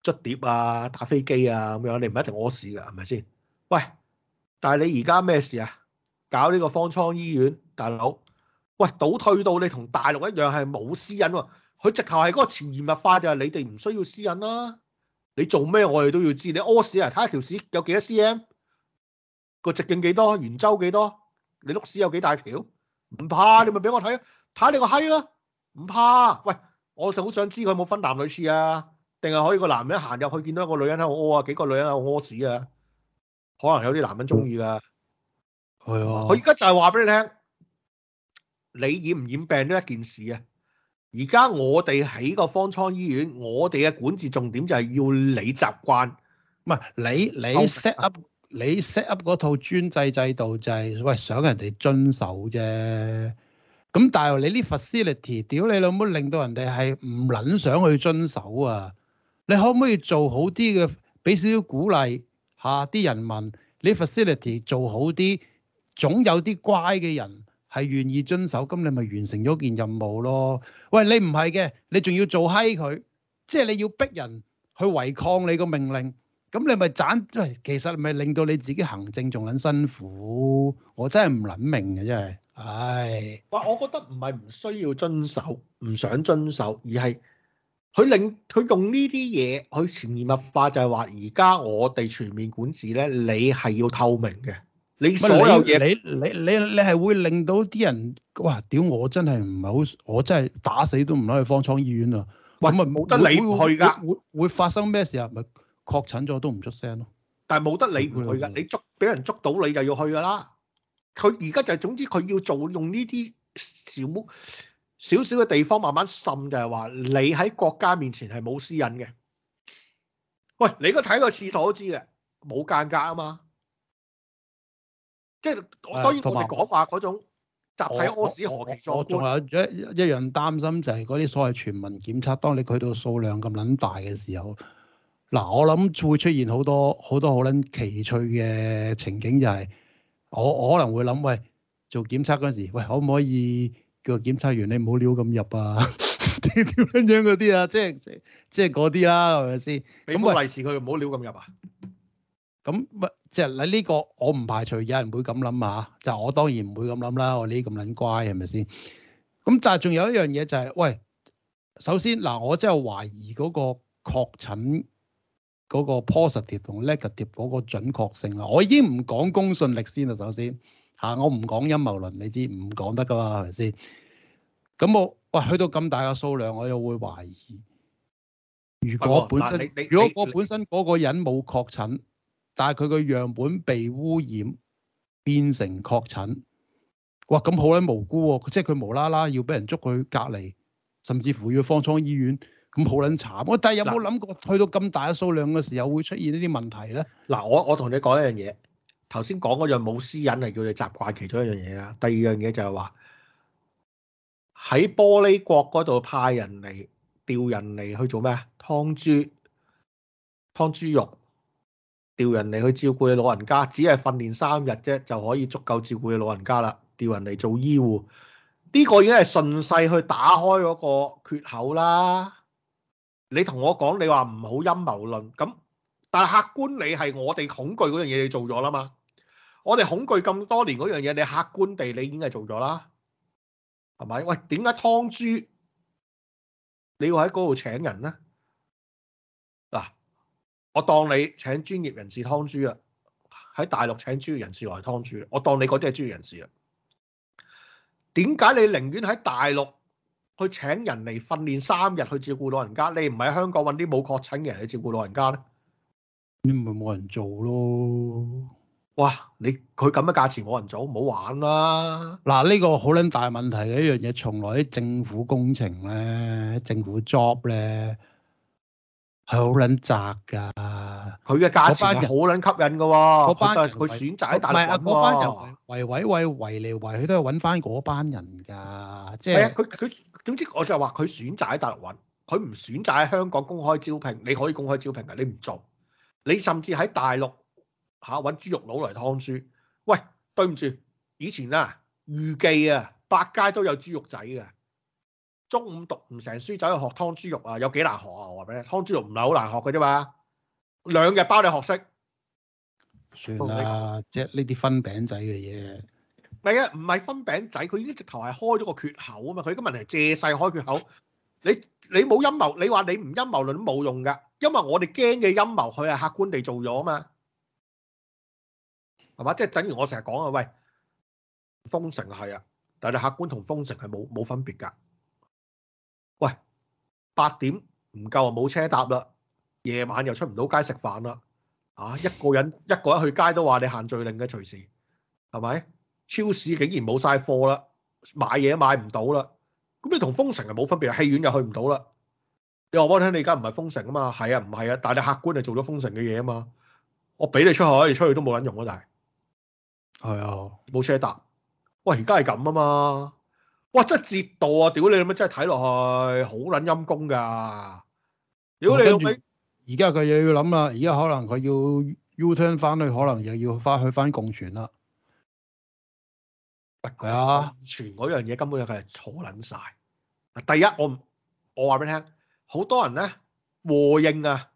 捽碟啊、打飛機啊咁樣，你唔一定屙屎㗎，係咪先？喂！但係你而家咩事啊？搞呢個方艙醫院，大佬，喂，倒退到你同大陸一樣係冇私隱喎、啊，佢直頭係嗰個前現代化嘅，你哋唔需要私隱啦、啊。你做咩我哋都要知，你屙屎啊？睇下條屎有幾多 cm，個直徑幾多，圓周幾多？你碌屎有幾大條？唔怕你咪俾我睇啊，睇下你個閪啦，唔怕。喂，我就好想知佢有冇分男女廁啊？定係可以個男人行入去見到一個女人喺度屙啊？幾個女人喺度屙屎啊？可能有啲男人中意㗎，係啊！佢而家就係話俾你聽，你染唔染病呢一件事啊！而家我哋喺個方艙醫院，我哋嘅管治重點就係要你習慣，唔係你你 set up 你 set up 嗰套專制制度就係，喂，想人哋遵守啫。咁但係你啲 facility 屌你老母，令到人哋係唔捻想去遵守啊！你可唔可以做好啲嘅，俾少少鼓勵？嚇啲、啊、人民，你 facility 做好啲，總有啲乖嘅人係願意遵守，咁你咪完成咗件任務咯。喂，你唔係嘅，你仲要做嗨佢，即係你要逼人去違抗你個命令，咁你咪斬。喂，其實咪令到你自己行政仲撚辛苦，我真係唔撚明嘅，真係。唉、哎，我覺得唔係唔需要遵守，唔想遵守，而係。佢令佢用呢啲嘢，去潛移默化就係話，而家我哋全面管治咧，你係要透明嘅，你所有嘢，你你你你係會令到啲人，哇！屌我真係唔係好，我真係打死都唔可以去方艙醫院啊！喂，啊冇得你去噶，會會，會發生咩事啊？咪確診咗都唔出聲咯、啊。但係冇得、嗯、你唔去噶，你捉俾人捉到你就要去噶啦。佢而家就係、是、總之佢要做用呢啲小。少少嘅地方慢慢滲，就係話你喺國家面前係冇私隱嘅。喂，你而家睇個廁所都知嘅，冇間隔啊嘛。即係我當然同你講話嗰種集體屙屎何其壯觀。哎、我仲有一一樣擔心就係嗰啲所謂全民檢測，當你去到數量咁撚大嘅時候，嗱，我諗會出現好多好多好撚奇趣嘅情景、就係，就係我我可能會諗喂，做檢測嗰陣時，喂可唔可以？叫檢察員你唔好料咁入啊，點樣樣嗰啲啊，即係即係嗰啲啦，係咪先？俾個利是佢唔好料咁入啊！咁即係喺呢個我唔排除有人會咁諗啊，就是、我當然唔會咁諗啦。我呢啲咁撚乖係咪先？咁但係仲有一樣嘢就係、是，喂，首先嗱，我真係懷疑嗰個確診嗰個 positive 同 negative 嗰個準確性啦。我已經唔講公信力先啦，首先。嚇！我唔講陰謀論，你知唔講得噶嘛？係咪先？咁我哇，去到咁大嘅數量，我又會懷疑。如果本身如果我本身嗰個人冇確診，但係佢個樣本被污染變成確診，哇！咁好撚無辜喎，即係佢無啦啦要俾人捉佢去隔離，甚至乎要方艙醫院，咁好撚慘！我但係有冇諗過去到咁大嘅數量嘅時候，會出現呢啲問題咧？嗱，我我同你講一樣嘢。頭先講嗰樣冇私隱係叫你習慣其中一樣嘢啦，第二樣嘢就係話喺玻璃國嗰度派人嚟調人嚟去做咩啊？劏豬、劏豬肉，調人嚟去照顧你老人家，只係訓練三日啫就可以足夠照顧你老人家啦。調人嚟做醫護，呢、呢個已經係順勢去打開嗰個缺口啦。你同我講你話唔好陰謀論，咁但客觀你係我哋恐懼嗰樣嘢你做咗啦嘛。我哋恐懼咁多年嗰樣嘢，你客觀地你已經係做咗啦，係咪？喂，點解劏豬你要喺嗰度請人呢？嗱、啊，我當你請專業人士劏豬啊，喺大陸請專業人士嚟劏豬，我當你嗰啲係專業人士啊。點解你寧願喺大陸去請人嚟訓練三日去照顧老人家，你唔係喺香港揾啲冇確診嘅人去照顧老人家呢？你唔係冇人做咯。哇！你佢咁嘅價錢冇人做，唔好玩啦！嗱，呢個好捻大問題嘅一樣嘢，從來啲政府工程咧，政府 job 咧，係好捻窄噶。佢嘅價錢係好捻吸引噶。嗰班人佢選擇喺大陸搵嗰、啊、班人圍圍圍圍嚟圍去都係揾翻嗰班人噶。即係佢佢總之我就話佢選擇喺大陸搵，佢唔選擇喺香港公開招聘。你可以公開招聘噶，你唔做，你甚至喺大陸。吓，搵豬肉佬嚟湯豬。喂，對唔住，以前啊預計啊百佳都有豬肉仔嘅。中午讀唔成書走去學湯豬肉啊，有幾難學啊？我話俾你，湯豬肉唔係好難學嘅啫嘛，兩日包你學識。算啦了，即係呢啲分餅仔嘅嘢。唔係啊，唔係分餅仔，佢已經直頭係開咗個缺口啊嘛。佢而家問題係借勢開缺口。你你冇陰謀，你話你唔陰謀論都冇用㗎，因為我哋驚嘅陰謀，佢係客觀地做咗啊嘛。係嘛？即係等於我成日講啊，喂，封城係啊，但係你客觀同封城係冇冇分別噶。喂，八點唔夠啊，冇車搭啦，夜晚又出唔到街食飯啦，啊，一個人一個人去街都話你限聚令嘅隨時，係咪？超市竟然冇晒貨啦，買嘢買唔到啦，咁你同封城係冇分別，戲院又去唔到啦。你話俾我聽，你而家唔係封城啊嘛？係啊，唔係啊，但係你客觀係做咗封城嘅嘢啊嘛。我俾你出去，你出去都冇撚用啊，但係。係啊，冇車搭。喂，而家係咁啊嘛！哇，真係折墮啊！屌你咁樣，真係睇落去好捻陰功噶！屌你，而家佢又要諗啦，而家可能佢要 U turn 翻去，可能又要翻去翻共存啦。得㗎，共存嗰樣嘢根本就佢係錯撚晒。第一我我話俾你聽，好多人咧和應啊。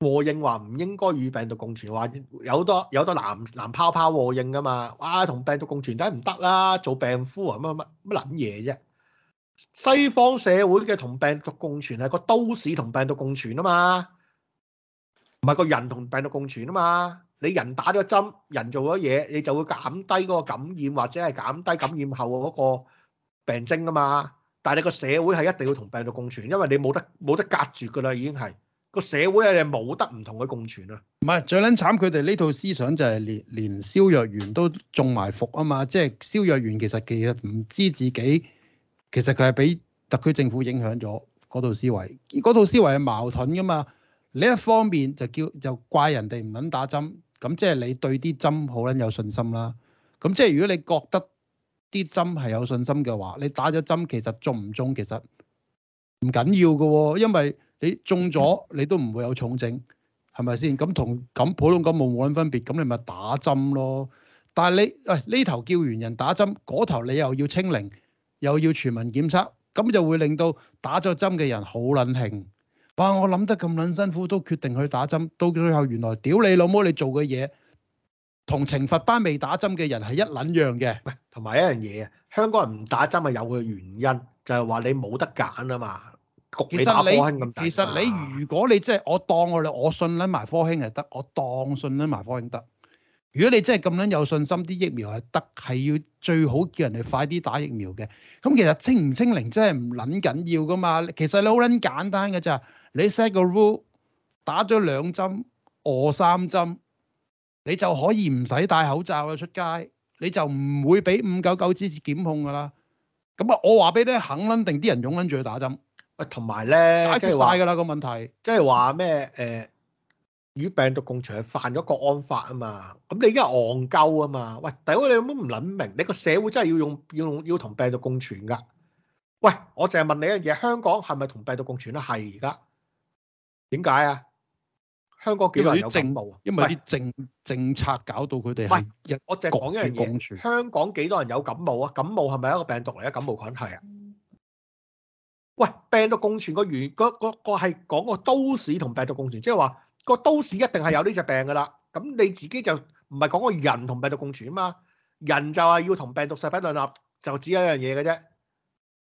和應話唔應該與病毒共存，話有好多有好多藍藍泡泡，和應噶嘛，哇，同病毒共存梗係唔得啦，做病夫啊，乜乜乜乜諗嘢啫！西方社會嘅同病毒共存係個都市同病毒共存啊嘛，唔係個人同病毒共存啊嘛，你人打咗針，人做咗嘢，你就會減低嗰個感染或者係減低感染後嗰個病徵啊嘛，但係你個社會係一定要同病毒共存，因為你冇得冇得隔絕噶啦，已經係。個社會係冇得唔同嘅共存啊！唔係最捻慘，佢哋呢套思想就係連連蕭若元都中埋伏啊嘛！即係蕭若元，其實其實唔知自己，其實佢係俾特區政府影響咗嗰套思維，嗰套思維係矛盾噶嘛。你一方面就叫就怪人哋唔捻打針，咁即係你對啲針好捻有信心啦。咁即係如果你覺得啲針係有信心嘅話，你打咗針其實中唔中其實唔緊要噶，哦，因為你中咗你都唔會有重症，係咪先？咁同咁普通感冒冇乜分別？咁你咪打針咯。但係你，喂、哎、呢頭叫完人打針，嗰頭你又要清零，又要全民檢測，咁就會令到打咗針嘅人好撚興。哇！我諗得咁撚辛苦都決定去打針，到最後原來屌你老母，你做嘅嘢同懲罰班未打針嘅人係一撚樣嘅。喂，同埋一樣嘢啊，香港人唔打針係有個原因，就係、係、話你冇得揀啊嘛。其實你其實你、啊、如果你即係、就是、我當我我信捻埋科興係得，我當我信捻埋科興得。如果你真係咁捻有信心，啲疫苗係得，係要最好叫人哋快啲打疫苗嘅。咁其實清唔清零真係唔捻緊要噶嘛？其實你好捻簡單噶咋？你 set 個 rule，打咗兩針，卧三針，你就可以唔使戴口罩啦出街，你就唔會俾五九九次檢控噶啦。咁啊，我話俾你，肯捻定啲人擁捻住去打針。喂，同埋咧，即係話噶啦個問題。即係話咩？誒、呃，與病毒共存係犯咗國安法啊嘛。咁、嗯、你而家戇鳩啊嘛。喂，大佬你都唔諗明？你個社會真係要用，要用，要同病毒共存噶。喂，我淨係問你一樣嘢，香港係咪同病毒共存咧？係而家。點解啊？香港幾多人有感冒？因為啲政政策搞到佢哋係。喂，我淨係講一樣嘢。香港幾多人有感冒啊？感冒係咪一個病毒嚟啊？感冒菌係啊。喂，病毒共存個原嗰嗰個係講個都市同病毒共存，即係話個都市一定係有呢隻病噶啦。咁你自己就唔係講個人同病毒共存啊嘛？人就係要同病毒誓不兩立，就只有一樣嘢嘅啫，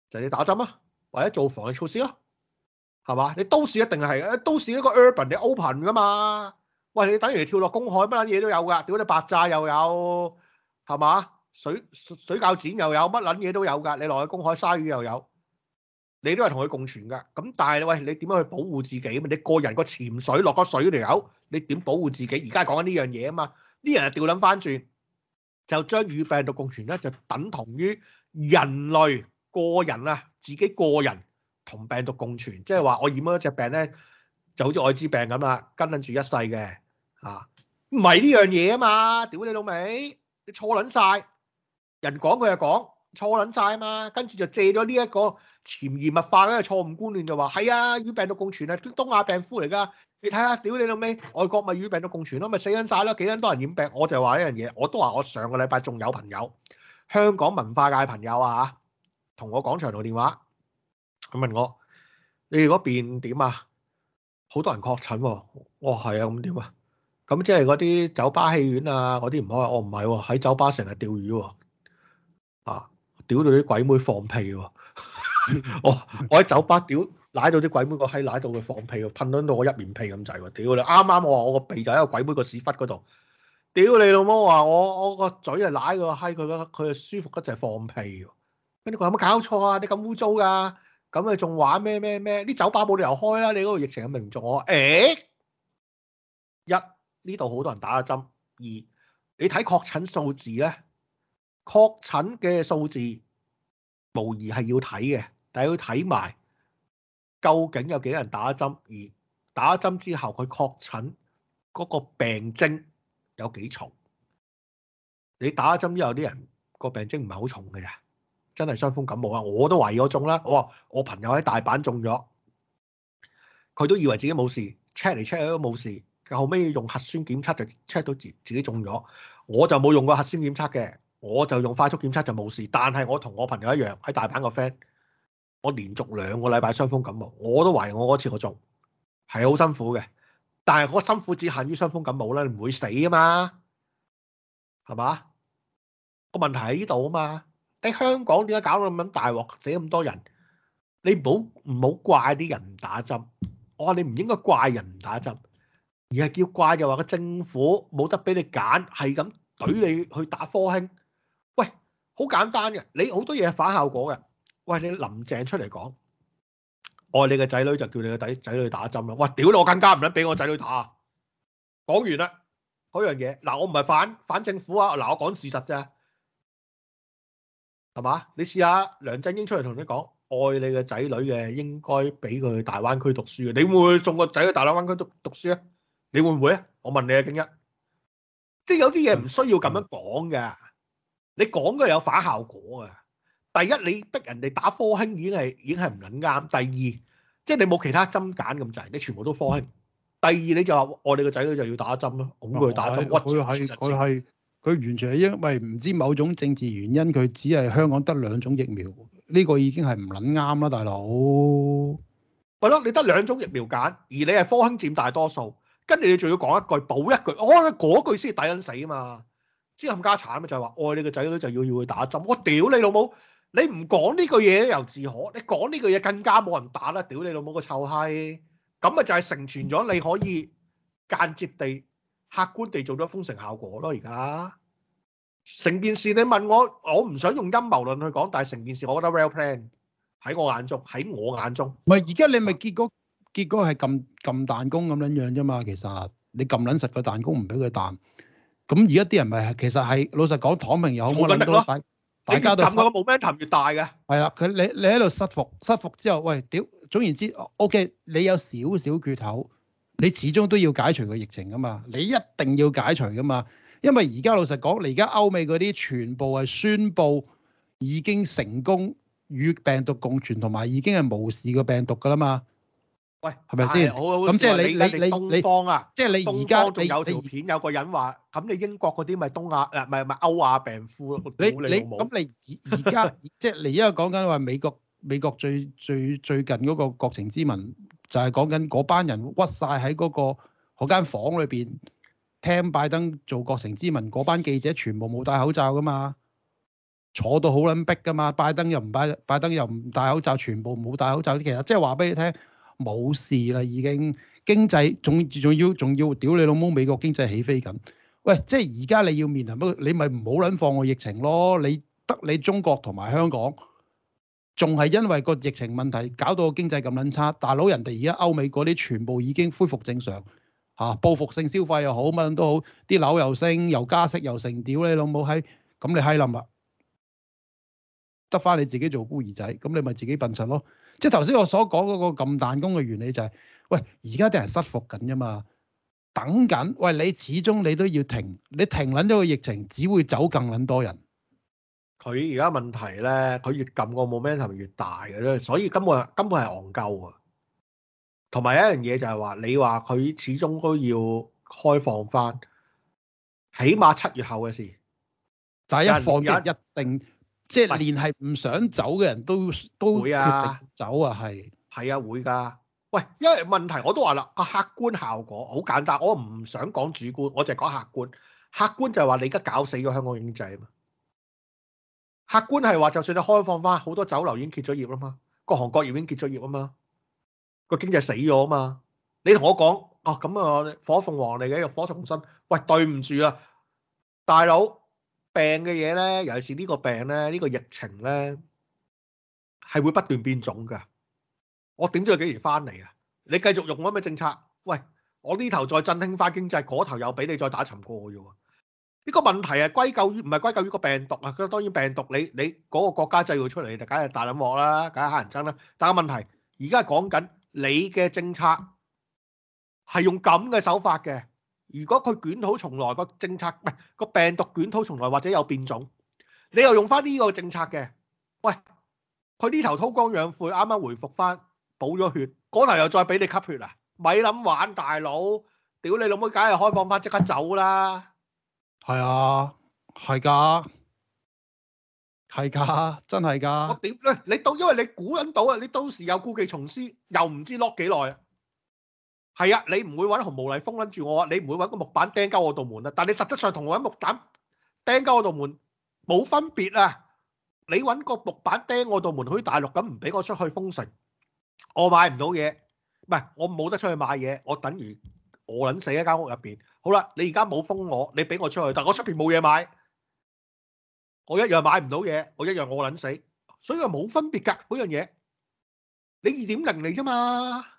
就係、你打針啊，或者做防疫措施咯，係嘛？你都市一定係，都市一個 urban 你 open 噶嘛？喂，你等於跳落公海，乜撚嘢都有噶，屌你白炸又有，係嘛？水水水餃子又有，乜撚嘢都有噶，你落去公海鯊魚又有。你都係同佢共存噶，咁但係你喂，你點樣去保護自己啊嘛？你個人個潛水落咗水條友，你點保護自己？而家講緊呢樣嘢啊嘛，啲人掉諗翻轉，就將與病毒共存咧，就等同於人類個人啊，自己個人同病毒共存，即係話我染咗隻病咧，就好似艾滋病咁啦，跟捻住一世嘅，吓，唔係呢樣嘢啊嘛？屌你老味，你錯捻晒，人講佢又講錯捻晒啊嘛，跟住就借咗呢一個。潛移默化咧，錯誤觀念就話係啊，與病毒共存啊，都東亞病夫嚟噶。你睇下，屌你老味，外國咪與病毒共存咯，咪死緊晒咯，幾多人多人染病。我就話一樣嘢，我都話我上個禮拜仲有朋友，香港文化界朋友啊同我講長途電話，佢問我你哋嗰邊點啊？好多人確診喎，我係啊，咁點啊？咁、啊、即係嗰啲酒吧戲院啊，嗰啲唔開、啊，我唔係喎，喺、啊、酒吧成日釣魚喎、啊，啊，屌到啲鬼妹放屁喎、啊！ (noise) 我我喺酒吧屌，舐到啲鬼妹個閪，舐到佢放屁，噴到我一面屁咁滯喎！屌你，啱啱我話我個鼻就喺個鬼妹個屎忽嗰度，屌你老母！話我我嘴個嘴啊舐個閪，佢佢佢舒服得滯放屁，跟住佢有冇搞錯啊？你咁污糟噶，咁你仲玩咩咩咩？啲酒吧冇理由開啦！你嗰度疫情咁嚴重，我誒、欸，一呢度好多人打咗針，二你睇確診數字咧，確診嘅數字無疑係要睇嘅。你要睇埋究竟有幾多人打針，而打針之後佢確診嗰個病徵有幾重？你打針之後啲人個病徵唔係好重嘅呀，真係傷風感冒啊！我都懷疑我中啦。我話我朋友喺大阪中咗，佢都以為自己冇事，check 嚟 check 去都冇事，後尾用核酸檢測就 check 到自自己中咗。我就冇用過核酸檢測嘅，我就用快速檢測就冇事。但係我同我朋友一樣喺大阪個 friend。我連續兩個禮拜傷風感冒，我都懷疑我嗰次個種係好辛苦嘅，但係我辛苦只限於傷風感冒啦，你唔會死啊嘛，係嘛？個問題喺呢度啊嘛，你香港點解搞到咁樣大鑊，死咁多人？你唔好唔好怪啲人唔打針，我話你唔應該怪人唔打針，而係叫怪就話個政府冇得俾你揀，係咁懟你去打科興。喂，好簡單嘅，你好多嘢反效果嘅。喂，你林鄭出嚟講，愛你嘅仔女就叫你個仔仔女打針啦。哇，屌你，我更加唔得俾我仔女打啊！講完啦，嗰樣嘢。嗱，我唔係反反政府啊。嗱，我講事實啫，係嘛？你試下梁振英出嚟同你講，愛你嘅仔女嘅應該俾佢去大灣區讀書啊。你會唔會送個仔去大灣區讀讀書啊？你會唔會啊？我問你啊，景一，即係有啲嘢唔需要咁樣講嘅，你講嘅有反效果啊。第一，你逼人哋打科興已經係已經係唔撚啱。第二，即係你冇其他針揀咁滯，你全部都科興。第二，你就話愛你個仔女就要打針咯，咁佢打針屈住。佢係佢係佢完全係因為唔知某種政治原因，佢只係香港得兩種疫苗，呢個已經係唔撚啱啦，大佬。係咯，你得兩種疫苗揀，而你係科興佔大多數，跟住你仲要講一句補一句，我覺得嗰句先係抵撚死啊嘛，先冚家產啊嘛，就係話愛你個仔女就要要去打針，我屌你老母！你唔講呢句嘢都由自可，你講呢句嘢更加冇人打啦！屌你老母個臭閪，咁咪就係成全咗你可以間接地、客觀地做到封城效果咯。而家成件事你問我，我唔想用陰謀論去講，但係成件事我覺得 real plan 喺我眼中，喺我眼中。唔係而家你咪結果結果係撳撳彈弓咁樣樣啫嘛。其實你撳撚實個彈弓唔俾佢彈，咁而家啲人咪其實係老實講，躺平又好冇撚得咯。大家都你越氹個冇咩氹越大嘅，係啦。佢你你喺度失服，失服之後，喂屌！總言之，O、OK，K，你有少少缺口，你始終都要解除個疫情噶嘛，你一定要解除噶嘛，因為而家老實講，你而家歐美嗰啲全部係宣布已經成功與病毒共存，同埋已經係無視個病毒噶啦嘛。喂，係咪先？咁即係你你你你方啊？啊即係你而家仲有條片，有個人話咁，你英國嗰啲咪東亞誒，咪咪歐亞病夫咯？你你咁你而而家即係你而家講緊話美國美國最最最近嗰個國情之民就係講緊嗰班人屈晒喺嗰個嗰間房裏邊聽拜登做國情之民，嗰班記者全部冇戴口罩噶嘛，坐到好撚逼噶嘛，拜登又唔戴拜登又唔戴，戴口罩，全部冇戴口罩。其實即係話俾你聽。冇事啦，已經經濟仲仲要仲要，屌你老母！美國經濟起飛緊，喂！即係而家你要面臨乜？你咪唔好撚放我疫情咯！你得你中國同埋香港，仲係因為個疫情問題搞到個經濟咁撚差。大佬人哋而家歐美嗰啲全部已經恢復正常嚇、啊，報復性消費又好，乜都好，啲樓又升，又加息又成，屌你老母閪！咁你閪冧啦，得返你自己做孤兒仔，咁你咪自己笨柒咯～即係頭先我所講嗰個撳彈弓嘅原理就係、是，喂，而家啲人失服緊啫嘛，等緊，喂，你始終你都要停，你停撚咗個疫情，只會走更撚多人。佢而家問題咧，佢越撳個冇咩頭越大嘅啫，所以根本根本係戇鳩啊。同埋一樣嘢就係話，你話佢始終都要開放翻，起碼七月後嘅事，但係一放假人一定。即係連係唔想走嘅人都都會啊，走啊係，係啊會㗎。喂，因為問題我都話啦，個客觀效果好簡單。我唔想講主觀，我就係講客觀。客觀就係話你而家搞死咗香港經濟啊嘛。客觀係話，就算你開放翻，好多酒樓已經結咗業啦嘛，各行各業已經結咗業啊嘛，個經濟死咗啊嘛。你同我講，哦咁啊，火鳳凰嚟嘅，浴火重生。喂，對唔住啊，大佬。病嘅嘢咧，尤其是呢個病咧，呢個疫情咧，係會不斷變種嘅。我點知佢幾時翻嚟啊？你繼續用我咩政策？喂，我呢頭再振興翻經濟，嗰頭又俾你再打沉過嘅啫喎。呢個問題係歸咎於唔係歸咎於個病毒啊。咁當然病毒，你你嗰個國家製造出嚟，就梗係大捻鑊啦，梗係乞人憎啦。但係問題而家係講緊你嘅政策係用咁嘅手法嘅。如果佢捲土重來個政策唔係個病毒捲土重來或者有變種，你又用翻呢個政策嘅？喂，佢呢頭韜光養晦，啱啱回復翻補咗血，嗰頭又再俾你吸血啊？咪諗玩大佬，屌你老母，梗係開放翻，即刻走啦！係啊，係噶，係噶，真係噶。我點咧？你到，因為你估唔到啊！你到時又故技重施，又唔知 lock 幾耐啊！係啊，你唔會揾紅毛泥封撚住我啊，你唔會揾個木板釘鳩我道門啊。但係你實質上同我揾木板釘鳩我道門冇分別啊。你揾個木板釘我道門，好似大陸咁唔俾我出去封城，我買唔到嘢，唔係我冇得出去買嘢，我等於我撚死喺間屋入邊。好啦，你而家冇封我，你俾我出去，但係我出邊冇嘢買，我一樣買唔到嘢，我一樣我撚死，所以話冇分別㗎嗰樣嘢。你二點零嚟啫嘛～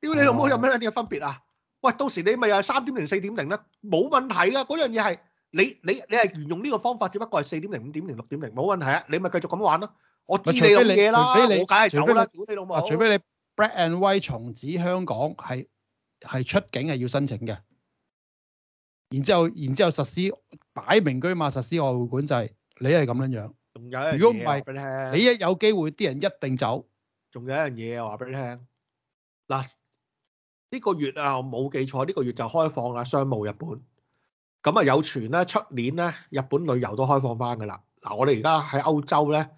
屌你老母有乜嘢啲嘅分別啊？喂，到時你咪又係三點零、四點零咧，冇問題噶。嗰樣嘢係你你你係沿用呢個方法，只不過係四點零、五點零、六點零，冇問題啊。你咪繼續咁玩咯。我知你用嘢啦，我梗係走啦。屌你老母！除非你 Black and White 從此香港係係出境係要申請嘅，然之後然之後實施擺明居嘛，實施外匯管制。你係咁樣樣。仲有一樣嘢，你一有機會啲人一定走。仲有一樣嘢，我話俾你聽嗱。呢個月啊，我冇記錯，呢、這個月就開放啦，商務日本。咁啊有傳咧，出年咧日本旅遊都開放翻噶啦。嗱，我哋而家喺歐洲咧，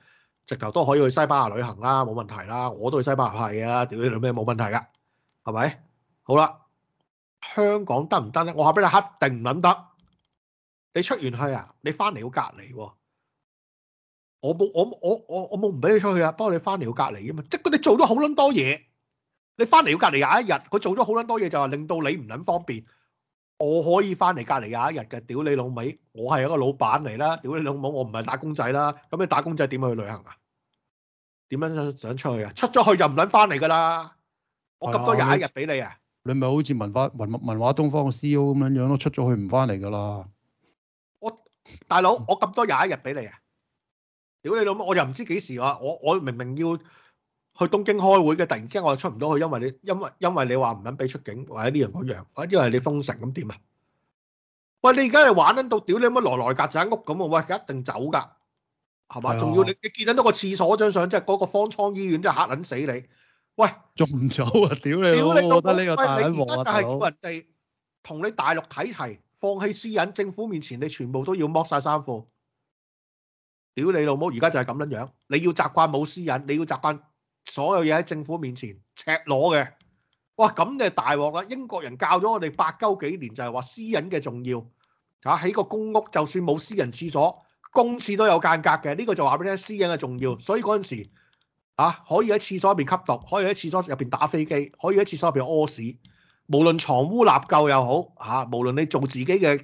直頭都可以去西班牙旅行啦，冇問題啦。我都去西班牙派嘅啦，屌你老味，冇問題噶，係咪？好啦，香港得唔得咧？我話俾你肯定唔撚得。你出完去啊，你翻嚟要隔離喎、啊。我冇我我我我冇唔俾你出去啊，不過你翻嚟要隔離啊嘛，即係佢哋做咗好撚多嘢。.你翻嚟要隔離廿一日，佢做咗好撚多嘢，就話、是、令到你唔撚方便。我可以翻嚟隔離廿一日嘅，屌你老味，我係一個老闆嚟啦，屌你老母！我唔係打工仔啦，咁你打工仔點去旅行啊？點樣想出去啊？出咗去就唔撚翻嚟噶啦！我咁多廿一日俾你啊、哎！你咪好似文化文，文化東方嘅 CEO 咁樣樣咯，出咗去唔翻嚟噶啦！我，我大佬，我咁多廿一日俾你啊！屌你老母！我又唔知幾時啊！我我明明要。去東京開會嘅，突然之間我又出唔到去，因為你因為因為你話唔肯畀出境，或者呢樣嗰樣，或者因為你封城咁點啊？喂，你而家係玩緊到屌你乜來來曱甴屋咁喎！喂，一定走噶，係嘛？仲要你你見緊到個廁所張相，即係嗰個方艙醫院即係嚇撚死你！喂，仲唔走啊？屌你老母！我覺得呢個太和啊大佬，就係叫人哋同你大陸睇齊，放棄私隱，政府面前你全部都要剝晒衫褲。屌你老母！而家就係咁撚樣，你要習慣冇私隱，你要習慣。所有嘢喺政府面前赤裸嘅，哇！咁就大鑊啦。英國人教咗我哋百鳩幾年，就係話私隱嘅重要。嚇，喺個公屋就算冇私人廁所，公廁都有間隔嘅。呢個就話俾你聽，私隱嘅重要。所以嗰陣時，嚇可以喺廁所入邊吸毒，可以喺廁所入邊打飛機，可以喺廁所入邊屙屎。無論藏污納垢又好，嚇，無論你做自己嘅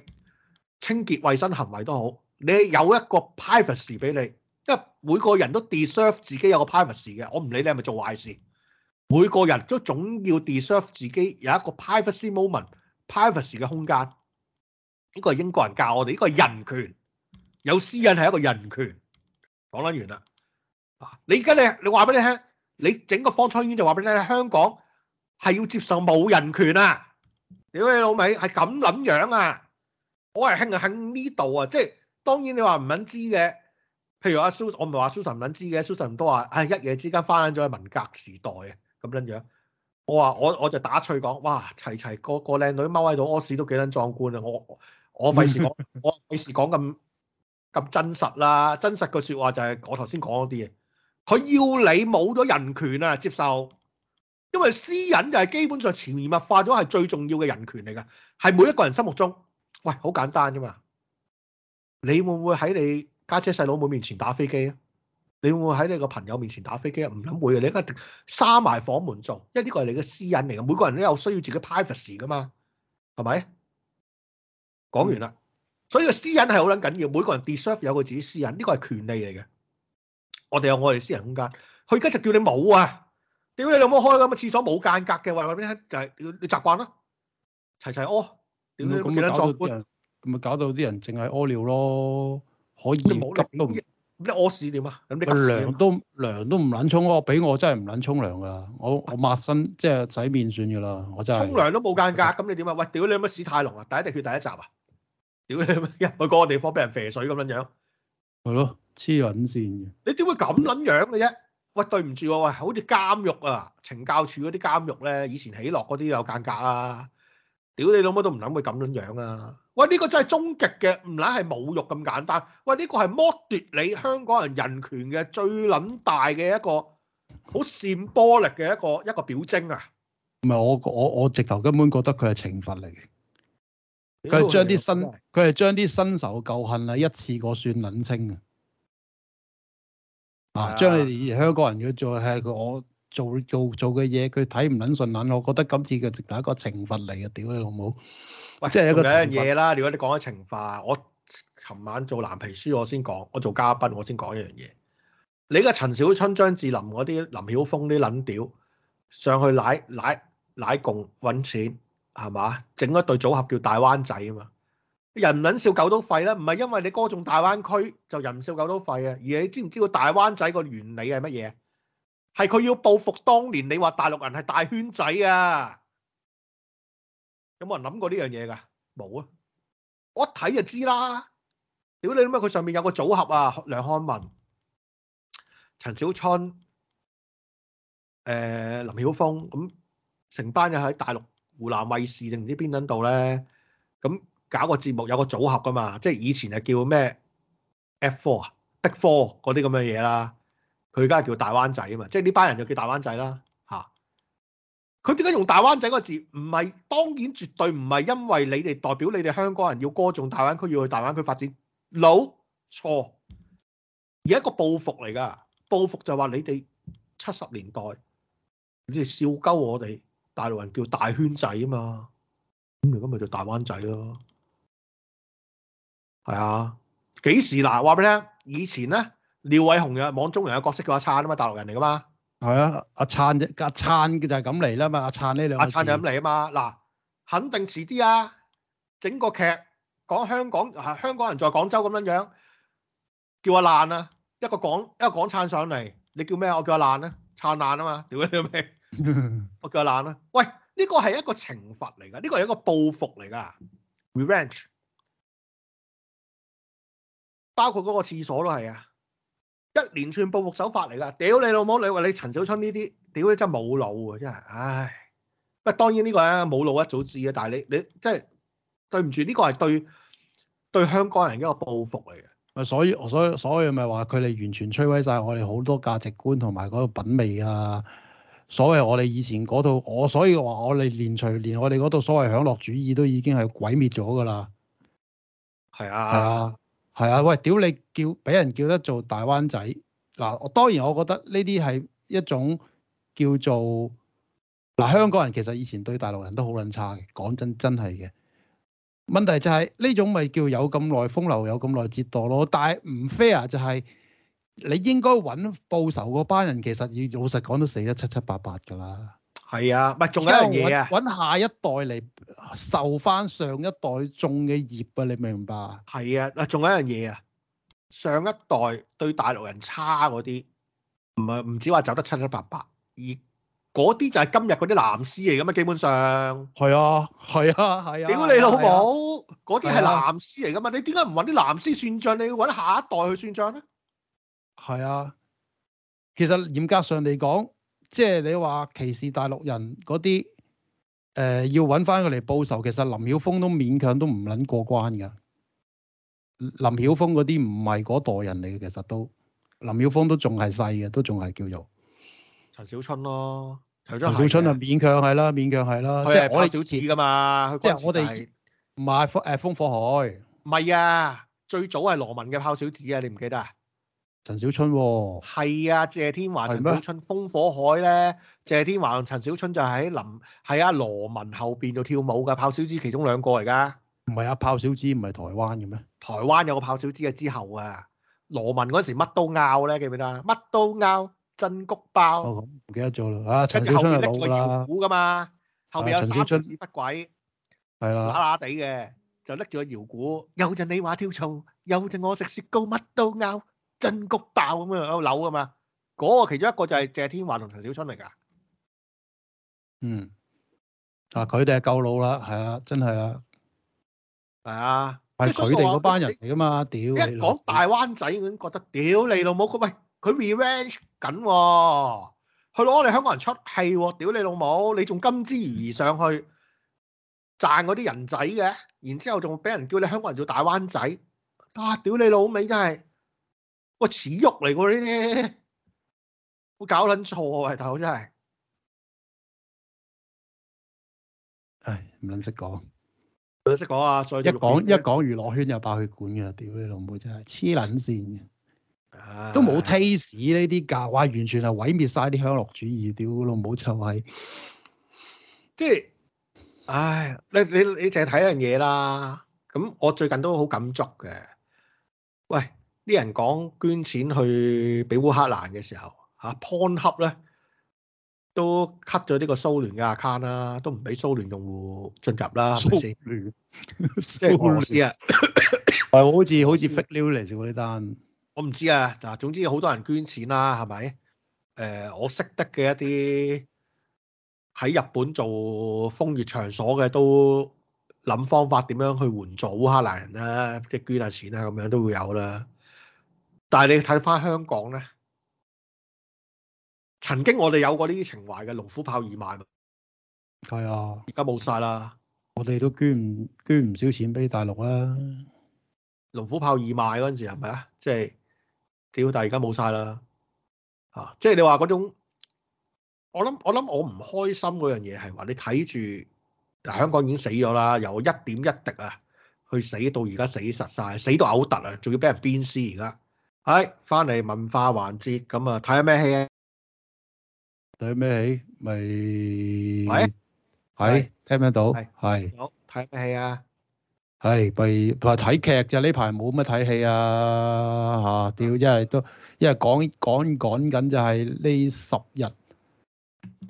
清潔衞生行為都好，你有一個 privacy 俾你。因每個人都 deserve 自己有個 privacy 嘅，我唔理你係咪做壞事，每個人都總要 deserve 自己有一個 privacy moment privacy、privacy 嘅空間。呢個係英國人教我哋，呢、這個係人權，有私隱係一個人權。講得完啦。你而家你你話俾你聽，你整個方艙醫院就話俾你聽，香港係要接受冇人權啊！屌你老味係咁撚樣啊！我係興喺呢度啊，即係當然你話唔肯知嘅。譬如阿蘇，我唔係話 Susan 唔撚知嘅，Susan 都話：，唉、哎，一夜之間翻返咗文革時代嘅咁樣樣。我話我我就打趣講：，哇，齊齊個個靚女踎喺度屙屎都幾撚壯觀啊！我我費事講，我費事講咁咁真實啦。真實嘅説話就係、是、我頭先講嗰啲嘢。佢要你冇咗人權啊，接受，因為私隱就係基本上潛移默化咗係最重要嘅人權嚟㗎，係每一個人心目中。喂，好簡單啫嘛，你會唔會喺你？家姐、細佬妹面前打飛機啊？你會唔會喺你個朋友面前打飛機啊？唔肯會啊！你應該閂埋房門做，因為呢個係你嘅私隱嚟嘅。每個人都有需要自己 privacy 嘅嘛，係咪？講完啦，嗯、所以個私隱係好撚緊要。每個人 deserve 有個自己私隱，呢個係權利嚟嘅。我哋有我哋私人空間，佢而家就叫你冇啊！屌你有冇開咁嘅廁所冇間隔嘅話，話畀你聽，就係、是、你習慣咯、啊？齊齊屙點樣點樣壯觀？咁咪搞到啲人淨係屙尿咯～我可以急都，你屙屎點啊？咁你涼都涼都唔撚沖，我俾我真係唔撚沖涼噶，我我抹身即係洗面算噶啦，我真係。沖涼都冇間隔，咁 (laughs) 你點啊？喂，屌你有乜屎太濃啊？第一滴血第一集啊？屌你入去嗰個地方俾人肥水咁樣樣，係咯， (laughs) 黐撚線嘅。你點會咁撚樣嘅啫？喂，對唔住我喂，好似監獄啊，懲教署嗰啲監獄咧，以前起落嗰啲有間隔啊。屌你老母都唔諗會咁樣樣啊！喂，呢、這個真係終極嘅，唔撚係侮辱咁簡單。喂，呢、這個係剝奪你香港人人權嘅最撚大嘅一個好 symbolic 嘅一個一個表徵啊！唔係我我我直頭根本覺得佢係懲罰嚟嘅，佢係將啲新佢係將啲新仇舊恨啊一次過算撚清是啊！將你香港人嘅做係我做做做嘅嘢，佢睇唔撚順撚，我覺得今次佢直頭係一個懲罰嚟嘅，屌你老母！喂，即係有一兩樣嘢啦。如果你講起情化，我尋晚做藍皮書，我先講，我做嘉賓，我先講一樣嘢。你個陳小春、張智霖嗰啲林曉峰啲撚屌上去奶奶奶共揾錢，係嘛？整一對組合叫大灣仔啊嘛。人撚笑狗都廢啦，唔係因為你歌頌大灣區就人笑狗都廢啊。而你知唔知道大灣仔個原理係乜嘢？係佢要報復當年你話大陸人係大圈仔啊！有冇人諗過呢樣嘢㗎？冇啊！我一睇就知啦。屌你咩，佢上面有個組合啊，梁漢文、陳小春、誒、呃、林曉峰，咁成班人喺大陸湖南衛視定唔知邊撚度咧？咁搞個節目有個組合噶嘛？即係以前係叫咩？F4 啊，的4嗰啲咁嘅嘢啦。佢而家係叫大灣仔啊嘛，即係呢班人就叫大灣仔啦。佢點解用大灣仔嗰個字？唔係，當然絕對唔係因為你哋代表你哋香港人要歌頌大灣區，要去大灣區發展，老、no? 錯而一個報復嚟㗎。報復就話你哋七十年代，你哋笑鳩我哋大陸人叫大圈仔啊嘛。咁而家咪叫大灣仔咯。係啊，幾時嗱？話俾你聽，以前咧，廖偉雄有網中人嘅角色叫阿燦啊嘛，大陸人嚟㗎嘛。係啊，阿燦啫，阿燦佢就係咁嚟啦嘛，阿燦呢兩字。阿燦就咁嚟啊嘛，嗱，肯定遲啲啊，整個劇講香港，啊香港人在廣州咁樣樣，叫阿爛啊，一個廣一個港燦上嚟，你叫咩？我叫阿爛啊，燦爛啊嘛，屌你老味，我叫阿爛啊，啊, (laughs) 啊！喂，呢個係一個懲罰嚟噶，呢個係一個報復嚟噶，Revenge，包括嗰個廁所都係啊。一連串報復手法嚟㗎，屌你老母！你話你陳小春呢啲，屌你真係冇腦啊！真係，唉，不過當然呢個啊冇腦一早知嘅，但係你你即係對唔住，呢個係對對香港人一個報復嚟嘅。所以，所以，所以咪話佢哋完全摧毀晒我哋好多價值觀同埋嗰個品味啊！所謂我哋以前嗰套，我所以話我哋連隨連我哋嗰套所謂享樂主義都已經係毀滅咗㗎啦。係啊。係啊。係啊，喂，屌你叫俾人叫得做大灣仔嗱，我當然我覺得呢啲係一種叫做嗱，香港人其實以前對大陸人都好撚差嘅，講真真係嘅。問題就係呢種咪叫有咁耐風流，有咁耐折墮咯，但係唔 fair 就係你應該揾報仇嗰班人，其實要老實講都死得七七八八㗎啦。係啊，唔係仲有一樣嘢啊！揾下一代嚟受翻上一代種嘅孽啊！你明唔明白啊？係啊，嗱，仲有一樣嘢啊！上一代對大陸人差嗰啲，唔係唔止話走得七七八八，而嗰啲就係今日嗰啲藍絲嚟㗎嘛，基本上。係啊，係啊，係啊！屌你老母！嗰啲係藍絲嚟㗎嘛？你點解唔揾啲藍絲算賬？你要揾下一代去算賬咧？係啊，其實嚴格上嚟講。即係你話歧視大陸人嗰啲，誒、呃、要揾翻佢嚟報仇，其實林曉峰都勉強都唔撚過關嘅。林曉峰嗰啲唔係嗰代人嚟嘅，其實都林曉峰都仲係細嘅，都仲係叫做陳小春咯。陳小春啊的，勉強係啦，勉強係啦。即係我哋小子噶嘛。的即係我哋唔係誒風火海。唔係啊，最早係羅文嘅《炮小子》啊，你唔記得啊？陳小春喎，係啊，謝天華、陳小春，風火海咧，謝天華同陳小春就喺林，係阿羅文後邊度跳舞噶，炮小芝其中兩個嚟噶。唔係啊，炮小芝唔係台灣嘅咩？台灣有個炮小芝嘅之後啊，羅文嗰時乜都拗咧，記唔記得？乜都拗，真谷爆。哦，咁唔記得咗啦。啊，陳小春老啦啦啦。陳小春拎住個搖鼓噶嘛，後面有三隻屎忽鬼。係啦，乸乸地嘅，就拎住個搖鼓。有陣你話跳槽，有陣我食雪糕，乜都拗。真谷爆咁樣！有樓㗎嘛？嗰個其中一個就係謝天華同陳小春嚟㗎。嗯，啊，佢哋係夠老啦，係啊，真係啊，係啊，係佢哋嗰班人嚟㗎嘛？屌你！一講大灣仔，我覺得屌你老母！佢喂，佢 revenge 緊喎，佢攞我哋香港人出氣喎！屌你老母，你仲甘之如飴上去賺嗰啲人仔嘅，然之後仲俾人叫你香港人做大灣仔，啊！屌你老味真係～喂，恥辱嚟喎呢啲，我搞捻錯啊！大佬真係，唉，唔捻識講，唔捻識講啊！一講一講娛樂圈又爆血管嘅，屌你老母真係黐捻線嘅，唉都冇 taste 呢啲噶，哇！完全係毀滅晒啲享樂主義，屌老母臭閪，即係，唉，你你你淨係睇樣嘢啦。咁我最近都好感觸嘅，喂。啲人講捐錢去俾烏克蘭嘅時候，啊，Pornhub 呢都 cut 咗呢個蘇聯嘅 account 啦，都唔俾蘇聯用戶進入啦。係咪先？蘇聯即係俄羅斯啊！係我好似 (laughs) 好似 fake news 喎呢單， (laughs) 我唔知啊。嗱，總之好多人捐錢啦，係咪？誒、呃，我識得嘅一啲喺日本做風月場所嘅都諗方法點樣去援助烏克蘭人啦，即係捐下錢啊，咁樣都會有啦。但係你睇翻香港咧，曾經我哋有過呢啲情懷嘅龍虎豹二賣，係啊，而家冇晒啦。我哋都捐唔捐唔少錢俾大陸啊、嗯。龍虎豹二賣嗰陣時係咪、就是、啊？即係屌，但而家冇晒啦嚇。即係你話嗰種，我諗我諗我唔開心嗰樣嘢係話你睇住，但香港已經死咗啦，由一點一滴啊去死到而家死實晒，死到嘔突啊，仲要俾人鞭屍而家。係翻嚟文化環節，咁啊睇下咩戲啊？睇咩戲？咪喂，係聽唔聽到？係好睇咩戲啊？係咪睇劇就呢排冇乜睇戲啊？吓、啊，屌，真係都，因為講講講緊就係呢十日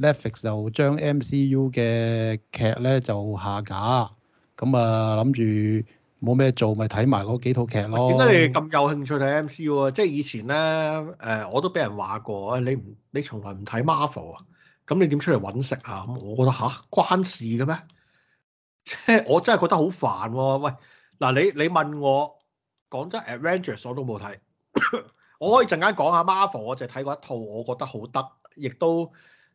，Netflix 就將 MCU 嘅劇咧就下架，咁啊諗住。冇咩做，咪睇埋嗰幾套劇咯。點解你咁有興趣睇 M C U 啊？即係以前咧，誒、呃，我都俾人話過，你唔，你從來唔睇 Marvel 啊？咁你點出嚟搵食啊？咁我覺得吓關事嘅咩？即 (laughs) 係我真係覺得好煩喔。喂，嗱，你你問我講真，誒，Avengers 我都冇睇。 (laughs) 我可以陣間講下，下 Marvel，我就睇過一套，我覺得好得，亦都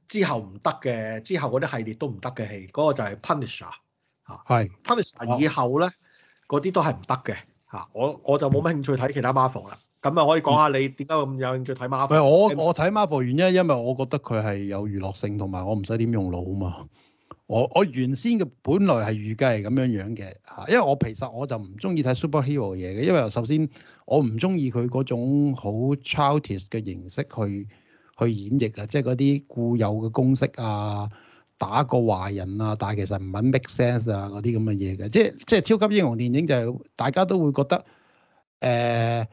之後唔得嘅，之後嗰啲系列都唔得嘅戲。嗰、那個就係 Punisher 是啊，係 Punisher 以後咧。嗰啲都係唔得嘅嚇，我我就冇乜興趣睇其他 Marvel 啦。咁啊，可以講下你點解咁有興趣睇 Marvel？嗯。我我睇 Marvel 原因，因為我覺得佢係有娛樂性，同埋我唔使點用腦啊嘛。我我原先嘅本來係預計係咁樣樣嘅嚇，因為我其實我就唔中意睇 Superhero 嘢嘅，因為首先我唔中意佢嗰種好 childish 嘅形式去去演繹啊，即係嗰啲固有嘅公式啊。打過壞人啊，但係其實唔係 make sense 啊嗰啲咁嘅嘢嘅，即係即係超級英雄電影就係大家都會覺得，誒、呃，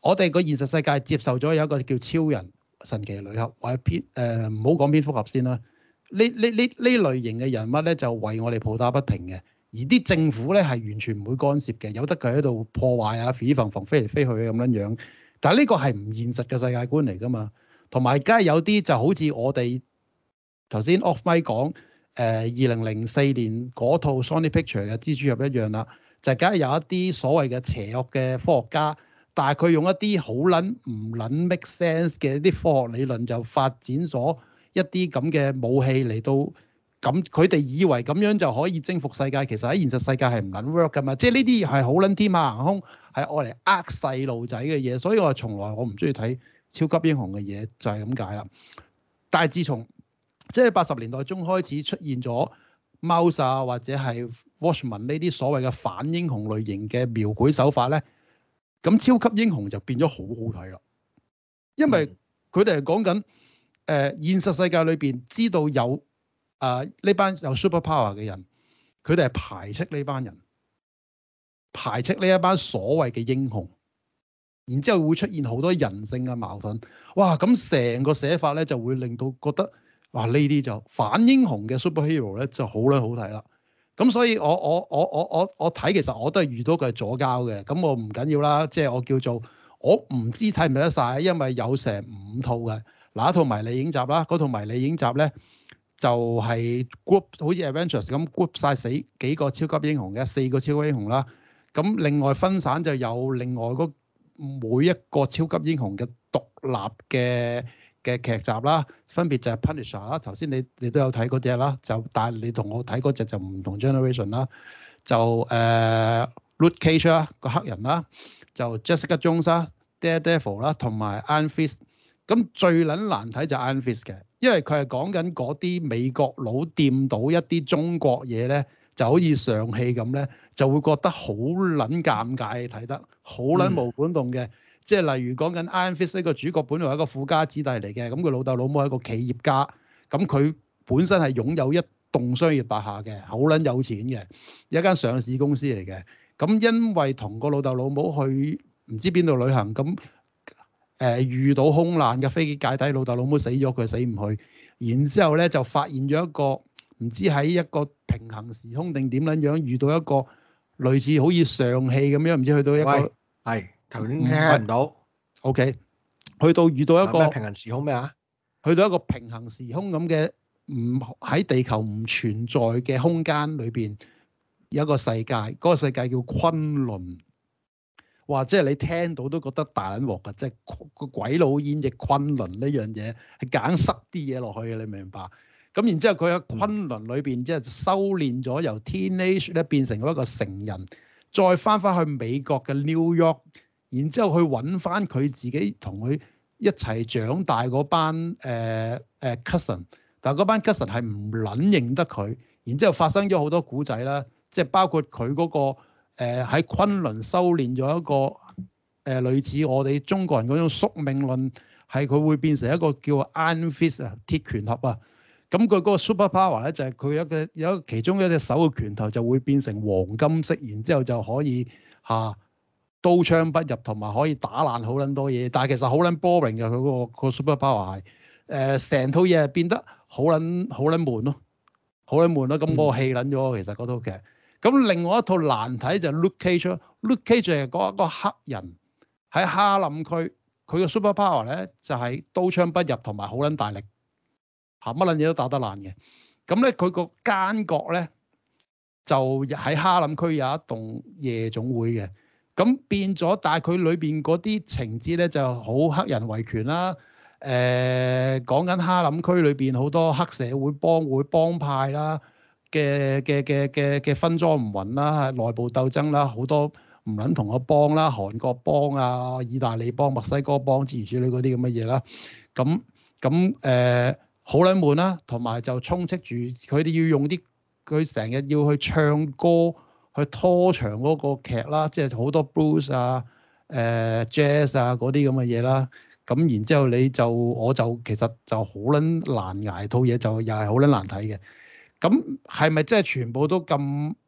我哋個現實世界接受咗有一個叫超人、神奇女俠或者蝙誒唔好講蝙蝠俠先啦，呢呢呢呢類型嘅人物咧就為我哋抱打不平嘅，而啲政府咧係完全唔會干涉嘅，有得佢喺度破壞啊，飛房飛嚟飛去咁樣樣，但係呢個係唔現實嘅世界觀嚟噶嘛，同埋而家有啲就好似我哋。頭先 Off Mic 講，誒、呃，二零零四年嗰套 Sony Picture 嘅蜘蛛俠一樣啦，就梗係有一啲所謂嘅邪惡嘅科學家，但係佢用一啲好捻唔捻 make sense 嘅一啲科學理論就發展咗一啲咁嘅武器嚟到，咁佢哋以為咁樣就可以征服世界，其實喺現實世界係唔捻 work 噶嘛，即係呢啲係好捻天馬行空，係愛嚟呃細路仔嘅嘢，所以我從來我唔中意睇超級英雄嘅嘢就係咁解啦。但係自從，即係八十年代中開始出現咗 Mouse 啊或者係 Watchmen 呢啲所謂嘅反英雄類型嘅描繪手法咧，咁超級英雄就變咗好好睇啦。因為佢哋係講緊誒現實世界裏邊知道有啊呢、呃、班有 superpower 嘅人，佢哋係排斥呢班人，排斥呢一班所謂嘅英雄，然之後會出現好多人性嘅矛盾。哇！咁成個寫法咧就會令到覺得。哇！呢啲就反英雄嘅 superhero 咧就好啦、啊，好睇啦。咁所以我我我我我我睇，其實我都係遇到佢係左膠嘅。咁我唔緊要啦，即係我叫做我唔知睇唔睇得晒，因為有成五套嘅。嗱，一套迷你影集啦，嗰套迷你影集咧就係 group 好似 Avengers 咁 group 晒死幾個超級英雄嘅，四個超級英雄啦。咁另外分散就有另外嗰每一個超級英雄嘅獨立嘅嘅劇集啦，分別就係《Punisher》啦，頭先你你都有睇嗰隻啦，就但係你同我睇嗰隻就唔同 generation 啦，就誒《Luke、呃、Cage》個黑人啦，就 Jessica Jones》啦，《Daredevil》啦，同埋《Iron Fist》咁，最撚難睇就《Iron Fist》嘅，因為佢係講緊嗰啲美國佬掂到一啲中國嘢咧，就好似上戲咁咧，就會覺得好撚尷尬，睇得好撚毛管動嘅。即係例如講緊 Iron Fist 呢個主角，本來係一個富家子弟嚟嘅，咁佢老豆老母係一個企業家，咁佢本身係擁有一棟商業大廈嘅，好撚有錢嘅，一間上市公司嚟嘅。咁因為同個老豆老母去唔知邊度旅行，咁誒、呃、遇到空難嘅飛機解體，老豆老母死咗，佢死唔去。然之後咧就發現咗一個唔知喺一個平行時空定點撚樣，遇到一個類似好似上氣咁樣，唔知去到一個係。喂哎嗯、聽唔到，O、okay. K，去到遇到一個平行時空咩啊？去到一個平行時空咁嘅，唔喺地球唔存在嘅空間裏邊有一個世界，嗰、那個世界叫昆崙，哇！即係你聽到都覺得大撚鑊噶，即係個鬼佬演繹昆崙呢樣嘢，係揀塞啲嘢落去嘅，你明唔明白？咁然之後佢喺昆崙裏邊，嗯、即就修煉咗，由 teenage 咧變成咗一個成人，再翻翻去美國嘅 New York。然之後去揾翻佢自己同佢一齊長大嗰班誒誒 cousin，但係嗰班 cousin 係唔撚認得佢。然之後發生咗好多古仔啦，即係包括佢嗰、嗰個喺、呃、昆崙修練咗一個誒、呃、類似我哋中國人嗰種宿命論，係佢會變成一個叫 Iron Fist 啊，鐵拳俠啊。咁佢嗰個 super power 咧就係佢一隻有一個有其中一隻手嘅拳頭就會變成黃金色，然之後就可以嚇。啊刀槍不入同埋可以打爛好撚多嘢，但係其實好撚 boring 嘅，佢嗰個 super power 係誒成套嘢係變得好撚好撚悶咯、哦，好撚悶咯、啊，咁我氣撚咗。其實嗰套劇，咁、嗯、另外一套難睇就係 Cage, Luke Cage。Luke Cage 係嗰一個黑人喺哈林區，佢個 super power 咧就係、是、刀槍不入同埋好撚大力，行乜撚嘢都打得爛嘅。咁咧佢個間角咧就喺哈林區有一棟夜總會嘅。咁變咗，但係佢裏邊嗰啲情節咧就好黑人維權啦，誒、呃、講緊哈林區裏邊好多黑社會幫會幫派啦嘅嘅嘅嘅嘅分贓唔勻啦，內部鬥爭啦，好多唔撚同個幫啦，韓國幫啊、意大利幫、墨西哥幫之類嗰啲咁嘅嘢啦，咁咁誒好撚悶啦，同埋就充斥住佢哋要用啲佢成日要去唱歌。去拖長嗰個劇啦，即係好多 blues 啊、誒、呃、jazz 啊嗰啲咁嘅嘢啦。咁然之後你就我就其實就好撚難捱套嘢，就又係好撚難睇嘅。咁係咪即係全部都咁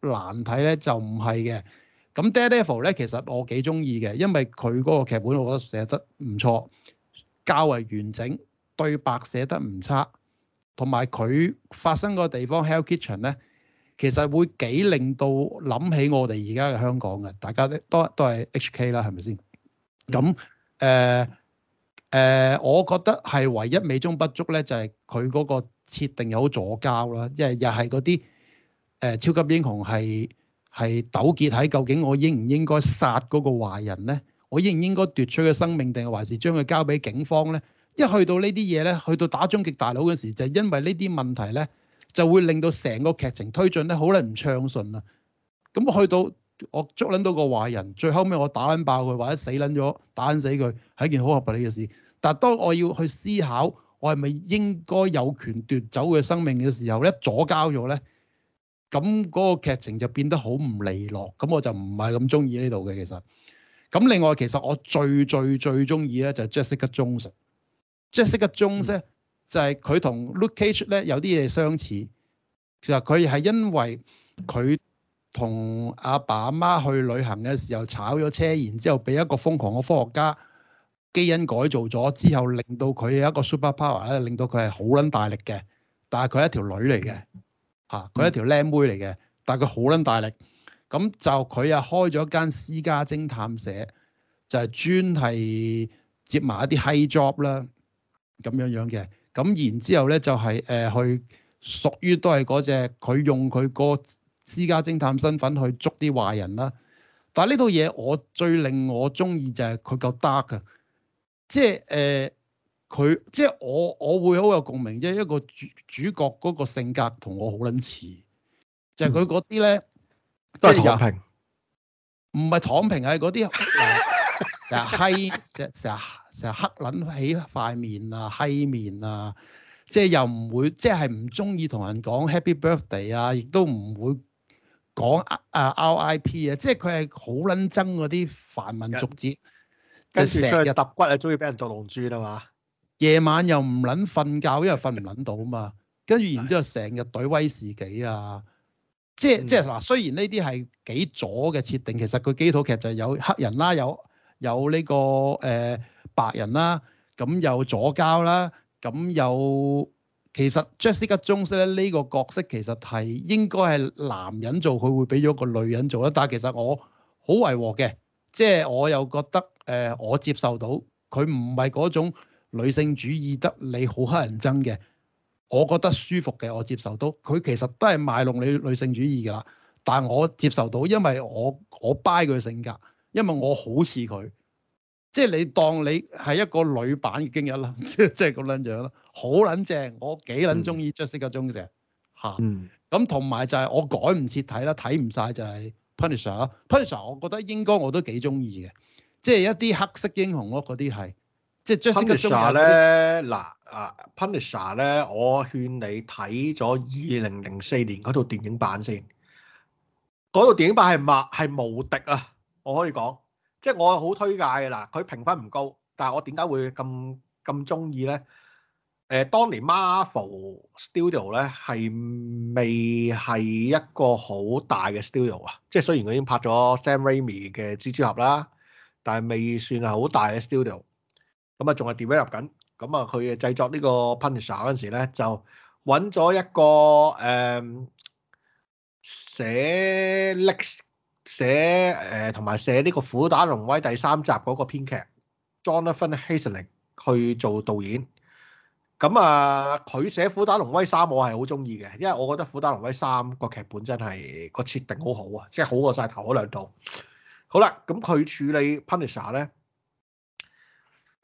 難睇咧？就唔係嘅。咁 Daredevil 咧，其實我幾中意嘅，因為佢嗰個劇本，我覺得寫得唔錯，較為完整，對白寫得唔差，同埋佢發生個地方 Hell Kitchen 咧。其實會幾令到諗起我哋而家嘅香港嘅，大家咧都都係 H.K. 啦，係咪先？咁誒誒，我覺得係唯一美中不足咧，就係佢嗰個設定又好左交啦，即係又係嗰啲誒超級英雄係係糾結喺究竟我應唔應該殺嗰個壞人咧？我應唔應該奪取佢生命，定係還是將佢交俾警方咧？一去到呢啲嘢咧，去到打終極大佬嘅時，就係因為呢啲問題咧。就會令到成個劇情推進咧好咧唔暢順啊！咁去到我捉撚到個壞人，最後尾我打撚爆佢或者死撚咗，打撚死佢係一件好合理嘅事。但係當我要去思考我係咪應該有權奪走佢生命嘅時候，咧阻交咗咧，咁嗰個劇情就變得好唔利落。咁我就唔係咁中意呢度嘅其實。咁另外其實我最最最中意咧就係 Jessica Jones。Jessica Jones 咧。就係佢同 Luke Cage 咧有啲嘢相似，其實佢係因為佢同阿爸阿媽去旅行嘅時候炒咗車，然之後俾一個瘋狂嘅科學家基因改造咗，之後令到佢係一個 super power 咧，令到佢係好撚大力嘅。但係佢係一條女嚟嘅，嚇佢係一條靚妹嚟嘅，但係佢好撚大力。咁就佢呀開咗間私家偵探社，就係專係接埋一啲 high job 啦，咁樣樣嘅。咁然之後咧就係誒去屬於都係嗰隻，佢用佢個私家偵探身份去捉啲壞人啦。但係呢套嘢我最令我中意就係佢夠 dark 嘅，即係誒佢即係我我會好有共鳴，即係一個主主角嗰個性格同我好撚似，嗯、就係佢嗰啲咧都係躺平，唔係躺平係嗰啲，就係閪，即係係。就黑撚起塊面啊，黑面啊，即係又唔會，即係唔中意同人講 Happy Birthday 啊，亦都唔會講啊 R, R I P 啊，即係佢係好撚憎嗰啲繁文縟節，日跟住成日揼骨啊，中意俾人度龍珠啊嘛。夜晚又唔撚瞓覺，因為瞓唔撚到啊嘛。跟住然之後成日懟威士忌啊，的即係即係嗱，雖然呢啲係幾左嘅設定，其實佢基礎劇就有黑人啦，有有呢、呢個誒。呃白人啦，咁有左膠啦，咁有其實 Jessica Jones，咧，呢個角色其實係應該係男人做，佢會俾咗個女人做啦。但係其實我好違和嘅，即係我又覺得誒，我接受到佢唔係嗰種女性主義得你好乞人憎嘅，我覺得舒服嘅，我接受到佢其實都係賣弄你女性主義噶啦，但係我接受到，因為我我 buy 佢性格，因為我好似佢。即係你當你係一個女版嘅驚一啦，即係即係咁樣樣咯，好卵正，我幾卵中意 Justice 嘅忠臣吓。咁同埋就係我改唔切睇啦，睇唔晒就係 p u n i s h l a p u n i s h l a 我覺得應該我都幾中意嘅，即係一啲黑色英雄咯，嗰啲係即係。p e n i n s u l 咧嗱啊 p e n i s h l a 咧，我勸你睇咗二零零四年嗰套電影版先，嗰套電影版係冇係無敵啊，我可以講。即係我好推介嘅嗱，佢評分唔高，但係我點解會咁咁中意咧？誒，當年 Marvel Studio 咧係未係一個好大嘅 studio 啊，即係雖然佢已經拍咗 Sam Raimi 嘅《蜘蛛俠》啦，但係未算係好大嘅 studio。咁啊，仲係 develop 緊。咁啊，佢嘅製作呢個《Punisher》嗰陣時咧，就揾咗一個誒寫歷。寫誒同埋寫呢、這個《虎膽龍威》第三集嗰個編劇 Jonathan Hensleigh 去做導演，咁啊，佢寫《虎膽龍威三》我係好中意嘅，因為我覺得《虎膽龍威三》個劇本真係、嗰個設定好好啊，即係好過晒頭嗰兩度。好啦，咁佢處理 Punisher 咧，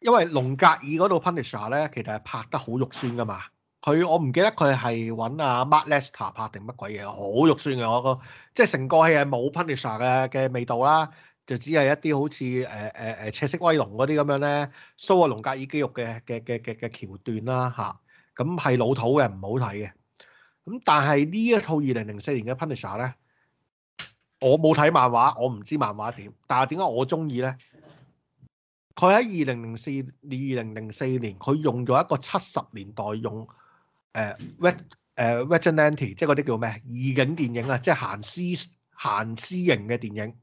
因為龍格爾嗰度 Punisher 咧，其實係拍得好肉酸㗎嘛。佢我唔記得佢係揾阿、啊、Mark Lester 拍定乜鬼嘢，好肉酸嘅我個，即係成個戲係冇 Punisher 嘅嘅味道啦，就只係一啲好似誒誒誒赤色威龍嗰啲咁樣咧，蘇阿龍格爾肌肉嘅嘅嘅嘅嘅橋段啦吓，咁係老土嘅，唔好睇嘅。咁但係呢一套二零零四年嘅 Punisher 咧，我冇睇漫畫，我唔知漫畫點，但係點解我中意咧？佢喺二零零四二零零四年佢用咗一個七十年代用。誒、uh，vigilante 即係嗰啲叫咩？意境電影啊，即係閒屍閒屍型嘅電影，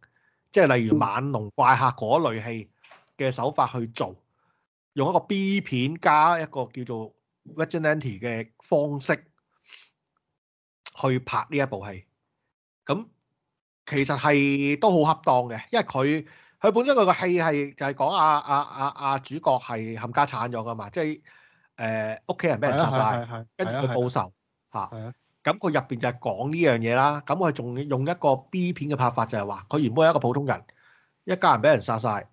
即係例如《猛龍怪客》嗰類戲嘅手法去做，用一個 B 片加一個叫做 vigilante 嘅方式去拍呢一部戲。咁其實係都好恰當嘅，因為佢佢本身佢個戲係就係、是、講阿阿阿阿主角係冚家鏟咗㗎嘛，即係。誒屋企人俾人殺晒，跟住佢報仇嚇。咁佢入邊就係講呢樣嘢啦。咁佢仲用一個 B 片嘅拍法，就係話佢原本係一個普通人，一家人俾人殺晒。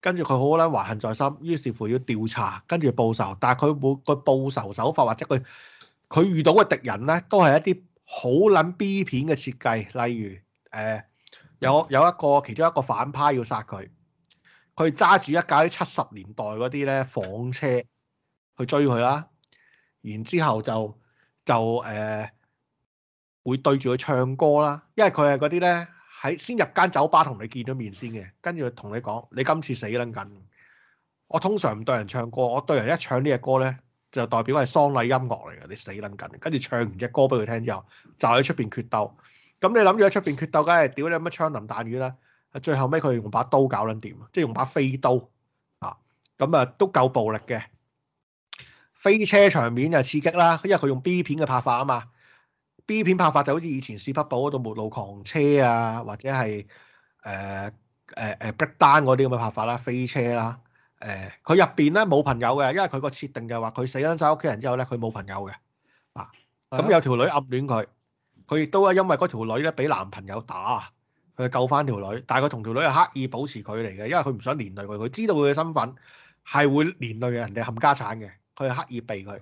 跟住佢好撚懷恨在心，於是乎要調查，跟住報仇。但係佢每個報仇手法或者佢佢遇到嘅敵人呢，都係一啲好撚 B 片嘅設計。例如誒，有有一個其中一個反派要殺佢，佢揸住一架喺七十年代嗰啲呢房車。去追佢啦，然之後就就誒、呃、會對住佢唱歌啦，因為佢係嗰啲呢，喺先入間酒吧同你見咗面先嘅，跟住同你講你今次死撚緊。我通常唔對人唱歌，我對人一唱呢隻歌呢，就代表係喪禮音樂嚟嘅，你死撚緊。跟住唱完隻歌俾佢聽之後，就喺出邊決鬥。咁你諗住喺出邊決鬥，梗係屌你乜槍林彈雨啦？最後尾佢用把刀搞撚掂，即係用把飛刀啊，咁、嗯、啊都夠暴力嘅。飛車場面就刺激啦，因為佢用 B 片嘅拍法啊嘛。B 片拍法就好似以前《屎不步》嗰度末路狂車啊，或者係誒誒誒 break down 嗰啲咁嘅拍法啦，飛車啦、啊。誒佢入邊咧冇朋友嘅，因為佢個設定就係話佢死撚晒屋企人之後咧，佢冇朋友嘅啊。咁有條女暗戀佢，佢亦都係因為嗰條女咧俾男朋友打，佢救翻條女，但係佢同條女係刻意保持距離嘅，因為佢唔想連累佢。佢知道佢嘅身份係會連累人哋冚家產嘅。去刻意避佢，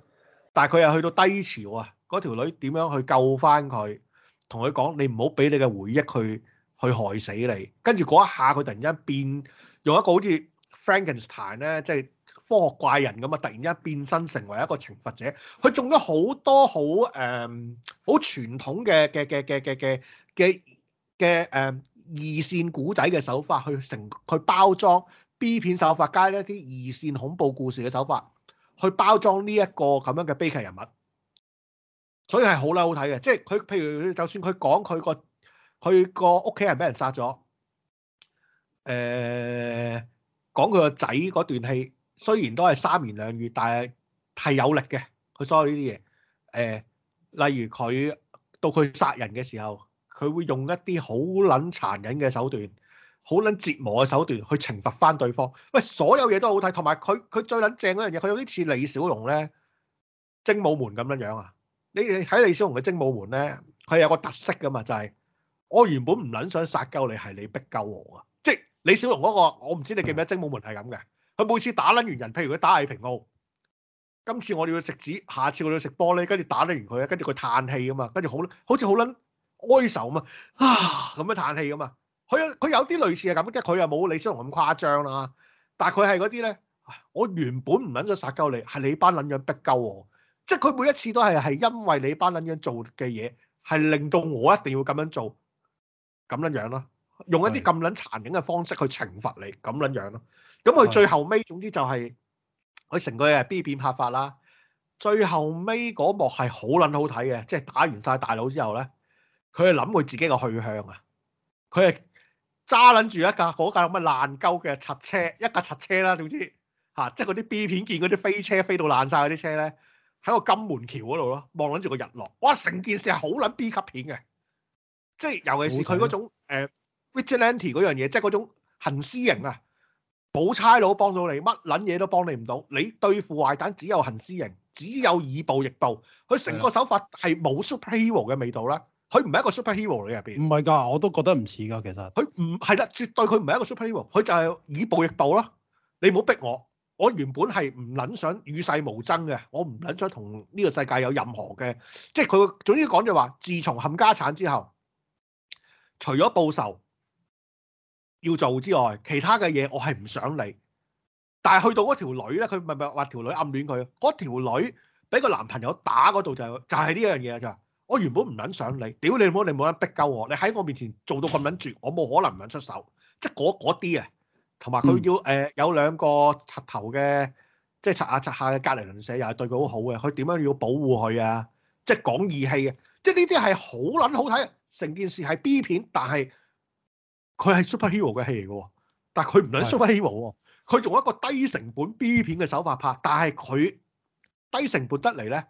但係佢又去到低潮啊！嗰條女點樣去救翻佢？同佢講：你唔好俾你嘅回憶去去害死你。跟住嗰一下，佢突然之間變用一個好似 Frankenstein 咧，即係科學怪人咁啊！突然之間變身成為一個懲罰者。佢用咗好多好誒好傳統嘅嘅嘅嘅嘅嘅嘅嘅誒二線古仔嘅手法去成去包裝 B 片手法，加一啲二線恐怖故事嘅手法。去包裝呢一個咁樣嘅悲劇人物，所以係好撚好睇嘅。即係佢譬如，就算佢講佢個佢個屋企人俾人殺咗，誒講佢個仔嗰段戲，雖然都係三言兩語，但係係有力嘅。佢所有呢啲嘢，誒例如佢到佢殺人嘅時候，佢會用一啲好撚殘忍嘅手段。好撚折磨嘅手段去懲罰翻對方，喂！所有嘢都好睇，同埋佢佢最撚正嗰樣嘢，佢有啲似李小龍咧《精武門》咁樣樣啊！你哋睇李小龍嘅、就是那個《精武門》咧，佢有個特色噶嘛，就係我原本唔撚想殺鳩你，係你逼鳩我啊！即係李小龍嗰個，我唔知你記唔記得《精武門》係咁嘅，佢每次打撚完人，譬如佢打喺屏幕，今次我哋要食紙，下次我哋要食玻璃，跟住打得完佢咧，跟住佢嘆氣啊嘛，跟住好好似好撚哀愁啊嘛，啊咁樣嘆氣啊嘛。佢佢有啲類似係咁，即佢又冇李小龍咁誇張啦。但係佢係嗰啲咧，我原本唔撚想殺鳩你，係你班撚樣逼鳩我。即係佢每一次都係係因為你班撚樣做嘅嘢，係令到我一定要咁樣做咁樣樣咯。用一啲咁撚殘忍嘅方式去懲罰你咁樣樣咯。咁佢最後尾總之就係佢成個係 B 變拍法啦。最後尾嗰幕係好撚好睇嘅，即係打完晒大佬之後咧，佢諗佢自己嘅去向啊，佢係。揸撚住一架嗰架咁嘅爛鳩嘅拆車，一架拆車啦，總之嚇、啊，即係嗰啲 B 片見嗰啲飛車飛到爛晒嗰啲車咧，喺個金門橋嗰度咯，望撚住個日落，哇！成件事係好撚 B 級片嘅，即係尤其是佢嗰種誒 vigilante 嗰樣嘢，即係嗰種行私刑啊，冇差佬幫到你乜撚嘢都幫你唔到，你對付壞蛋只有行私刑，只有以暴易暴，佢成個手法係冇 superhero 嘅味道啦。佢唔係一個 superhero 你入邊，唔係㗎，我都覺得唔似㗎。其實佢唔係啦，絕對佢唔係一個 superhero，佢就係以暴易暴咯。你唔好逼我，我原本係唔捻想與世無爭嘅，我唔捻想同呢個世界有任何嘅，即係佢。總之講就話，自從冚家產之後，除咗報仇要做之外，其他嘅嘢我係唔想理。但係去到嗰條女咧，佢咪咪話條女暗戀佢，嗰條女俾個男朋友打嗰度就係、就係呢樣嘢就。我原本唔捻想你，屌你冇你冇得逼鳩我，你喺我面前做到咁捻絕，我冇可能唔捻出手，即係嗰啲啊，同埋佢要誒有兩個插頭嘅，即係插下插下嘅隔離鄰舍又係對佢好好嘅，佢點樣要保護佢啊？即係講義氣嘅，即係呢啲係好撚好睇，成件事係 B 片，但係佢係 Super Hero 嘅戲嚟嘅喎，但係佢唔撚 Super Hero 喎，佢用一個低成本 B 片嘅手法拍，但係佢低成本得嚟咧，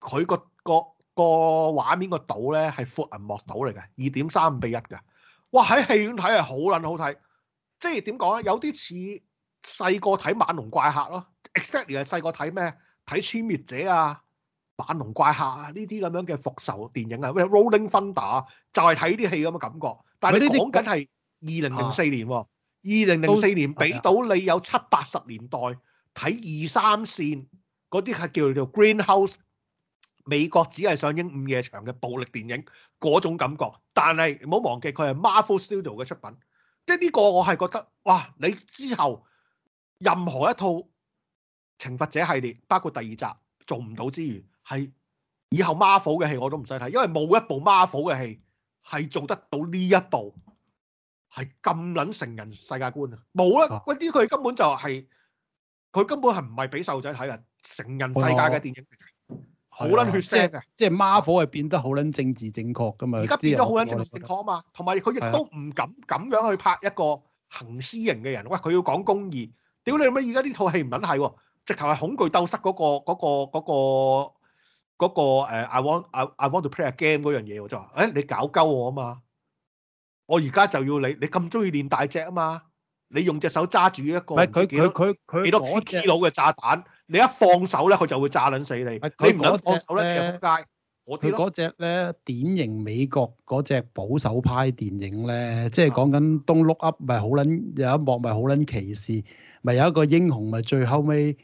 佢個個。個畫面個島咧係闊銀幕島嚟嘅，二點三五比一嘅。哇！喺戲院睇係好撚好睇，即係點講咧？有啲似細個睇《猛龍怪客》咯。exactly 係細個睇咩？睇《殲滅者》啊，《猛龍怪客》啊呢啲咁樣嘅復仇電影啊。咩《Rolling Thunder》就係睇啲戲咁嘅感覺。但係你講緊係二零零四年喎，二零零四年俾到你有七八十年代睇二三線嗰啲係叫做 Greenhouse。美國只係上映午夜場嘅暴力電影嗰種感覺，但係唔好忘記佢係 Marvel Studio 嘅出品，即係呢個我係覺得哇！你之後任何一套《懲罰者》系列，包括第二集做唔到之餘，係以後 Marvel 嘅戲我都唔使睇，因為冇一部 Marvel 嘅戲係做得到呢一部係咁撚成人世界觀啊！冇啦，嗰啲佢根本就係、是、佢根本係唔係俾細路仔睇啊！成人世界嘅電影。好撚血腥嘅，即係 Marvel 係變得好撚政治正確㗎嘛。而家變得好撚政治正確啊嘛，同埋佢亦都唔敢咁樣去拍一個行私刑嘅人。喂，佢要講公義，屌你乜？而家呢套戲唔撚係喎，直頭係恐懼鬥室嗰個嗰、嗰個嗰、嗰個、嗰個、I want I I want to play a game 嗰樣嘢，就話誒你搞鳩我啊嘛，我而家就要你，你咁中意練大隻啊嘛，你用隻手揸住一個佢多幾多、嗰個、幾多 kilo 嘅炸彈。你一放手咧，佢就會炸撚死你。你唔肯放手咧，仆街我屌咯。佢嗰隻咧，典型美國嗰隻保守派電影咧，即係講緊 Don't Look Up 咪好撚有一幕咪好撚歧視，咪有一個英雄咪最後尾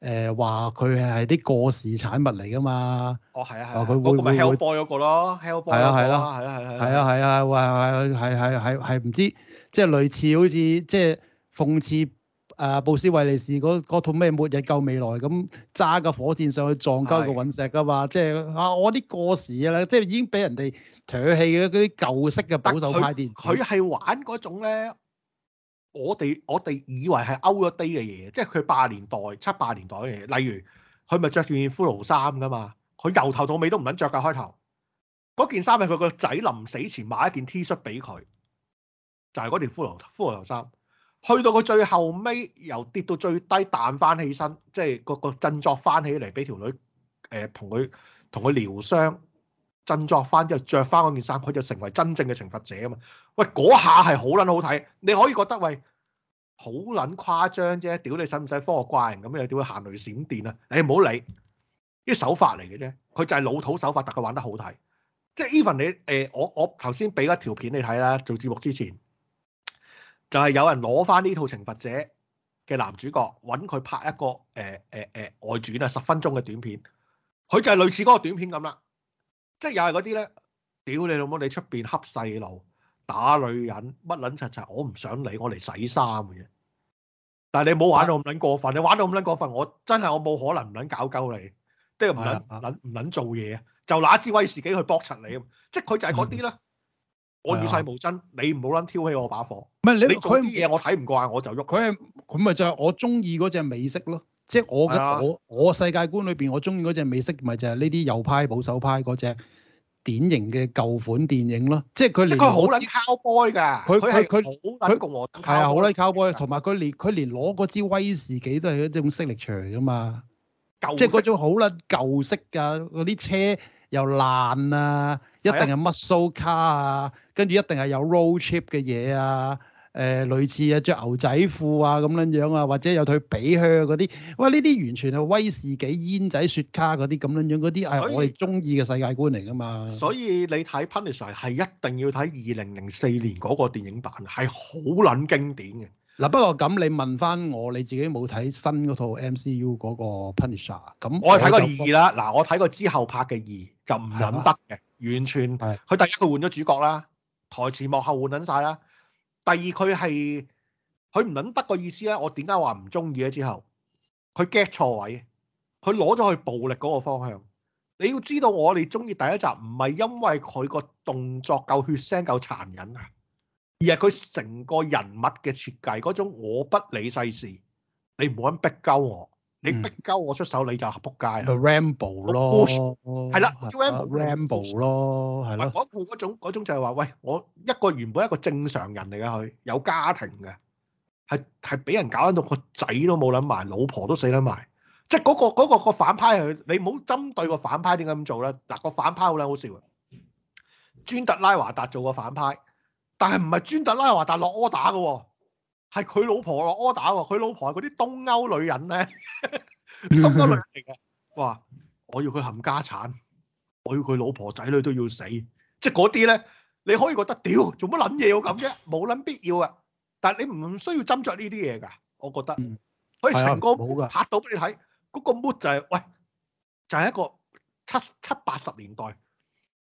誒話佢係啲過時產物嚟㗎嘛。哦，係啊，係啊。嗰個咪 Hellboy 嗰個咯，Hellboy 嗰個係啊，係咯，係啊，係係啊，係啊，話係係係係唔知即係類似好似即係諷刺。誒、啊、布斯維利士嗰套咩末日救未來咁揸個火箭上去撞鳩個隕石噶嘛？的即係啊，我啲過時啦，即係已經俾人哋唾棄嘅嗰啲舊式嘅保守派電。佢係玩嗰種咧，我哋我哋以為係 out 咗 day 嘅嘢，即係佢八年代、七八年代嘅嘢。例如佢咪着住件骷髏衫噶嘛？佢由頭到尾都唔撚着㗎。開頭嗰件衫係佢個仔臨死前買一件 T 恤俾佢，就係嗰條骷髏骷髏衫。去到佢最後尾，由跌到最低彈翻起身，即係個個振作翻起嚟，俾條女誒同佢同佢療傷，振作翻之後着翻嗰件衫，佢就成為真正嘅懲罰者啊嘛！喂，嗰下係好撚好睇，你可以覺得喂好撚誇張啫，屌你使唔使科學怪人咁又點會行雷閃電啊？你唔好理，啲手法嚟嘅啫，佢就係老土手法，特佢玩得好睇。即係 even 你誒、呃，我我頭先俾一條片你睇啦，做節目之前。就係有人攞翻呢套《懲罰者》嘅男主角，揾佢拍一個誒誒誒外傳啊，十分鐘嘅短片，佢就係類似嗰個短片咁啦。即係又係嗰啲咧，屌你老母！你出邊恰細路、打女人，乜捻柒柒，我唔想理，我嚟洗衫嘅。但係你冇玩到咁捻過分，你玩到咁捻過分，我真係我冇可能唔捻搞鳩你，即係唔捻唔捻做嘢，就拿支威士忌去駁柒你啊！即係佢就係嗰啲啦。嗯我與世無爭，你唔好撚挑起我把火。唔係你佢啲嘢我睇唔慣，我就喐。佢佢咪就係我中意嗰隻美式咯，即係我嘅的我我世界觀裏邊，我中意嗰隻美式咪就係呢啲右派保守派嗰隻典型嘅舊款電影咯。即係佢連佢好撚 cowboy 噶。佢佢佢好撚共和。係啊，好撚 cowboy，同埋佢連佢連攞嗰支威士忌都係一種色力場㗎嘛。舊即係是嗰種好撚舊式㗎，嗰啲車又爛啊，的一定係 muscle car 啊。跟住一定係有 road trip 嘅嘢啊，誒、呃、類似啊著牛仔褲啊咁樣樣啊，或者有對皮靴嗰啲，哇呢啲完全係威士忌煙仔雪茄嗰啲咁樣樣嗰啲啊，我哋中意嘅世界觀嚟㗎嘛所。所以你睇《Punisher》係一定要睇二零零四年嗰個電影版，係好撚經典嘅。嗱不過咁你問翻我，你自己冇睇新嗰套 MCU 嗰個 isher,《Punisher》？咁我睇過二二啦，嗱我睇過之後拍嘅二就唔撚得嘅，啊、完全佢第一佢換咗主角啦。台前幕後換緊曬啦。第二佢係佢唔撚得個意思咧。我點解話唔中意咧？之後佢 get 錯位，佢攞咗去暴力嗰個方向。你要知道，我哋中意第一集唔係因為佢個動作夠血腥夠殘忍啊，而係佢成個人物嘅設計嗰種我不理世事，你唔好咁逼鳩我。嗯、你逼鳩我出手你就合仆街，去 ramble 咯，係啦，ramble 咯，係咯。唔係嗰種就係話，喂，我一個原本一個正常人嚟嘅佢，有家庭嘅，係係俾人搞到個仔都冇諗埋，老婆都死得埋，即係嗰、嗰個嗰反派佢，你唔好針對個反派點解咁做啦。嗱、嗱，個反派好撚好笑嘅，尊特拉華達做個反派，但係唔係尊特拉華達落柯打嘅。係佢老婆喎，order 喎，佢老婆係嗰啲東歐女人咧， (laughs) 東歐女人嚟嘅。話我要佢冚家產，我要佢老婆仔女都要死，即係嗰啲咧，你可以覺得屌做乜諗嘢要咁啫，冇諗必要啊。但係你唔需要斟酌呢啲嘢㗎，我覺得。嗯、可以成個、嗯、拍到俾你睇，嗰、那個 mood 就係、是、喂，就係、是、一個七七八十年代。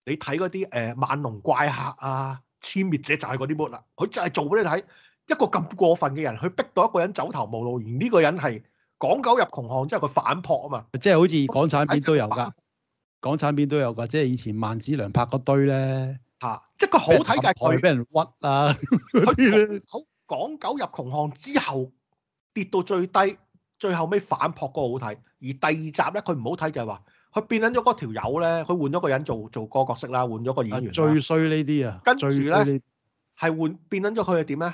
你睇嗰啲誒猛龍怪客啊，殲滅者就係嗰啲 mood 啦，佢就係做俾你睇。一個咁過分嘅人，去逼到一個人走投無路，而呢個人係講狗入窮巷之後佢反撲啊嘛，即係好似港產片都有噶，港產片都有噶，即係以前萬梓良拍嗰堆咧，吓，即係佢好睇就係佢俾人屈啊，佢講狗入窮巷之後跌到最低，最後尾反撲嗰個好睇，而第二集咧佢唔好睇就係話佢變撚咗嗰條友咧，佢換咗個人做做個角色啦，換咗個演員最衰呢啲啊，啊跟住咧係換變撚咗佢係點咧？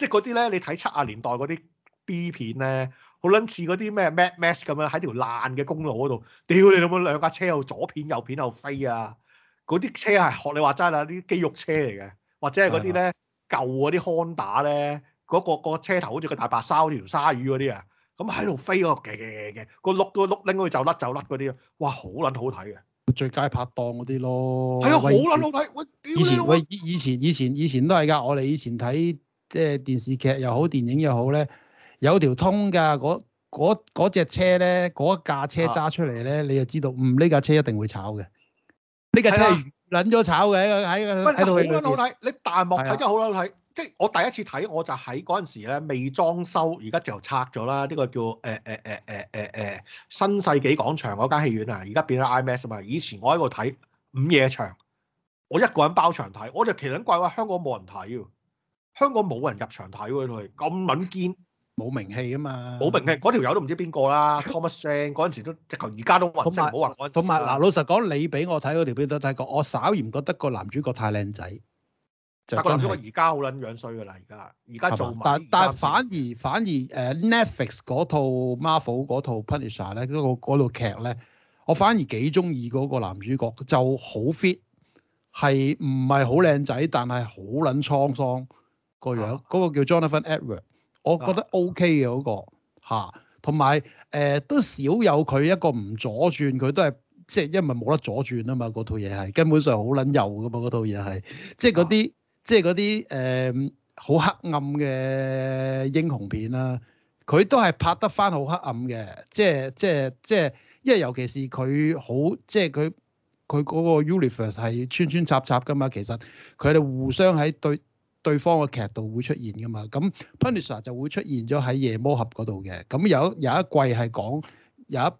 即係嗰啲咧，你睇七啊年代嗰啲 B 片咧，好撚似嗰啲咩 Mad Max 咁樣喺條爛嘅公路嗰度，屌你老母兩架車喺度左片右片又飛啊！嗰啲車係學你話齋啦，啲肌肉車嚟嘅，或者係嗰啲咧舊嗰啲康打咧，嗰、個個車頭好似、個大白鯊條鯊魚嗰啲啊，咁喺度飛嗰個嘅嘅嘅，個碌都碌拎去就甩就甩嗰啲啊，哇好撚好睇嘅！最佳拍檔嗰啲咯，係啊、哎，好撚好睇！我屌以前以前以前，以前都係㗎，我哋以前睇。即係電視劇又好，電影又好咧，有條通㗎。嗰嗰隻車咧，嗰架車揸出嚟咧，你就知道，嗯，呢架車一定會炒嘅。呢架車係撚咗炒嘅喺度。好睇，的你彈幕睇真好啦睇。即係的我，我第一次睇，我就喺嗰陣時咧未裝修，而家就拆咗啦。呢、呢個叫誒誒誒誒誒誒新世紀廣場嗰間戲院啊，而家變咗 IMAX 啊嘛。Mas, 以前我喺度睇午夜場，我一個人包場睇，我就奇撚怪話香港冇人睇。香港冇人入場睇喎，佢咁撚堅，冇名氣啊嘛，冇名氣嗰條友都唔知邊個啦。Thomas Jane 嗰陣時都直頭，而家都唔識，好話同埋嗱，老實講，你俾我睇嗰條片都睇過，我稍嫌唔覺得個男主角太靚仔。就但係男主角而家好捻樣衰噶啦，而家而家就但但反而反而誒 Netflix 嗰套 Marvel 嗰套 Punisher 咧，嗰個套劇咧，我反而幾中意嗰個男主角，就好 fit，係唔係好靚仔，但係好捻滄桑。個樣嗰、啊、個叫 Jonathan Edward、啊、我覺得 OK 嘅嗰、嗰個同埋誒都少有佢一個唔左轉，佢都係即係，因為冇得左轉啊嘛，嗰套嘢係根本上好撚右噶嘛，嗰套嘢係即係嗰啲即係嗰啲誒好黑暗嘅英雄片啦、啊，佢都係拍得翻好黑暗嘅，即係即係即係，因為尤其是佢好即係佢佢嗰個 universe 係穿穿插插噶嘛，其實佢哋互相喺對對方嘅劇度會出現㗎嘛？咁 Punisher 就會出現咗喺夜魔俠嗰度嘅。咁有有一季係講有一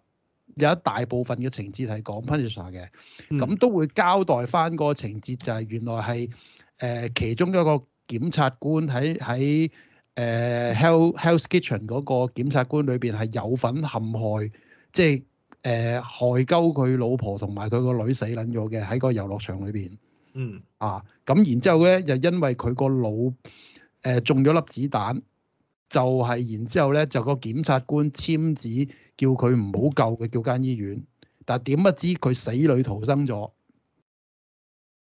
有一大部分嘅情節係講 Punisher 嘅。咁都會交代翻個情節就係原來係誒、呃、其中一個檢察官喺喺誒、呃、Hell Hell's Kitchen 嗰個檢察官裏邊係有份陷害，即係誒害鳩佢老婆同埋佢個女死撚咗嘅喺個遊樂場裏邊。嗯啊，咁然之後咧、呃，就因為佢個腦誒中咗粒子彈，就係然之後咧，就個檢察官簽字叫佢唔好救佢，叫間醫院。但點不知佢死裡逃生咗，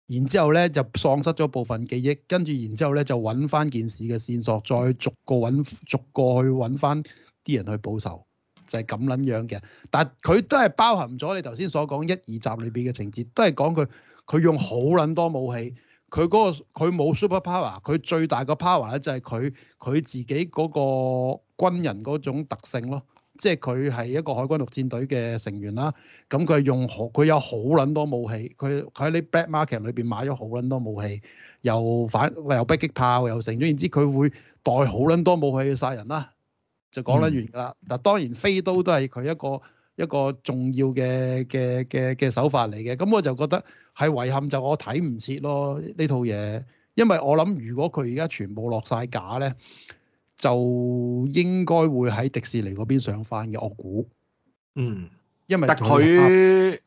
然之後咧就喪失咗部分記憶，跟住然之後咧就揾翻件事嘅線索，再逐個揾，逐個去揾翻啲人去報仇，就係咁撚樣嘅。但係佢都係包含咗你頭先所講一二集裏邊嘅情節，都係講佢。佢用好撚多武器，佢嗰、嗰個佢冇 super power，佢最大嘅 power 咧就係佢佢自己嗰個軍人嗰種特性咯，即係佢係一個海軍陸戰隊嘅成員啦。咁佢用好佢有好撚多武器，佢佢喺啲 black market 裏邊買咗好撚多武器，又反又迫擊炮又成總然之佢會帶好撚多武器去殺人啦。就講得完㗎啦。但、嗯、當然飛刀都係佢一個一個重要嘅嘅嘅嘅手法嚟嘅。咁我就覺得。係遺憾就我睇唔切咯呢套嘢，因為我諗如果佢而家全部落晒架呢，就應該會喺迪士尼嗰邊上返嘅。我估，嗯，因為佢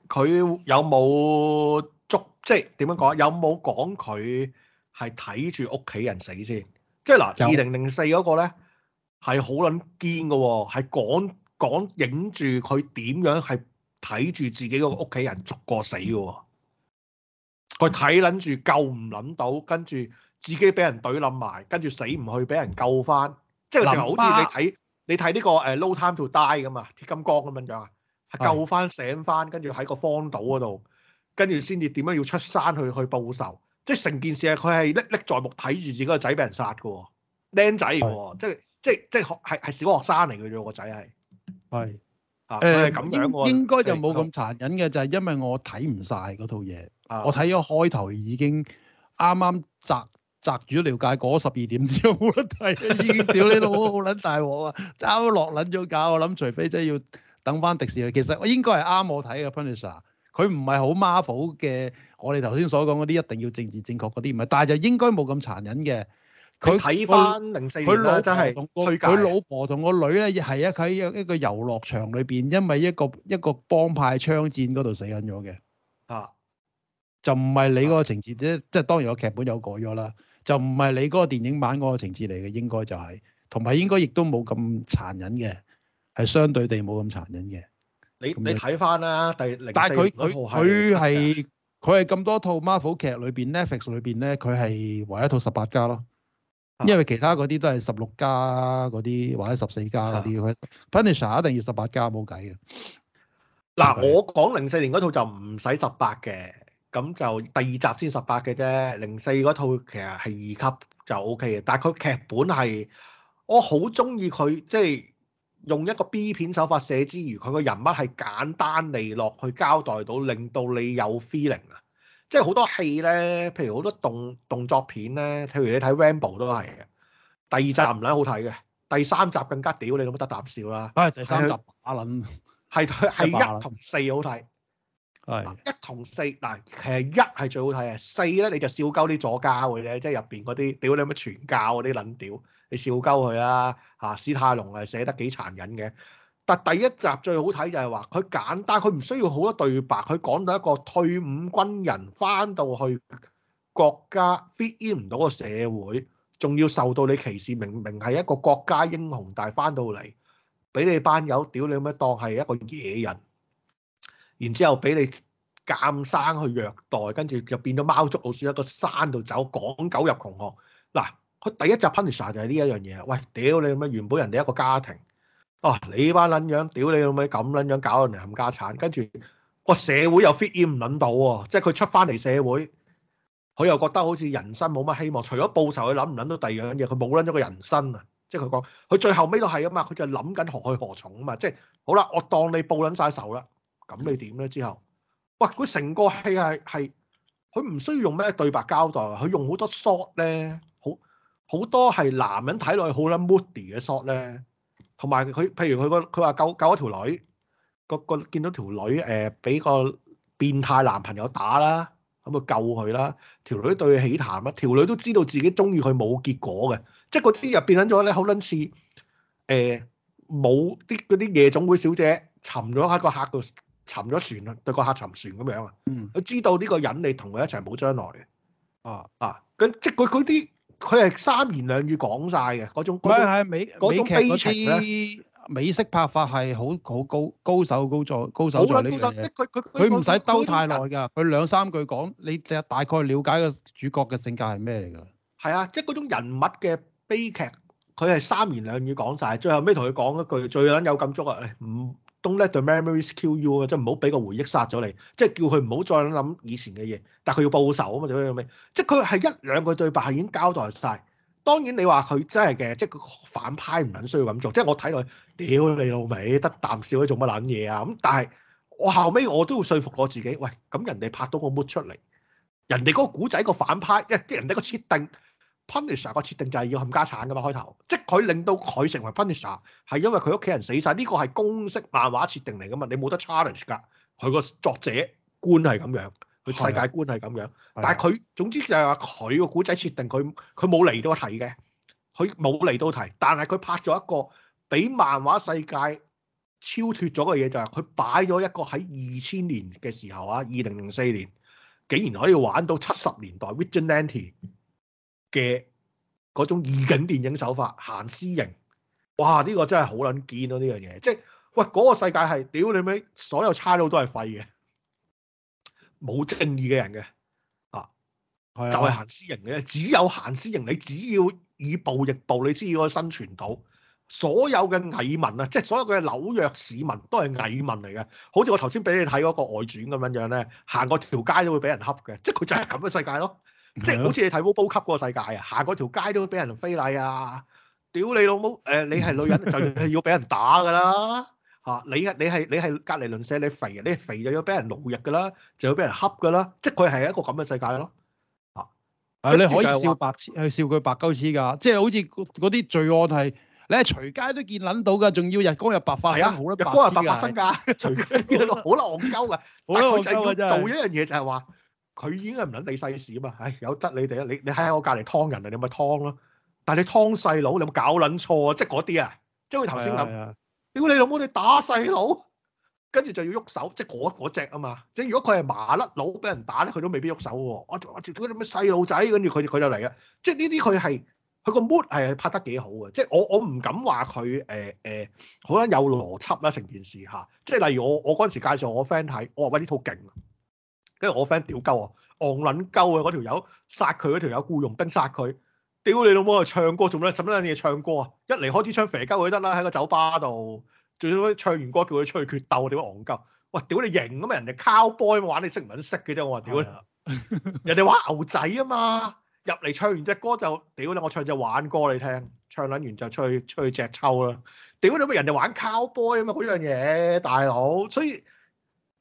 佢他有冇捉即係點樣講？有冇講佢係睇住屋企人死先？即係嗱，二零零四嗰個咧係好撚堅㗎喎，係講講影住佢點樣係睇住自己個屋企人逐個死嘅喎。嗯佢睇撚住救唔撚到，跟住自己俾人懟冧埋，跟住死唔去俾人救翻，即係就好似你睇你睇呢個誒《No Time to Die》咁啊，《鐵金剛》咁樣樣啊，係救翻醒翻，跟住喺個荒島嗰度，跟住先至點樣要出山去去報仇，即係成件事啊！佢係歷歷在目睇住自己個仔俾人殺嘅喎，僆仔喎，即係即係即係係係小學生嚟嘅啫，個仔係係誒，啊，佢係咁樣，應該就冇咁殘忍嘅就係因為我睇唔晒嗰套嘢。啊、我睇咗開頭已經啱啱摘摘住了解，嗰十二點之後冇得睇，屌你老母，好捻大鑊啊！啱落捻咗架，我諗除非真要等翻迪士尼，其實應該係啱我睇嘅。Punisher 佢唔係好 Marvel 嘅，我哋頭先所講嗰啲一定要政治正確嗰啲唔係，但係就應該冇咁殘忍嘅。佢睇翻零四，佢攞真係佢老婆同個女咧，亦係啊，喺一個一個遊樂場裏邊，因為一個一個，一個幫派槍戰嗰度死緊咗嘅啊。 (laughs) 就唔係你嗰個情節啫，啊、即係當然個劇本有改咗啦。就唔係你嗰個電影版嗰個情節嚟嘅，應該就係，同埋應該亦都冇咁殘忍嘅，係相對地冇咁殘忍嘅。你你睇翻啦，第零四年嗰套係。佢係佢係咁多套 Marvel 劇裏邊 Netflix 裏邊咧，佢係唯一套十八加咯。啊、因為其他嗰啲都係十六加嗰啲或者十四加嗰啲，佢 Punisher、啊、一定要十八加冇計嘅。嗱，我講零四年嗰套就唔使十八嘅。啊啊咁就第二集先十八嘅啫，零四嗰套其實係二級就 O K 嘅，但係佢劇本係我好中意佢，即係用一個 B 片手法寫之餘，佢個人物係簡單利落去交代到，令到你有 feeling 啊！即係好多戲咧，譬如好多動動作片咧，譬如你睇 Rambo 都係嘅。第二集唔撚好睇嘅，第三集更加屌，你冇得啖笑啦！唉、啊，第三集打撚係係一同四好睇。係，一同四嗱，其實一係最好睇嘅，四咧你就笑鳩啲左膠嘅啫，即係入邊嗰啲，屌你乜全家嗰啲撚屌，你笑鳩佢啦嚇。史泰龍係寫得幾殘忍嘅，但第一集最好睇就係話佢簡單，佢唔需要好多對白，佢講到一個退伍軍人翻到去國家 fit in 唔到個社會，仲要受到你歧視，明明係一個國家英雄，但係翻到嚟俾你班友屌你有乜當係一個野人。然之後俾你監生去虐待，跟住就變咗貓捉老鼠，一個山度走，趕狗入窮巷。嗱，佢第一集 Punisher 就係呢一樣嘢。喂，屌你老母！原本人哋一個家庭，哦、啊，你班撚樣，屌你老味咁撚樣搞嚟冚家產，跟住個、哦、社會又 fit 唔撚到喎。即係佢出翻嚟社會，佢又覺得好似人生冇乜希望。除咗報仇，佢諗唔撚到第二樣嘢，佢冇撚咗個人生啊！即係佢講，佢最後尾都係啊嘛，佢就諗緊何去何從啊嘛。即係好啦，我當你報撚晒仇啦。咁你點咧？之後，哇！佢成個戲係係佢唔需要用咩對白交代，佢用好多 shot 咧，好好多係男人睇落去好撚 moody 嘅 shot 咧，同埋佢譬如佢個佢話救救一條女，個個見到條女誒俾、呃、個變態男朋友打啦，咁、嗯、就救佢啦。條女對佢起痰啦，條女都知道自己中意佢冇結果嘅，即係嗰啲入變緊咗咧，好撚似誒冇啲嗰啲夜總會小姐沉咗喺個客度。沉咗船啦，對個客沉船咁樣啊！佢知道呢個人你同佢一齊冇將來嘅。啊啊咁即係佢佢啲佢係三言兩語講晒嘅嗰種。唔、啊、種美美劇嗰種悲劇，美式拍法係好好高高手高手高手、啊、高手，佢佢唔使兜太耐㗎，佢兩三句講，你大大概了解個主角嘅性格係咩嚟㗎啦。係啊，即係嗰種人物嘅悲劇，佢係三言兩語講晒。最後尾同佢講一句，最撚有咁足啊！唔、哎嗯 Don't let the memories kill you 啊，即係唔好俾個回憶殺咗你，即係叫佢唔好再諗以前嘅嘢。但係佢要報仇啊嘛，最尾即係佢係一兩個對白已經交代晒，當然你話佢真係嘅，即係個反派唔撚需要咁做。即係我睇落去，屌你老味，得啖笑都做乜撚嘢啊？咁但係我後尾我都要說服我自己，喂，咁人哋拍到個 mood 出嚟，人哋嗰個古仔個反派一啲人哋個設定。Punisher 個設定就係要冚家產噶嘛開頭，即係佢令到佢成為 Punisher 係因為佢屋企人死晒。呢個係公式漫畫設定嚟噶嘛，你冇得 challenge 㗎。佢個作者觀係咁樣，佢世界觀係咁樣，但係佢總之就係話佢個古仔設定佢佢冇嚟到題嘅，佢冇嚟到題，但係佢拍咗一個俾漫畫世界超脱咗嘅嘢，就係佢擺咗一個喺二千年嘅時候啊，二零零四年，竟然可以玩到七十年代 vigilante 嘅嗰種異景電影手法行私刑，哇！呢個真係好撚見咯，呢樣嘢即係喂嗰個世界係屌你咪，所有差佬都係廢嘅，冇正義嘅人嘅啊，啊就係行私刑嘅，只有行私刑你只要以暴易暴，你先可以生存到。所有嘅蟻民啊，即係所有嘅紐約市民都係蟻民嚟嘅，好似我頭先俾你睇嗰個外傳咁樣樣咧，行個條街都會俾人恰嘅，即係佢就係咁嘅世界咯。嗯、即係好似你睇《烏布克》嗰個世界啊，行嗰條街都俾人非禮啊！屌你老母，誒、呃、你係女人就要俾人打噶啦嚇！ (laughs) 你係你係你係隔離鄰舍，你肥啊，你，肥，你肥就要俾人奴役噶啦，就要俾人恰噶啦！即係佢係一個咁嘅世界咯嚇。你可以笑白痴，去笑佢白鳩屎噶，即係好似嗰啲罪案係你係隨街都見撚到噶，仲要日光日白化係啊，日光日白發生噶，隨街見到好撚戇鳩噶， (laughs) 但係佢就係要做一樣嘢就係、是、話。佢已經係唔撚理細事啊嘛，唉有得你哋啊，你你喺我隔離劏人啊，你咪劏咯。但係你劏細佬，你有冇搞撚錯啊？即係嗰啲啊，即係佢頭先諗，屌的你老母，你打細佬，跟住就要喐手，即係嗰嗰隻啊嘛。即係如果佢係麻甩佬俾人打咧，佢都未必喐手喎、啊啊啊啊。我我做嗰啲咩細路仔，跟住佢佢就嚟啦。即係呢啲佢係佢個 mood 係拍得幾好嘅。即係我我唔敢話佢誒誒，好啦有邏輯啦成件事嚇。即係例如我我嗰陣時介紹我 friend 睇，我話喂呢套勁。跟住我 friend 屌鳩啊，昂撚鳩啊！嗰條友殺佢嗰條友僱傭兵殺佢，屌你老母啊！唱歌做咩？使乜撚嘢唱歌啊！一嚟開支槍肥鳩佢得啦，喺個酒吧度。最屘唱完歌叫佢出去決鬥，屌昂鳩！哇！屌你型咁嘛，人哋 cowboy 玩你識唔撚識嘅啫，我話屌！人哋玩牛仔啊嘛，入嚟唱完隻歌就屌你。我唱隻玩歌你聽，唱撚完就出去出去隻抽啦！屌你咪人哋玩 cowboy 啊嘛，嗰樣嘢大佬，所以。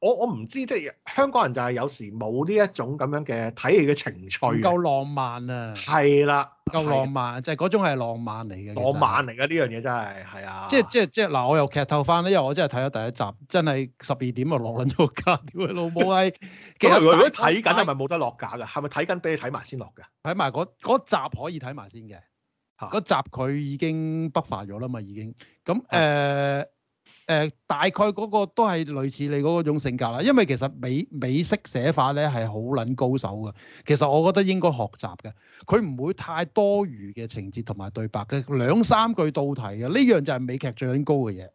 我我唔知，即係香港人就係有時冇呢一種咁樣嘅睇戲嘅情趣，唔夠浪漫啊！係啦，夠浪漫就係嗰種係浪漫嚟嘅，浪漫嚟嘅呢樣嘢真係係啊！即係即係即係嗱，我又劇透翻咧，因為我真係睇咗第一集，真係十二點就落撚咗架，老母！冇係，其實如果睇緊係咪冇得落架㗎？係咪睇緊俾你睇埋先落㗎？睇埋嗰集可以睇埋先嘅，嗰集佢已經北化咗啦嘛，已經咁誒。誒、呃，大概嗰個都係類似你嗰嗰種性格啦，因為其實美美式寫法咧係好捻高手嘅，其實我覺得應該學習嘅，佢唔會太多餘嘅情節同埋對白嘅，兩三句到題嘅，呢樣就係美劇最捻高嘅嘢，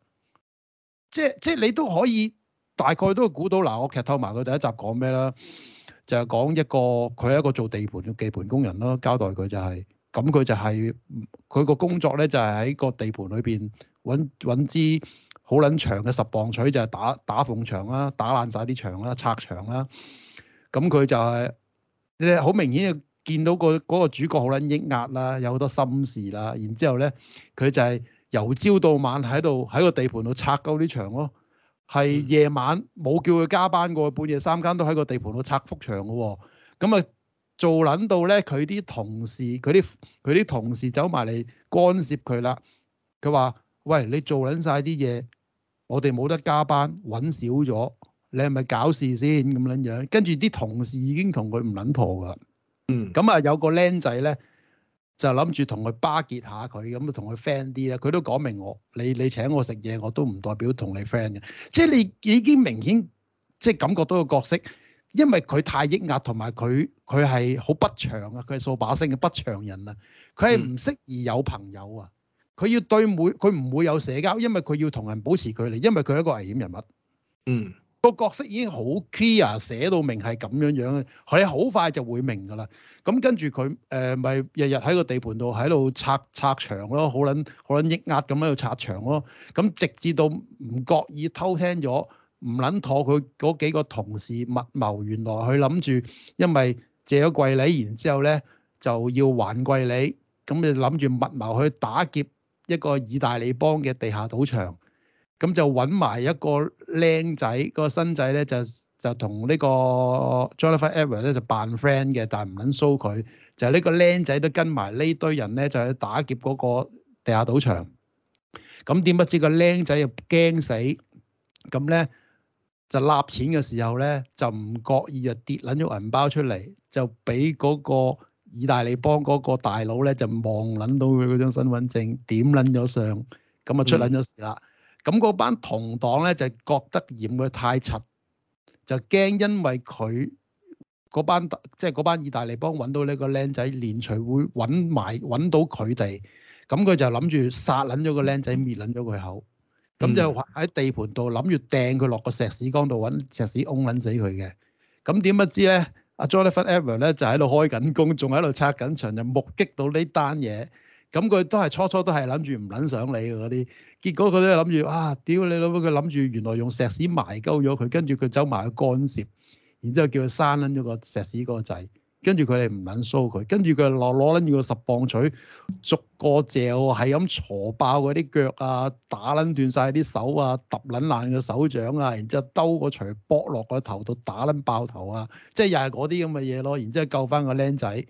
即係即係你都可以大概都估到，嗱，我劇透埋佢第一集講咩啦，就係講一個佢係一個做地盤嘅地盤工人啦，交代佢就係、是，咁佢就係、是、佢個工作咧就係、是、喺個地盤裏邊揾揾支。好撚長嘅十磅錘就係打打縫牆啦，打爛晒啲牆啦，拆牆啦。咁、嗯、佢、嗯、就係咧好明顯見到、個嗰、嗰個、主角好撚抑壓啦，有好多心事啦。然之後咧，佢就係由朝到晚喺度喺個地盤度拆鳩啲牆咯。係夜晚冇叫佢加班過，半夜三更都喺個地盤度拆幅牆嘅喎。咁啊做撚到咧，佢啲同事佢啲佢啲同事走埋嚟干涉佢啦。佢話：喂，你做撚晒啲嘢？我哋冇得加班，揾少咗，你係咪搞事先咁撚樣？跟住啲同事已經同佢唔撚妥㗎啦，嗯，咁啊有個僆仔咧就諗住同佢巴結下佢，咁啊同佢 friend 啲啦。佢都講明我，你你請我食嘢，我都唔代表同你 friend 嘅，即係你已經明顯即係感覺到個角色，因為佢太抑壓同埋佢佢係好不祥啊，佢係掃把星嘅不祥人啊，佢係唔適宜有朋友啊。嗯佢要對每，佢唔會有社交，因為佢要同人保持距離，因為佢係一個危險人物。嗯，個角色已經好 clear 寫到明係咁樣樣，佢好快就會明㗎啦。咁跟住佢誒咪日日喺個地盤度喺度拆拆牆咯，好撚好撚抑壓咁喺度拆牆咯。咁直至到唔覺意偷聽咗唔撚妥，佢嗰幾個同事密謀，原來佢諗住因為借咗貴利，然之後咧就要還貴利，咁你諗住密謀去打劫。一個意大利幫嘅地下賭場，咁就揾埋一個靚仔，嗰個新仔咧就就同呢個 Jonathan Ever 咧就扮 friend 嘅，但係唔撚 show 佢，就呢、係、個靚仔都跟埋呢堆人咧，就去打劫嗰個地下賭場。咁點不知個靚仔又驚死，咁咧就攬錢嘅時候咧就唔覺意就跌撚咗銀包出嚟，就俾嗰、嗰個。意大利幫嗰個大佬咧就望撚到佢嗰張身份證，點撚咗相，咁啊出撚咗事啦。咁嗰班同黨咧就覺得嫌佢太柒，就驚因為佢嗰班即係嗰班意大利幫揾到呢個僆仔，連隨會揾埋揾到佢哋，咁佢就諗住殺撚咗個僆仔，滅撚咗佢口，咁就喺地盤度諗住掟佢落個石屎缸度揾石屎㧬撚死佢嘅。咁點不知咧？阿 Jolly 和 Ever 咧就喺度開緊工，仲喺度拆緊場，就目擊到呢單嘢。咁佢都係初初都係諗住唔撚上你嗰啲，結果佢都係諗住啊，屌你老母！佢諗住原來用石屎埋鳩咗佢，跟住佢走埋去干涉，然之後叫佢生撚咗個石屎嗰個仔。跟住佢哋唔撚蘇佢，跟住佢攞攞撚住個十磅錘，逐個嚼係咁挫爆嗰啲腳啊，打撚斷晒啲手啊，揼撚爛個手掌啊，然之後兜個錘搏落個頭度打撚爆頭啊，即係又係嗰啲咁嘅嘢咯。然之後救翻個僆仔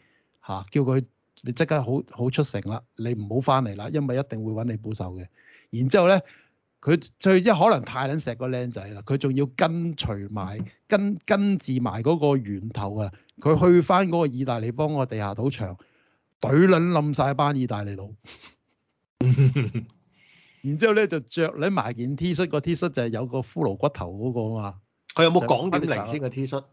吓，叫佢你即刻好好出城啦，你唔好翻嚟啦，因為一定會揾你報仇嘅。然之後咧。佢即係可能太撚錫個靚仔啦，佢仲要跟隨埋、跟跟住埋嗰個源頭啊！佢去返嗰個意大利幫個地下賭場，懟撚冧晒班意大利佬。 (laughs) 然之後咧就着你埋件 T 恤，個 T 恤就係有個骷髏骨頭嗰、那個啊嘛。佢有冇講點先嘅 T 恤？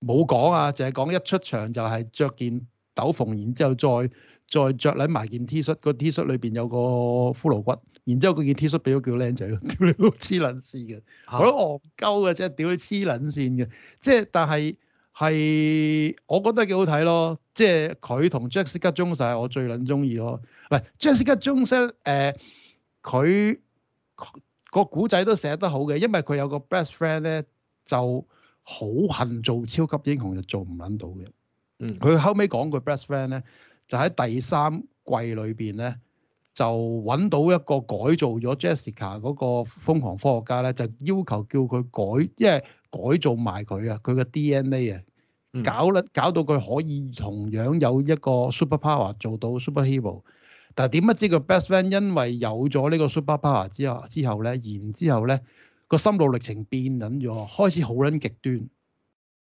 冇講啊，淨係講一出場就係着件斗篷，然之後再再着你埋件 T 恤，個 T 恤裏邊有個骷髏骨。然之後佢件 T 恤俾咗叫靚仔咯，屌你黐撚線嘅，好惡鳩嘅即係，屌你黐撚線嘅，即係但係係我覺得幾好睇咯，即係佢同 Jessica Jones 係我最撚中意咯。唔 Jessica Jones，誒佢個古仔都寫得好嘅，因為佢有個 best friend 咧，就好恨做超級英雄就做唔撚到嘅。嗯，佢後尾講個 best friend 咧，就喺第三季裏邊咧。就揾到一個改造咗 Jessica 嗰個瘋狂科學家咧，就要求叫佢改，即係改造埋佢啊，佢嘅 DNA 啊，搞咧搞到佢可以同樣有一個 super power 做到 super hero。但係點不知個 best friend 因為有咗呢個 super power 之後之後咧，然之後咧個心路歷程變緊咗，開始好撚極端，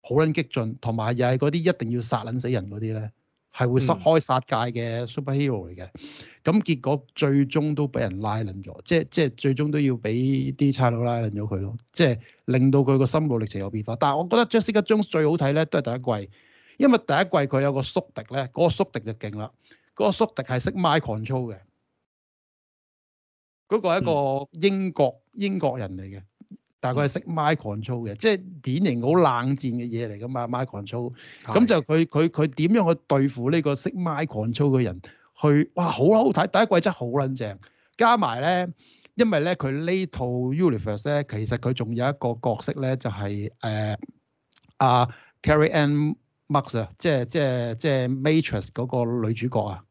好撚激進，同埋又係嗰啲一定要殺撚死人嗰啲咧。係會塞開殺戒嘅 superhero 嚟嘅，咁結果最終都俾人拉攣咗，即係即係最終都要俾啲差佬拉攣咗佢咯，即係令到佢個心路歷程有變化。但係我覺得 Jessica Jones 最好睇咧，都係第一季，因為第一季佢有個宿敵咧，嗰個宿敵就勁啦，嗰、嗰個宿敵係識 mind control 嘅，嗰、嗰個係、嗰個、一個英國、嗯、英國人嚟嘅。大佢係識 Micron 操嘅，即係典型好冷戰嘅嘢嚟㗎嘛。Micron 操，咁就佢佢佢點樣去對付呢個識 Micron 操嘅人去？去哇，好好睇第一季真係好撚正。加埋咧，因為咧佢呢套 Universe 咧，其實佢仲有一個角色咧，就係誒阿 Carrie a n n m a x 啊，Carrie、s, 即係即係即係 Matrix 嗰個女主角啊。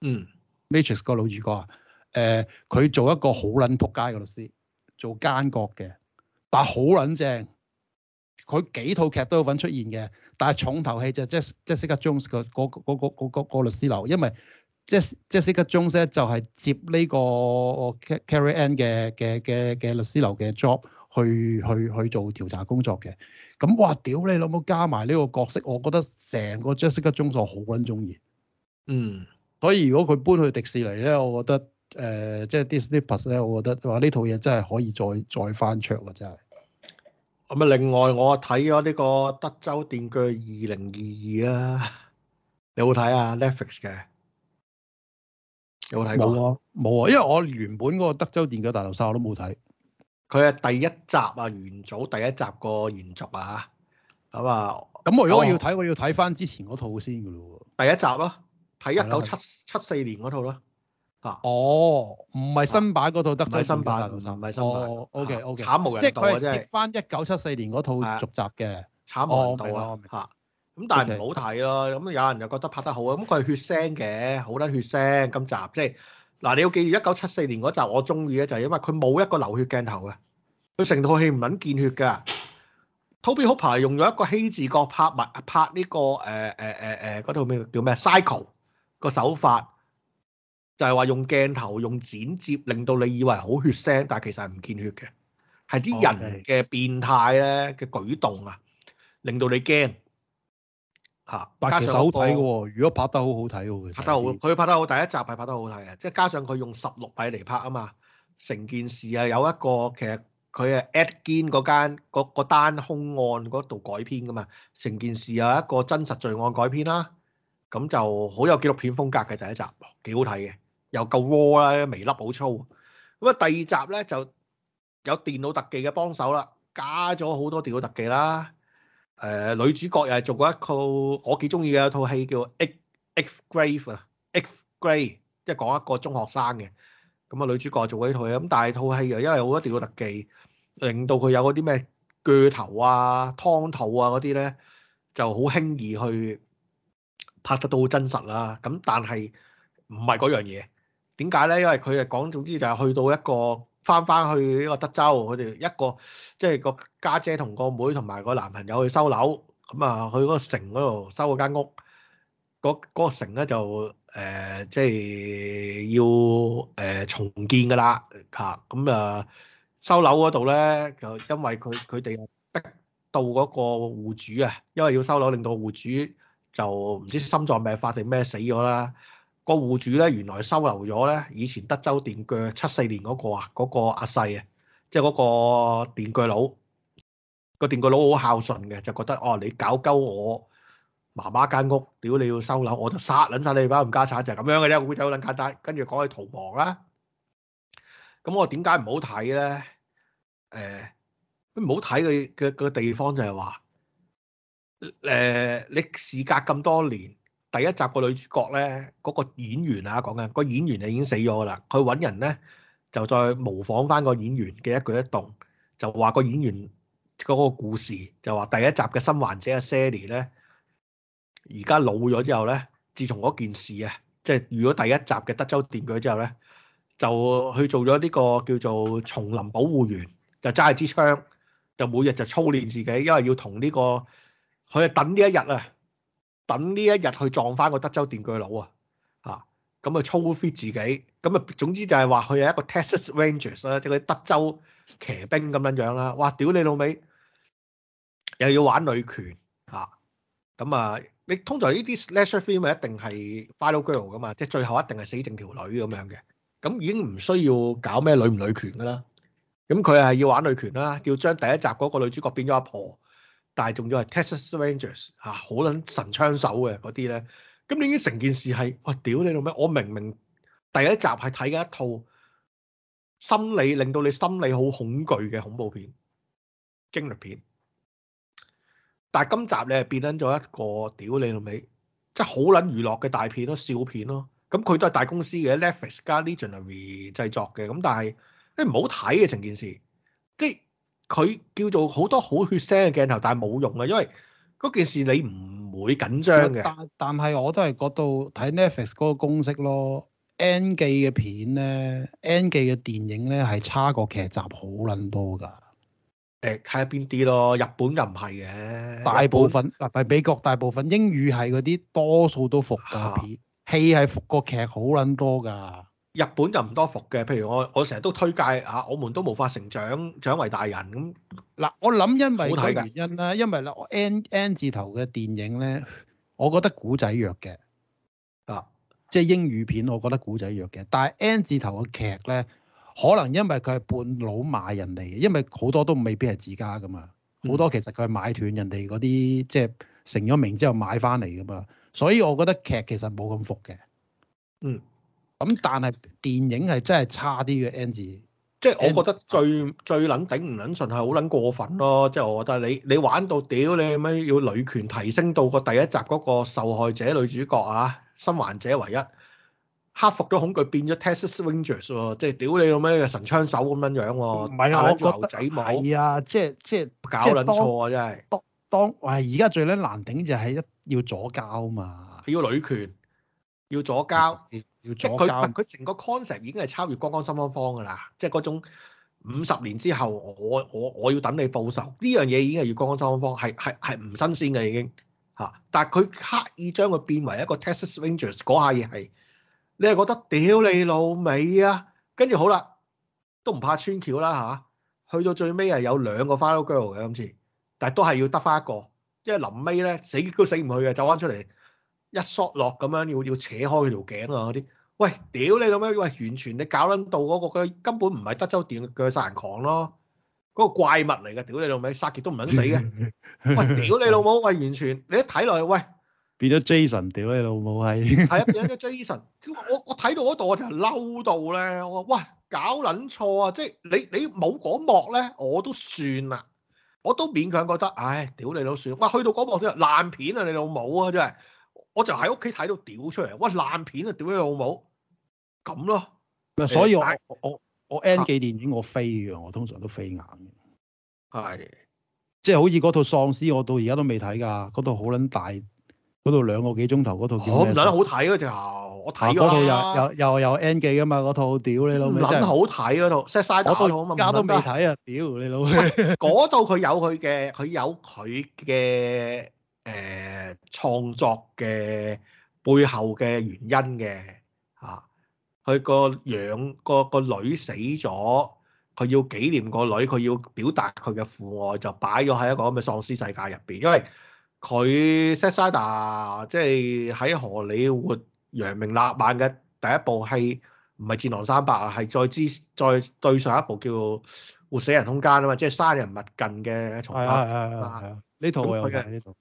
嗯，Matrix 個女主角啊，誒、呃、佢做一個好撚撲街嘅律師，做奸角嘅。但係好撚正，佢幾套劇都有份出現嘅。但係重頭戲就 Jessica Jones 嗰嗰個律師樓，因為 Jessica Jones 咧就係接呢個 Carrie Anne 嘅嘅嘅嘅律師樓嘅 job 去去去做調查工作嘅。咁哇屌你老母加埋呢個角色，我覺得成個 Jessica Jones 好撚中意。嗯，所以如果佢搬去迪士尼咧，我覺得。誒、呃，即係 Disney Plus 咧，我覺得話呢套嘢，真係可以再再翻出真係。咁啊，另外我睇咗呢個德州電鋸二零二二啊，啊有冇睇啊？Netflix 嘅有冇睇過？冇、嗯、啊，啊，因為我原本嗰個德州電鋸大屠殺我都冇睇。佢係第一集啊，元祖第一集個延續啊。咁啊、嗯，咁如果我要睇，哦、我要睇翻之前嗰套先噶咯。第一集咯、啊，睇一九七七四年嗰套咯。啊！哦，唔係新版嗰套，得係新版，唔係新版。OK OK。慘無人道啊！即係翻一九七四年嗰套續集嘅慘無人道啊！嚇，咁但係唔好睇咯。咁有人又覺得拍得好啊。咁佢係血腥嘅，好撚血腥。今集即係嗱，là，你要記住一九七四年嗰集我中意咧，就係、是、因為佢冇一個流血鏡頭嘅，佢成套戲唔撚見血㗎。Tobey Hooper 用咗一個希治閣拍物拍呢個誒誒誒誒嗰套咩叫咩 cycle 個手法。就係話用鏡頭用剪接，令到你以為好血腥，但係其實係唔見血嘅，係啲人嘅變態咧嘅舉動啊，令到你驚嚇。加上、那個、實好睇喎、哦，如果拍得好，好睇，拍得好，佢拍得好，第一集係拍得好睇嘅，即係加上佢用十六位嚟拍啊嘛，成件事啊有一個其實佢係 at 堅嗰間嗰單兇案嗰度改編嘅嘛，成件事有一個真實罪案改編啦，咁就好有紀錄片風格嘅，第一集幾好睇嘅。又夠窩啦，微粒好粗。咁啊，第二集咧就有電腦特技嘅幫手啦，加咗好多電腦特技啦。誒，女主角又係做過一套我幾中意嘅一套戲，叫《X X Grave》啊，《X Grave》，即係講一個中學生嘅。咁啊，女主角做過呢套嘢，咁但係套戲又因為好多電腦特技，令到佢有嗰啲咩鋸頭啊、湯頭啊嗰啲咧，就好輕易去拍得都好真實啦。咁但係唔係嗰樣嘢。點解咧？因為佢係講，總之就係去到一個返返去呢個德州，佢哋一個即係、就是、個家姐同個妹同埋個男朋友去收樓，咁啊，去嗰個城嗰度收嗰間屋，嗰、那個城咧就誒即係要誒重建㗎啦，嚇咁啊收樓嗰度咧就因為佢佢哋逼到嗰個戶主啊，因為要收樓，令到戶主就唔知心臟病發定咩死咗啦。個戶主咧，原來收留咗咧以前德州電鋸七四年嗰、那個啊嗰、那個阿細啊，即係嗰個電鋸佬，個電鋸佬好孝順嘅，就覺得哦你搞鳩我媽媽間屋，屌你要收樓我就殺撚晒你把冚家產就係、是、咁樣嘅啫，個故仔好撚簡單。跟住講去逃亡啦，咁我點解唔好睇咧？誒、呃、唔好睇佢嘅嘅地方就係話誒你事隔咁多年。第一集個女主角呢，嗰、嗰個演員啊講緊，嗰個演員啊已經死咗噶啦。佢揾人呢，就再模仿翻個演員嘅一舉一動，就話個演員嗰個故事，就話第一集嘅新患者阿 Sally 呢。而家老咗之後呢，自從嗰件事啊，即係遇咗第一集嘅德州電鋸之後呢，就去做咗呢個叫做叢林保護員，就揸支槍，就每日就操練自己，因為要同呢、呢個佢等呢一日啊。等呢一日去撞翻個德州電鋸佬啊！嚇咁啊，抽 fit 自己咁啊，總之就係話佢係一個 Texas Rangers 啦，即係德州騎兵咁樣樣、啊、啦。哇！屌你老味又要玩女權嚇？咁啊，啊，你通常呢啲 slasher film 咪一定係 final girl 噶嘛？即、就、係、是、最後一定係死剩條女咁樣嘅。咁、啊嗯、已經唔需要搞咩女唔女權噶啦。咁佢係要玩女權啦、啊，要將第一集嗰個女主角變咗阿婆。大仲要係 Texas Rangers 嚇、啊，好撚神槍手嘅嗰啲咧，咁你已經成件事係哇屌你老咩？我明明第一集係睇緊一套心理令到你心理好恐懼嘅恐怖片驚慄片，但係今集咧變緊咗一個屌你老味，即係好撚娛樂嘅大片咯，笑片咯，咁佢都係大公司嘅、嗯、Netflix 加 Legendary 製作嘅，咁但係你唔好睇嘅成件事，即係。佢叫做好多好血腥嘅鏡頭，但係冇用嘅，因為嗰件事你唔會緊張嘅。但係我都係覺得睇 Netflix 嗰個公式咯，N 記嘅片咧，N 記嘅電影咧係差過劇集好撚多㗎。誒睇下邊啲咯，日本就唔係嘅。大部分嗱，咪本美國大部分英語係嗰啲多數都復過片，啊、戲係復過劇好撚多㗎。日本就唔多服嘅，譬如我我成日都推介啊，我們都無法成長長為大人咁。嗱，我諗因為一個原因啦，因為啦，N N 字頭嘅電影咧，我覺得古仔弱嘅啊，即係英語片，我覺得古仔弱嘅。但係 N 字頭嘅劇咧，可能因為佢係半老買人嚟嘅，因為好多都未必係自家噶嘛，好多其實佢係買斷人哋嗰啲即係成咗名之後買翻嚟噶嘛，所以我覺得劇其實冇咁服嘅。嗯。咁但係電影係真係差啲嘅 a n g 即係我覺得最 nd 最捻頂唔捻順係好捻過分咯。即係我覺得你你玩到屌你咁要女權提升到個第一集嗰個受害者女主角啊，生還者唯一克服咗恐懼變咗 Texas Rangers 喎，即係屌你老咩神槍手咁樣樣喎。唔係啊，我唔得。係啊，即係即係搞捻錯啊，真係。當當喂，而家最捻難頂就係一要左膠啊嘛，要女權，要左膠。 (laughs) 即佢佢成個 concept 已經係超越光光心安方噶啦，即係嗰種五十年之後，我我我要等你報仇呢樣嘢已經係要光光心安方係係係唔新鮮嘅已經嚇，但係佢刻意將佢變為一個 Texas Rangers 嗰下嘢係，你係覺得屌你老味啊，跟住好啦，都唔怕穿橋啦嚇，去到最尾係有兩個 final girl 嘅今次，但係都係要得翻一個，因為臨尾咧死都死唔去嘅，走翻出嚟。一索落咁樣要要扯開佢條頸啊！嗰啲，喂，屌你老味！喂，完全你搞撚到嗰個佢根本唔係德州電鋸殺人狂咯，嗰個怪物嚟嘅！屌你老味，殺極都唔肯死嘅。喂，屌你老母！喂，完全你一睇落去，喂，變咗 Jason！屌你老母閪，係啊，變咗個 Jason。我我睇到嗰度我就嬲到咧，我話喂，搞撚錯啊！即係你你冇嗰幕咧，我都算啦，我都勉強覺得唉，屌你都算。喂，去到嗰幕之後爛片啊！你老母啊，真係～我就喺屋企睇到屌出嚟，哇爛片啊，屌你老母，咁咯。所以我、欸我，我我我 N 記電影我飛嘅，我通常都飛眼嘅。係、啊，即係好似嗰套喪屍、哦啊，我到而家都未睇噶、啊。嗰套好撚大，嗰套兩個幾鐘頭，嗰套。我唔諗得好睇啊。就， (laughs) 我睇嗰套又又又又 N 記嘅嘛，嗰套屌你老。諗好睇嗰套 set 晒膽咗啊而家都未睇啊，屌你老。嗰套佢有佢嘅，佢有佢嘅。誒創作嘅背後嘅原因嘅嚇，佢、啊、個養個個女死咗，佢要紀念個女，佢要表達佢嘅父愛，就擺咗喺一個咁嘅喪屍世界入邊。因為佢 Zack Snyder 啊，即係喺荷里活揚名立萬嘅第一部，戲，唔係《戰狼三百》，啊？係再之再對上一部叫《活死人凶間》就是、啊嘛，即係生人勿近嘅重拍。呢套嘅呢套。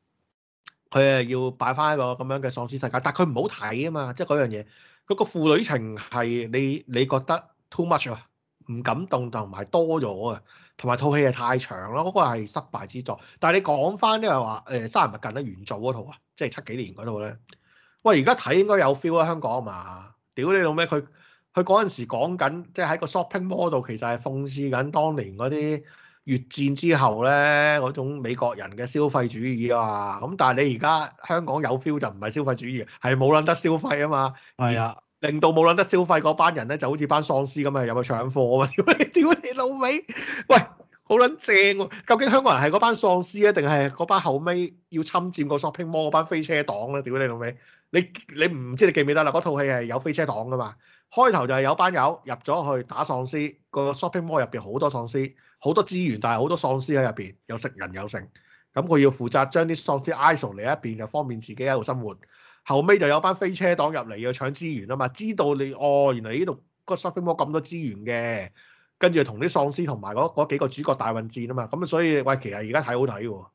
佢係要擺翻個咁樣嘅喪屍世界，但係佢唔好睇啊嘛，即係嗰樣嘢。嗰個父女情係你你覺得 too much 啊，唔感動同埋多咗啊，同埋套戲係太長咯，嗰個係失敗之作。但係你講翻，因為話誒三人咪近得原作嗰套啊，即係七幾年嗰套咧。喂，而家睇應該有 feel 啊，香港啊嘛，屌你老咩！佢佢嗰陣時講緊，即係喺個 shopping mall 度，其實係諷刺緊當年嗰啲。越戰之後咧，嗰種美國人嘅消費主義啊，咁但係你而家香港有 feel 就唔係消費主義，係冇撚得消費啊嘛。係是啊，令到冇撚得消費嗰班人咧，就好似班喪屍咁啊，入去搶貨啊嘛！屌你老味！喂，好撚正！究竟香港人係嗰班喪屍咧，定係嗰班後尾要侵佔個 shopping mall 嗰班飛車黨咧？屌 (laughs) 你老味！你你唔知你記唔記得嗱？嗰套戲係有飛車黨噶嘛？開頭就係有班友入咗去打喪屍，個 shopping mall 入邊好多喪屍，好多資源，但係好多喪屍喺入邊，有食人有剩。咁佢要負責將啲喪屍 isol 嚟一邊，就方便自己喺度生活。後尾就有班飛車黨入嚟要搶資源啊嘛，知道你哦，原來呢度個 shopping mall 咁多資源嘅，跟住同啲喪屍同埋嗰嗰幾個主角大混戰啊嘛。咁所以喂，其實而家睇好睇喎。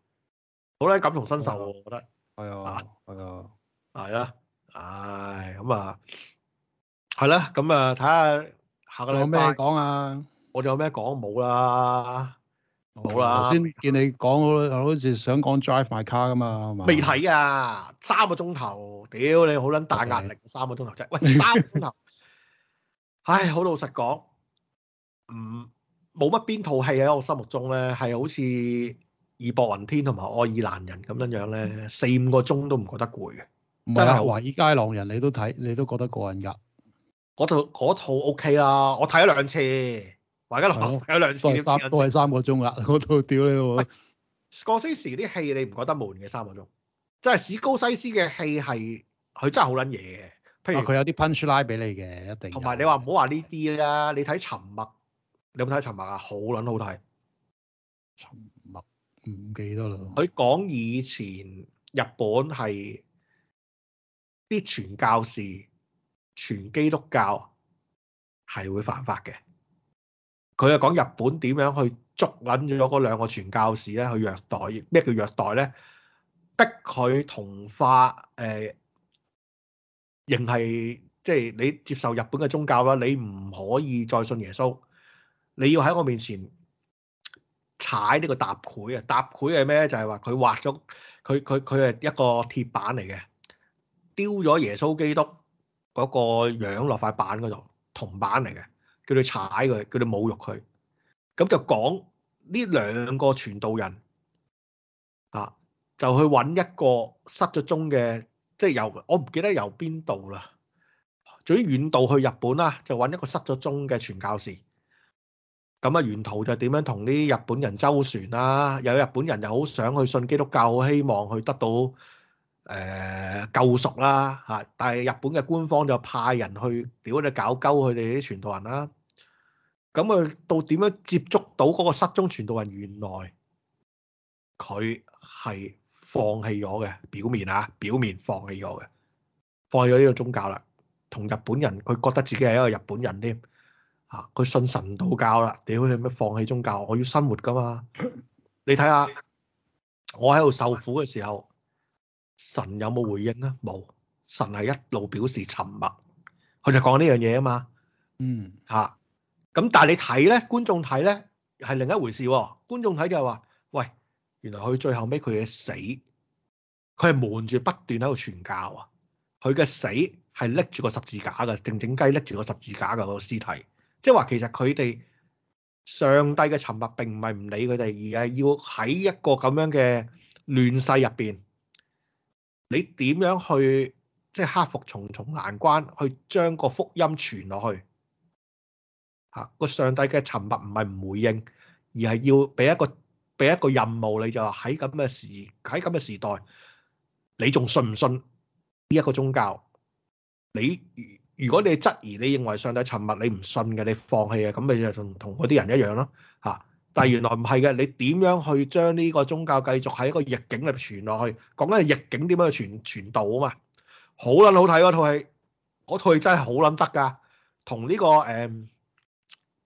好啦，感同身受，我覺得係啊，係啊，係啊，唉，咁啊。係啦，咁、嗯、啊，睇下下個禮拜有咩講啊？我哋有咩講？冇啦，冇啦。頭先見你講，好好似想講 Drive My Car 噶嘛？未睇啊，三個鐘頭，屌你好捻大壓力 Okay. 三個鐘頭真係喂，三個鐘頭。 (laughs) 唉，好老實講，唔冇乜邊套戲喺我心目中咧，係好似《義薄雲天》同埋《愛爾蘭人》咁樣樣咧，四五個鐘都唔覺得攰嘅。唔係啊，《華爾街狼人》你都睇，你都覺得過癮噶。嗰套嗰套 O K 啦，我睇咗兩次，華哥林睇咗兩次、哦、都三都係三個鐘啊！嗰套屌你老母，哥、哎、史高西斯啲戲你唔覺得悶嘅三個鐘，即係史高西斯嘅戲係佢真係好撚嘢嘅，譬如佢、啊、有啲 punchline 俾你嘅一定，同埋你話唔好話呢啲啦，你睇沉默，你有冇睇沉默啊？好撚好睇，沉默唔記得啦，佢講以前日本係啲傳教士。全基督教係會犯法嘅。佢係講日本點樣去捉撚咗嗰兩個傳教士咧，去虐待。咩叫虐待咧？逼佢同化誒、呃，仍係即係你接受日本嘅宗教啦。你唔可以再信耶穌。你要喺我面前踩呢個踏繪啊！踏繪係咩咧？就係話佢畫咗，佢佢佢係一個鐵板嚟嘅，丟咗耶穌基督。嗰個樣落塊板嗰度，銅板嚟嘅，叫你踩佢，叫你侮辱佢。咁就講呢兩個傳道人啊，就去揾一個失咗蹤嘅，即係由我唔記得由邊度啦。終於遠道去日本啦、啊，就揾一個失咗蹤嘅傳教士。咁啊，沿途就點樣同啲日本人周旋啦、啊？有日本人又好想去信基督教，希望去得到。誒救贖啦嚇，但係日本嘅官方就派人去屌你搞鳩佢哋啲傳道人啦、啊。咁佢到點樣接觸到嗰個失蹤傳道人？原來佢係放棄咗嘅表面啊，表面放棄咗嘅，放棄咗呢個宗教啦。同日本人佢覺得自己係一個日本人添、啊、嚇，佢信神道教啦。屌你咩？放棄宗教？我要生活噶嘛、啊。你睇下我喺度受苦嘅時候。神有冇回應啊？冇，神係一路表示沉默，佢就講呢樣嘢啊嘛。嗯，吓咁、啊，但係你睇咧，觀眾睇咧係另一回事、哦。觀眾睇就係話，喂，原來佢最後尾，佢嘅死，佢係瞞住不斷喺度傳教啊。佢嘅死係拎住個十字架嘅，靜靜雞拎住個十字架嘅、個屍體，即係話其實佢哋上帝嘅沉默，並唔係唔理佢哋，而係要喺一個咁樣嘅亂世入邊。你點樣去即係、就是、克服重重難關，去將個福音傳落去？吓，個上帝嘅沉默唔係唔回應，而係要俾一個俾一個任務，你就話喺咁嘅時喺咁嘅時代，你仲信唔信呢一個宗教？你如果你質疑，你認為上帝沉默，你唔信嘅，你放棄嘅，咁你就同同嗰啲人一樣咯。但係原來唔係嘅，你點樣去將呢個宗教繼續喺一個逆境入傳落去？講緊係逆境點樣去傳傳道啊嘛，好撚好睇嗰套戲，嗰套戲真係好撚得噶，同呢、這個誒、嗯、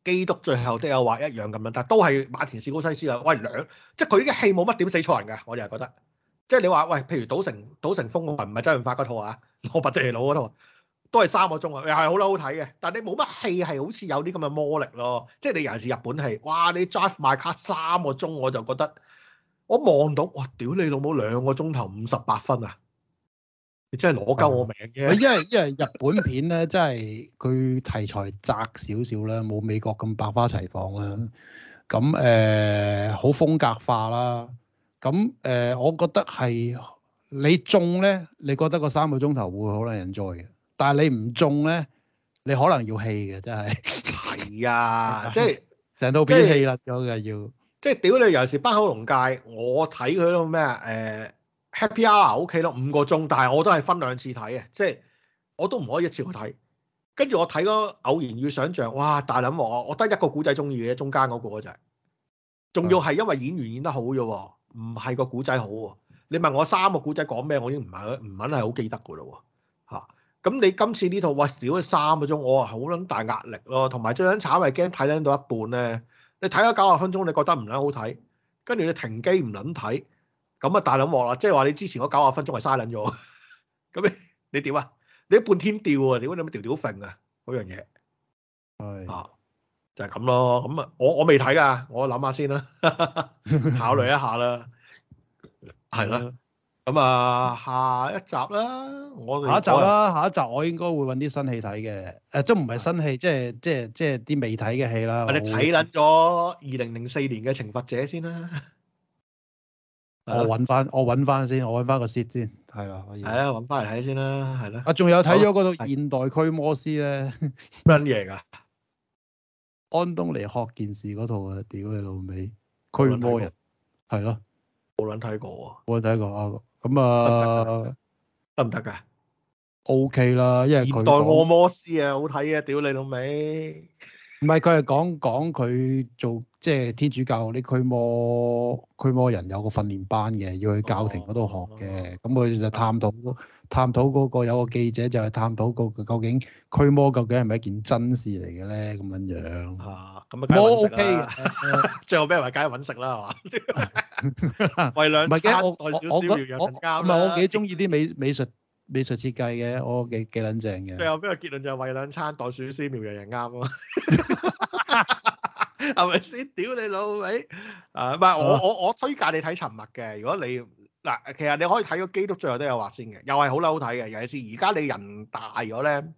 基督最後都有話一樣咁樣，但都係馬田史高西斯啊，喂兩，即係佢呢個戲冇乜點死錯人嘅，我哋係覺得，即係你話喂，譬如賭城，賭城風雲，唔係周潤發嗰套啊，我白蛇佬嗰套。都係三個鐘啊，又係好撚好睇嘅。但係你冇乜戲係好似有啲咁嘅魔力咯，即係你尤其是日本戲哇，你 Drive My Car 三個鐘我就覺得我望到哇，屌你老母兩個鐘頭五十八分啊！你真係攞鳩我命嘅、啊啊。因為因為日本片咧，真係佢題材窄少少啦，冇美國咁百花齊放啦、啊。咁誒好風格化啦。咁誒、呃，我覺得係你中咧，你覺得個三個鐘頭會好撚人追嘅。但係你唔中咧，你可能要棄嘅，真係係啊！即係成到變氣啦，咗嘅、就是、要即係屌你！有時、就是濱口龍介，我睇佢都咩啊？誒、欸、，Happy Hour OK 咯，五個鐘，但係我都係分兩次睇啊，即、就、係、是、我都唔可以一次過睇。跟住我睇嗰偶然與想象，哇！大林王，我得一個古仔中意嘅，中間嗰個就係、是，仲要係因為演員演得好啫，唔係個古仔好。你問我三個古仔講咩，我已經唔係唔肯係好記得噶啦。咁你今次呢套哇屌咗三個鐘，我啊好撚大壓力咯。同埋最撚慘係驚睇撚到一半咧，你睇咗九十分鐘，你覺得唔撚好睇，跟住你停機唔撚睇，咁啊大撚鑊啦！即係話你之前嗰九十分鐘係嘥撚咗，咁 (laughs) 你你點啊？你一半添掉是啊！你嗰啲乜調調揈啊嗰樣嘢，係啊就係咁咯。咁啊，我我未睇啊，我諗下先啦， (laughs) 考慮一下啦，係啦。 (laughs) 咁啊，下一集啦！我下一集啦，下一集我應該會揾啲新戲睇嘅，誒，都唔係新戲，即係即係即係啲未睇嘅戲啦。我你睇捻咗二零零四年嘅《懲罰者》先啦。我揾翻，我揾翻先，我揾翻個 set 先，係啊，可以。係啊，揾翻嚟睇先啦，係咯。啊，仲有睇咗嗰套《現代驅魔師》咧。乜嘢噶？安東尼鶴健士嗰套啊！屌你老味，驅魔人係咯，冇捻睇過。冇捻睇過啊。咁啊，得唔得噶？O K 啦，因為現代按摩師啊，好睇啊，屌你老味！唔係佢係講，講佢做即係天主教，你驅魔驅魔人有個訓練班嘅，要去教廷嗰度學嘅，咁佢、哦、就探討。哦嗯探討嗰個有個記者就係探討個究竟驅魔究竟係咪一件真事嚟嘅咧，咁樣樣吓，咁啊梗係搵食啦。最後咩話梗係搵食啦，係嘛？喂兩唔係嘅，我我我我唔係我幾中意啲美美術美術設計嘅，我幾幾撚正嘅。最後咩結論就喂兩餐袋鼠絲苗讓人啱咯，係咪先？屌你老味！啊，唔係我我我推介你睇沉默嘅，如果你。嗱，其實你可以睇個基督最後都有畫先嘅，又係好啦，好睇嘅。尤其是而家你人大咗咧，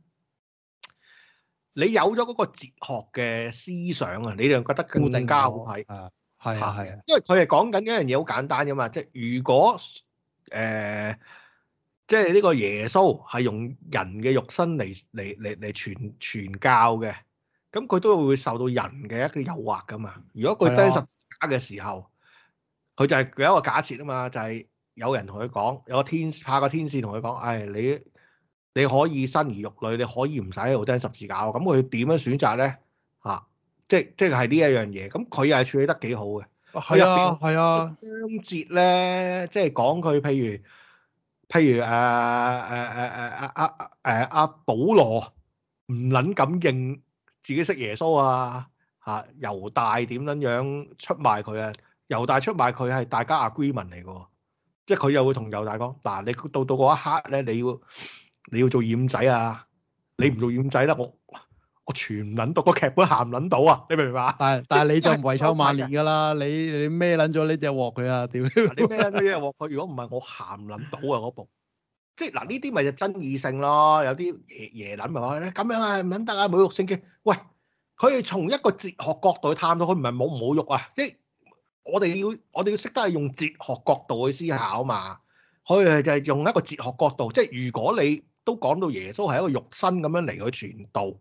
你有咗嗰個哲學嘅思想啊，你就覺得更加好睇。啊，係啊，係啊。因為佢係講緊一樣嘢好簡單嘅嘛，即係如果誒、呃，即係呢個耶穌係用人嘅肉身嚟嚟嚟嚟傳傳教嘅，咁佢都會受到人嘅一個誘惑噶嘛。如果佢真實假嘅時候。佢就係佢一個假設啊嘛，就係有人同佢講，有個天使，派個天使同佢講，唉，你你可以生兒育女，你可以唔使喺度釘十字架。咁佢點樣選擇咧？嚇、啊，即即係呢一樣嘢。咁佢又係處理得幾好嘅。係啊，係啊。章、嗯、節咧、啊啊，即係講佢，譬如譬如誒誒誒誒阿誒阿保羅唔撚敢認自己認識耶穌啊嚇、啊啊，猶大點撚樣出賣佢啊？猶大出賣佢係大家 agreement 嚟嘅，即係佢又會同猶大講嗱、啊，你到到嗰一刻咧，你要你要做醃仔啊，你唔做醃仔啦、啊，我我全冧到、個劇本鹹冧到啊，你明唔明白啊？係，但係你就唔遺臭萬年㗎啦！你你咩撚咗呢隻鑊佢啊？點？你咩撚呢隻鑊佢？如果唔係我鹹冧到啊！嗰部即係嗱，呢啲咪就爭議性咯，有啲爺爺撚咪話咧，咁樣啊撚得啊，冇辱性嘅。喂，佢係從一個哲學角度去探討，佢唔係冇侮辱啊，即、就、係、是。我哋要我哋要識得係用哲學角度去思考嘛？佢就係用一個哲學角度，即係如果你都講到耶穌係一個肉身咁樣嚟去傳道，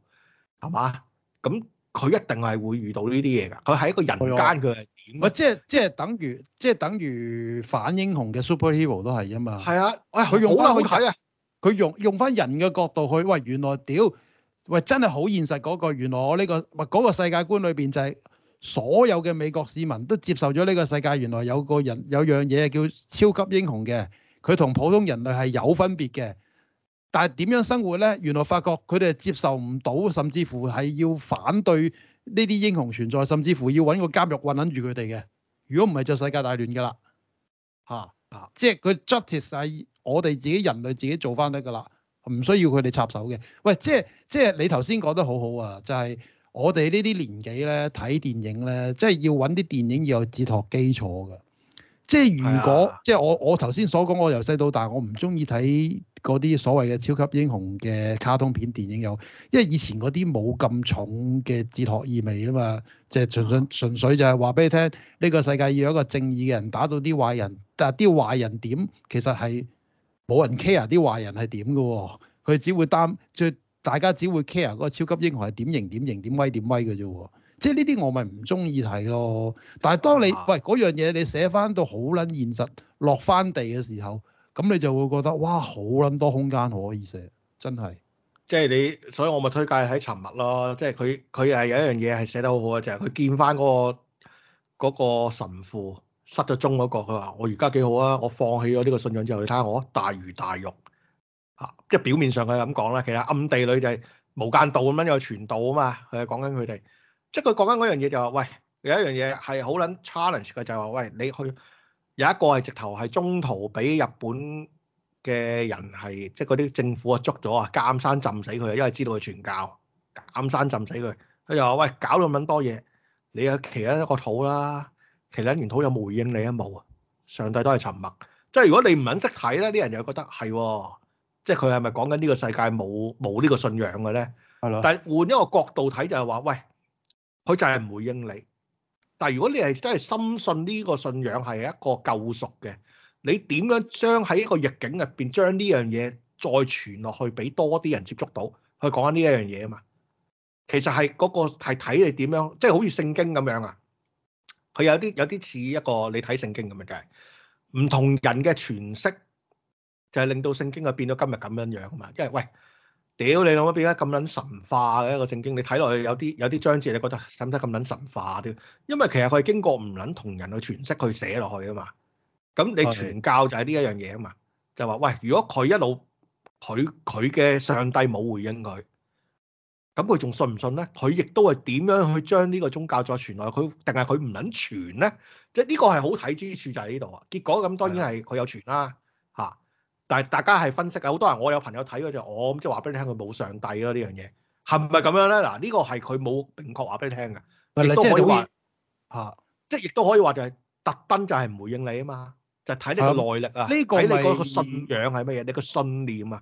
係嘛？咁佢一定係會遇到呢啲嘢噶。佢係一個人間，佢係點？唔、啊啊、即係即係等於即係等於反英雄嘅 Super Hero 都係啊嘛。係啊、哎啊哎，喂，佢用翻去睇啊！佢用用翻人嘅角度去喂，原來屌喂，真係好現實嗰、嗰個，原來我呢、呢個喂嗰、嗰個世界觀裏邊就係、係。所有嘅美國市民都接受咗呢個世界，原來有個人有樣嘢叫超級英雄嘅，佢同普通人類係有分別嘅。但係點樣生活呢？原來發覺佢哋係接受唔到，甚至乎係要反對呢啲英雄存在，甚至乎要揾個監獄困撚住佢哋嘅。如果唔係就世界大亂噶啦，嚇、啊、即係佢 justice 係我哋自己人類自己做翻得噶啦，唔需要佢哋插手嘅。喂，即係即係你頭先講得好好啊，就係、是。我哋呢啲年紀咧睇電影咧，即係要揾啲電影要有哲學基礎㗎。即係如果的即係我我頭先所講，我由細到大我唔中意睇嗰啲所謂嘅超級英雄嘅卡通片電影有，因為以前嗰啲冇咁重嘅哲學意味啊嘛，即係純純純粹就係話俾你聽，呢個世界要有一個正義嘅人打到啲壞人，但係啲壞人點，其實係冇人 care 啲壞人係點嘅喎，佢只會擔最。大家只會 care 嗰、嗰個超級英雄係點型點型點威點威嘅啫喎，即係呢啲我咪唔中意睇咯。但係當你、啊、喂嗰樣嘢你寫翻到好撚現實落翻地嘅時候，咁你就會覺得哇，好撚多空間可以寫，真係。即係你，所以我咪推介喺《沉默》咯。即係佢佢係有一樣嘢係寫得好好嘅，就係、是、佢見翻嗰、嗰個嗰個神父失咗蹤嗰個，佢話我而家幾好啊！我放棄咗呢個信仰之後，你睇下我大魚大肉。即係表面上佢係咁講啦，其實暗地裏就係無間道咁樣有傳道啊嘛。佢講緊佢哋，即係佢講緊嗰樣嘢就話，喂，有一樣嘢係好撚 challenge 嘅就係話，喂，你去有一個係直頭係中途俾日本嘅人係即係嗰啲政府啊捉咗啊，監山浸死佢因為知道佢傳教，監山浸死佢。佢就話，喂，搞咁撚多嘢，你啊，其他一個土啦，其他年土有冇回應你啊？冇啊，上帝都係沉默。即係如果你唔肯咁識睇咧，啲人又覺得係喎。即係佢係咪講緊呢個世界冇冇呢個信仰嘅咧？係咯的。但係換一個角度睇就係話，喂，佢就係唔會應你。但係如果你係真係深信呢個信仰係一個救贖嘅，你點樣將喺一個逆境入邊將呢樣嘢再傳落去俾多啲人接觸到？佢講緊呢一樣嘢啊嘛。其實係嗰個係睇你點樣，即係好似聖經咁樣啊。佢有啲有啲似一個你睇聖經咁嘅，梗係唔同人嘅詮釋。就係令到聖經啊變到今日咁樣樣啊嘛，因為喂，屌你老母，變咗咁撚神化嘅一個聖經，你睇落去有啲有啲章節，你覺得使唔使咁撚神化啲？因為其實佢係經過唔撚同人去傳釋佢寫落去啊嘛。咁你傳教就係呢一樣嘢啊嘛，就話喂，如果佢一路佢佢嘅上帝冇回應佢，咁佢仲信唔信咧？佢亦都係點樣去將呢個宗教再傳落去？佢定係佢唔撚傳咧？即係呢個係好睇之處就喺呢度啊。結果咁當然係佢有傳啦。但係大家係分析啊，好多人我有朋友睇嘅就我咁，即係話俾你聽佢冇上帝咯呢樣嘢，係咪咁樣咧？嗱呢個係佢冇明確話俾你聽嘅，亦都可以話嚇，即係亦都可以話就係、是、特登就係唔回應你啊嘛，就睇、是、你個耐力啊，睇你嗰個信仰係乜嘢，你個信念啊，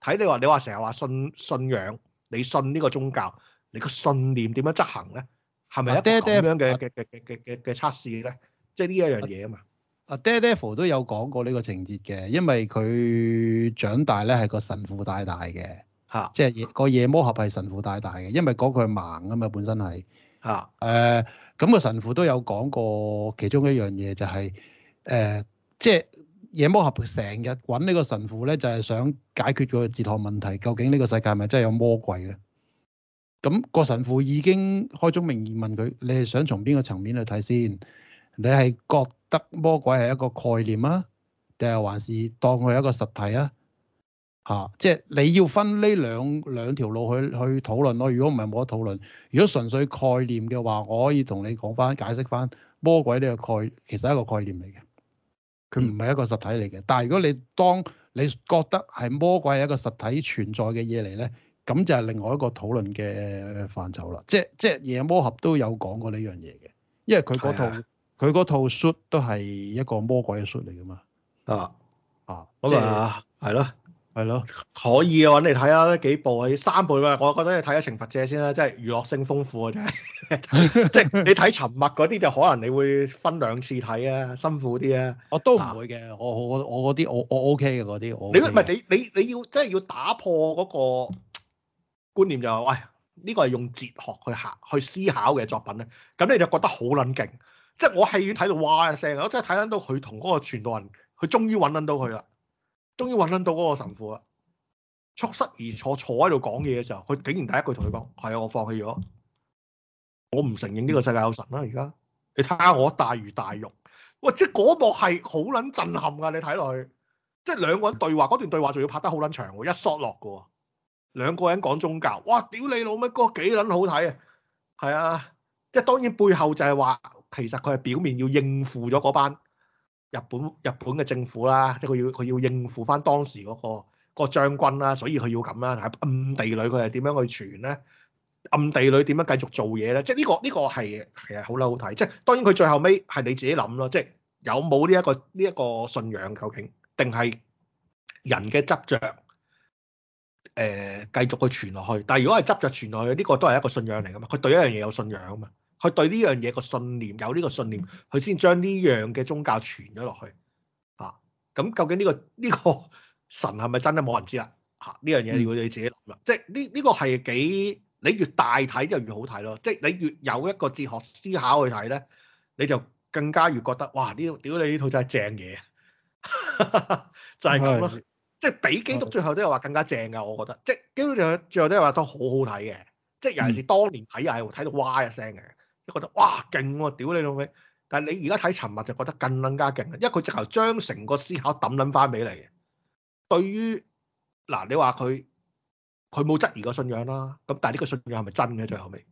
睇你話你話成日話信信仰，你信呢個宗教，你個信念點樣執行咧？係咪一個咁樣嘅嘅嘅嘅嘅嘅測試咧？即係呢一樣嘢啊嘛。啊，爹爹父都有講過呢個情節嘅，因為佢長大咧係個神父帶大嘅，嚇、啊，即係個夜魔俠係神父帶大嘅，因為嗰個盲啊嘛，本身係嚇，誒、啊，咁、呃那個神父都有講過其中一樣嘢就係、是、誒、呃，即係夜魔俠成日揾呢個神父咧，就係、是、想解決個哲學問題，究竟呢個世界係咪真係有魔鬼咧？咁、那個神父已經開宗明義問佢：你係想從邊個層面去睇先？你係覺得魔鬼係一個概念啊，定係還是當佢係一個實體啊？嚇、啊，即係你要分呢兩兩條路去去討論咯。如果唔係冇得討論。如果純粹概念嘅話，我可以同你講翻解釋翻魔鬼呢個概，其實係一個概念嚟嘅，佢唔係一個實體嚟嘅。嗯、但係如果你當你覺得係魔鬼係一個實體存在嘅嘢嚟咧，咁就係另外一個討論嘅範疇啦。即係即係夜魔俠都有講過呢樣嘢嘅，因為佢嗰套、啊。佢嗰套 shoot 都係一個魔鬼嘅 shoot 嚟噶嘛？啊啊，咁啊，係咯，係咯，可以嘅，你睇下，幾部啊？三部啦，我覺得你睇下《懲罰者》先啦，即係娛樂性豐富啊！真係，即係你睇《沉默》嗰啲就可能你會分兩次睇啊，辛苦啲啊。啊都啊我都唔會嘅，我我我嗰啲我我 OK 嘅嗰啲我。你唔係你你你要真係要，要打破嗰個觀念就係、是，喂、哎，呢個係用哲學去行去思考嘅作品咧，咁你就覺得好撚勁。即係我戲院睇到哇一聲，我真係睇到佢同嗰個傳道人，佢終於揾撚到佢啦，終於揾撚到嗰個神父啦。促膝而坐，坐喺度講嘢嘅時候，佢竟然第一句同佢講：係啊，我放棄咗，我唔承認呢個世界有神啦。而家你睇下我大魚大肉，哇！即係嗰幕係好撚震撼㗎，你睇落去，即係兩個人對話，嗰段對話仲要拍得好撚長喎，一 shot 落嘅喎，兩個人講宗教，哇！屌你老咩哥，幾撚好睇啊？係啊，即係當然背後就係話。其實佢係表面要應付咗嗰班日本日本嘅政府啦，即係佢要佢要應付翻當時嗰、嗰個、嗰個將軍啦，所以佢要咁啦，但係暗地裏。暗地裏佢係點樣去傳咧？暗地裏點樣繼續做嘢咧？即係、呢、呢個呢、呢個係其實好撚好睇。即係當然佢最後尾係你自己諗咯。即係有冇呢一個呢一、呢個信仰究竟定係人嘅執着誒、呃，繼續去傳落去。但係如果係執着傳落去，呢、呢個都係一個信仰嚟噶嘛？佢對一樣嘢有信仰啊嘛。佢對呢樣嘢個信念有呢個信念，佢先將呢樣嘅宗教傳咗落去。啊，咁、嗯嗯、究竟呢、呢個呢、呢個神係咪真咧？冇人知啦。嚇、啊，呢樣嘢要你自己諗啦。啊嗯嗯、即係呢呢個係幾你越大睇就越，越好睇咯。即係你越有一個哲學思考去睇咧，你就更加越覺得哇！呢屌你呢套真係正嘢， (laughs) 就係咁咯。即係比基督最後都係話更加正㗎。我覺得即係基督最後都係話都好好睇嘅。即係尤其是當年睇又係睇到哇一聲嘅。覺得哇勁喎、啊，屌你老味！但係你而家睇沉默就覺得更撚加勁，因為佢直頭將成個思考抌撚翻俾你。對於嗱、啊，你話佢佢冇質疑個信仰啦，咁但係呢個信仰係咪真嘅最後尾？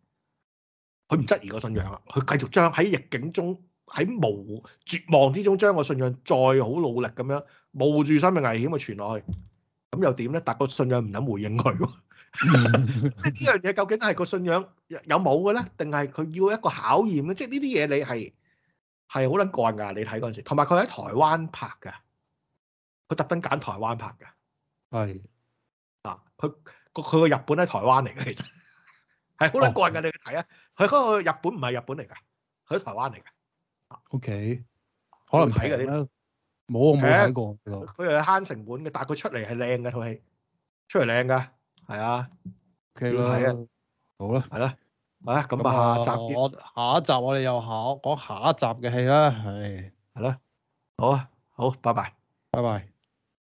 佢唔質疑個信仰啊，佢、啊、繼續將喺逆境中、喺無絕望之中，將個信仰再好努力咁樣冒住生命危險去傳落去，咁又點咧？但個信仰唔肯回應佢、啊。即係呢樣嘢， (laughs) 究竟係個信仰有冇嘅咧，定係佢要一個考驗咧？即係呢啲嘢，你係係好撚慣㗎。你睇嗰陣時，同埋佢喺台灣拍㗎，佢特登揀台灣拍㗎。係啊，佢佢個日本喺台灣嚟嘅，其實係好撚慣㗎。哦、你睇啊，佢嗰個日本唔係日本嚟㗎，喺台灣嚟㗎。OK，, okay. 可能睇㗎你啲，冇我冇睇過。佢又係慳成本嘅，但係佢出嚟係靚嘅套戲，出嚟靚㗎。係啊，OK 囉，好、okay、啦，係啦，咪咁啊，下集我下一集我哋又考講、啊、下一集嘅戲啦，係係啦，好啊，好，拜拜，拜拜。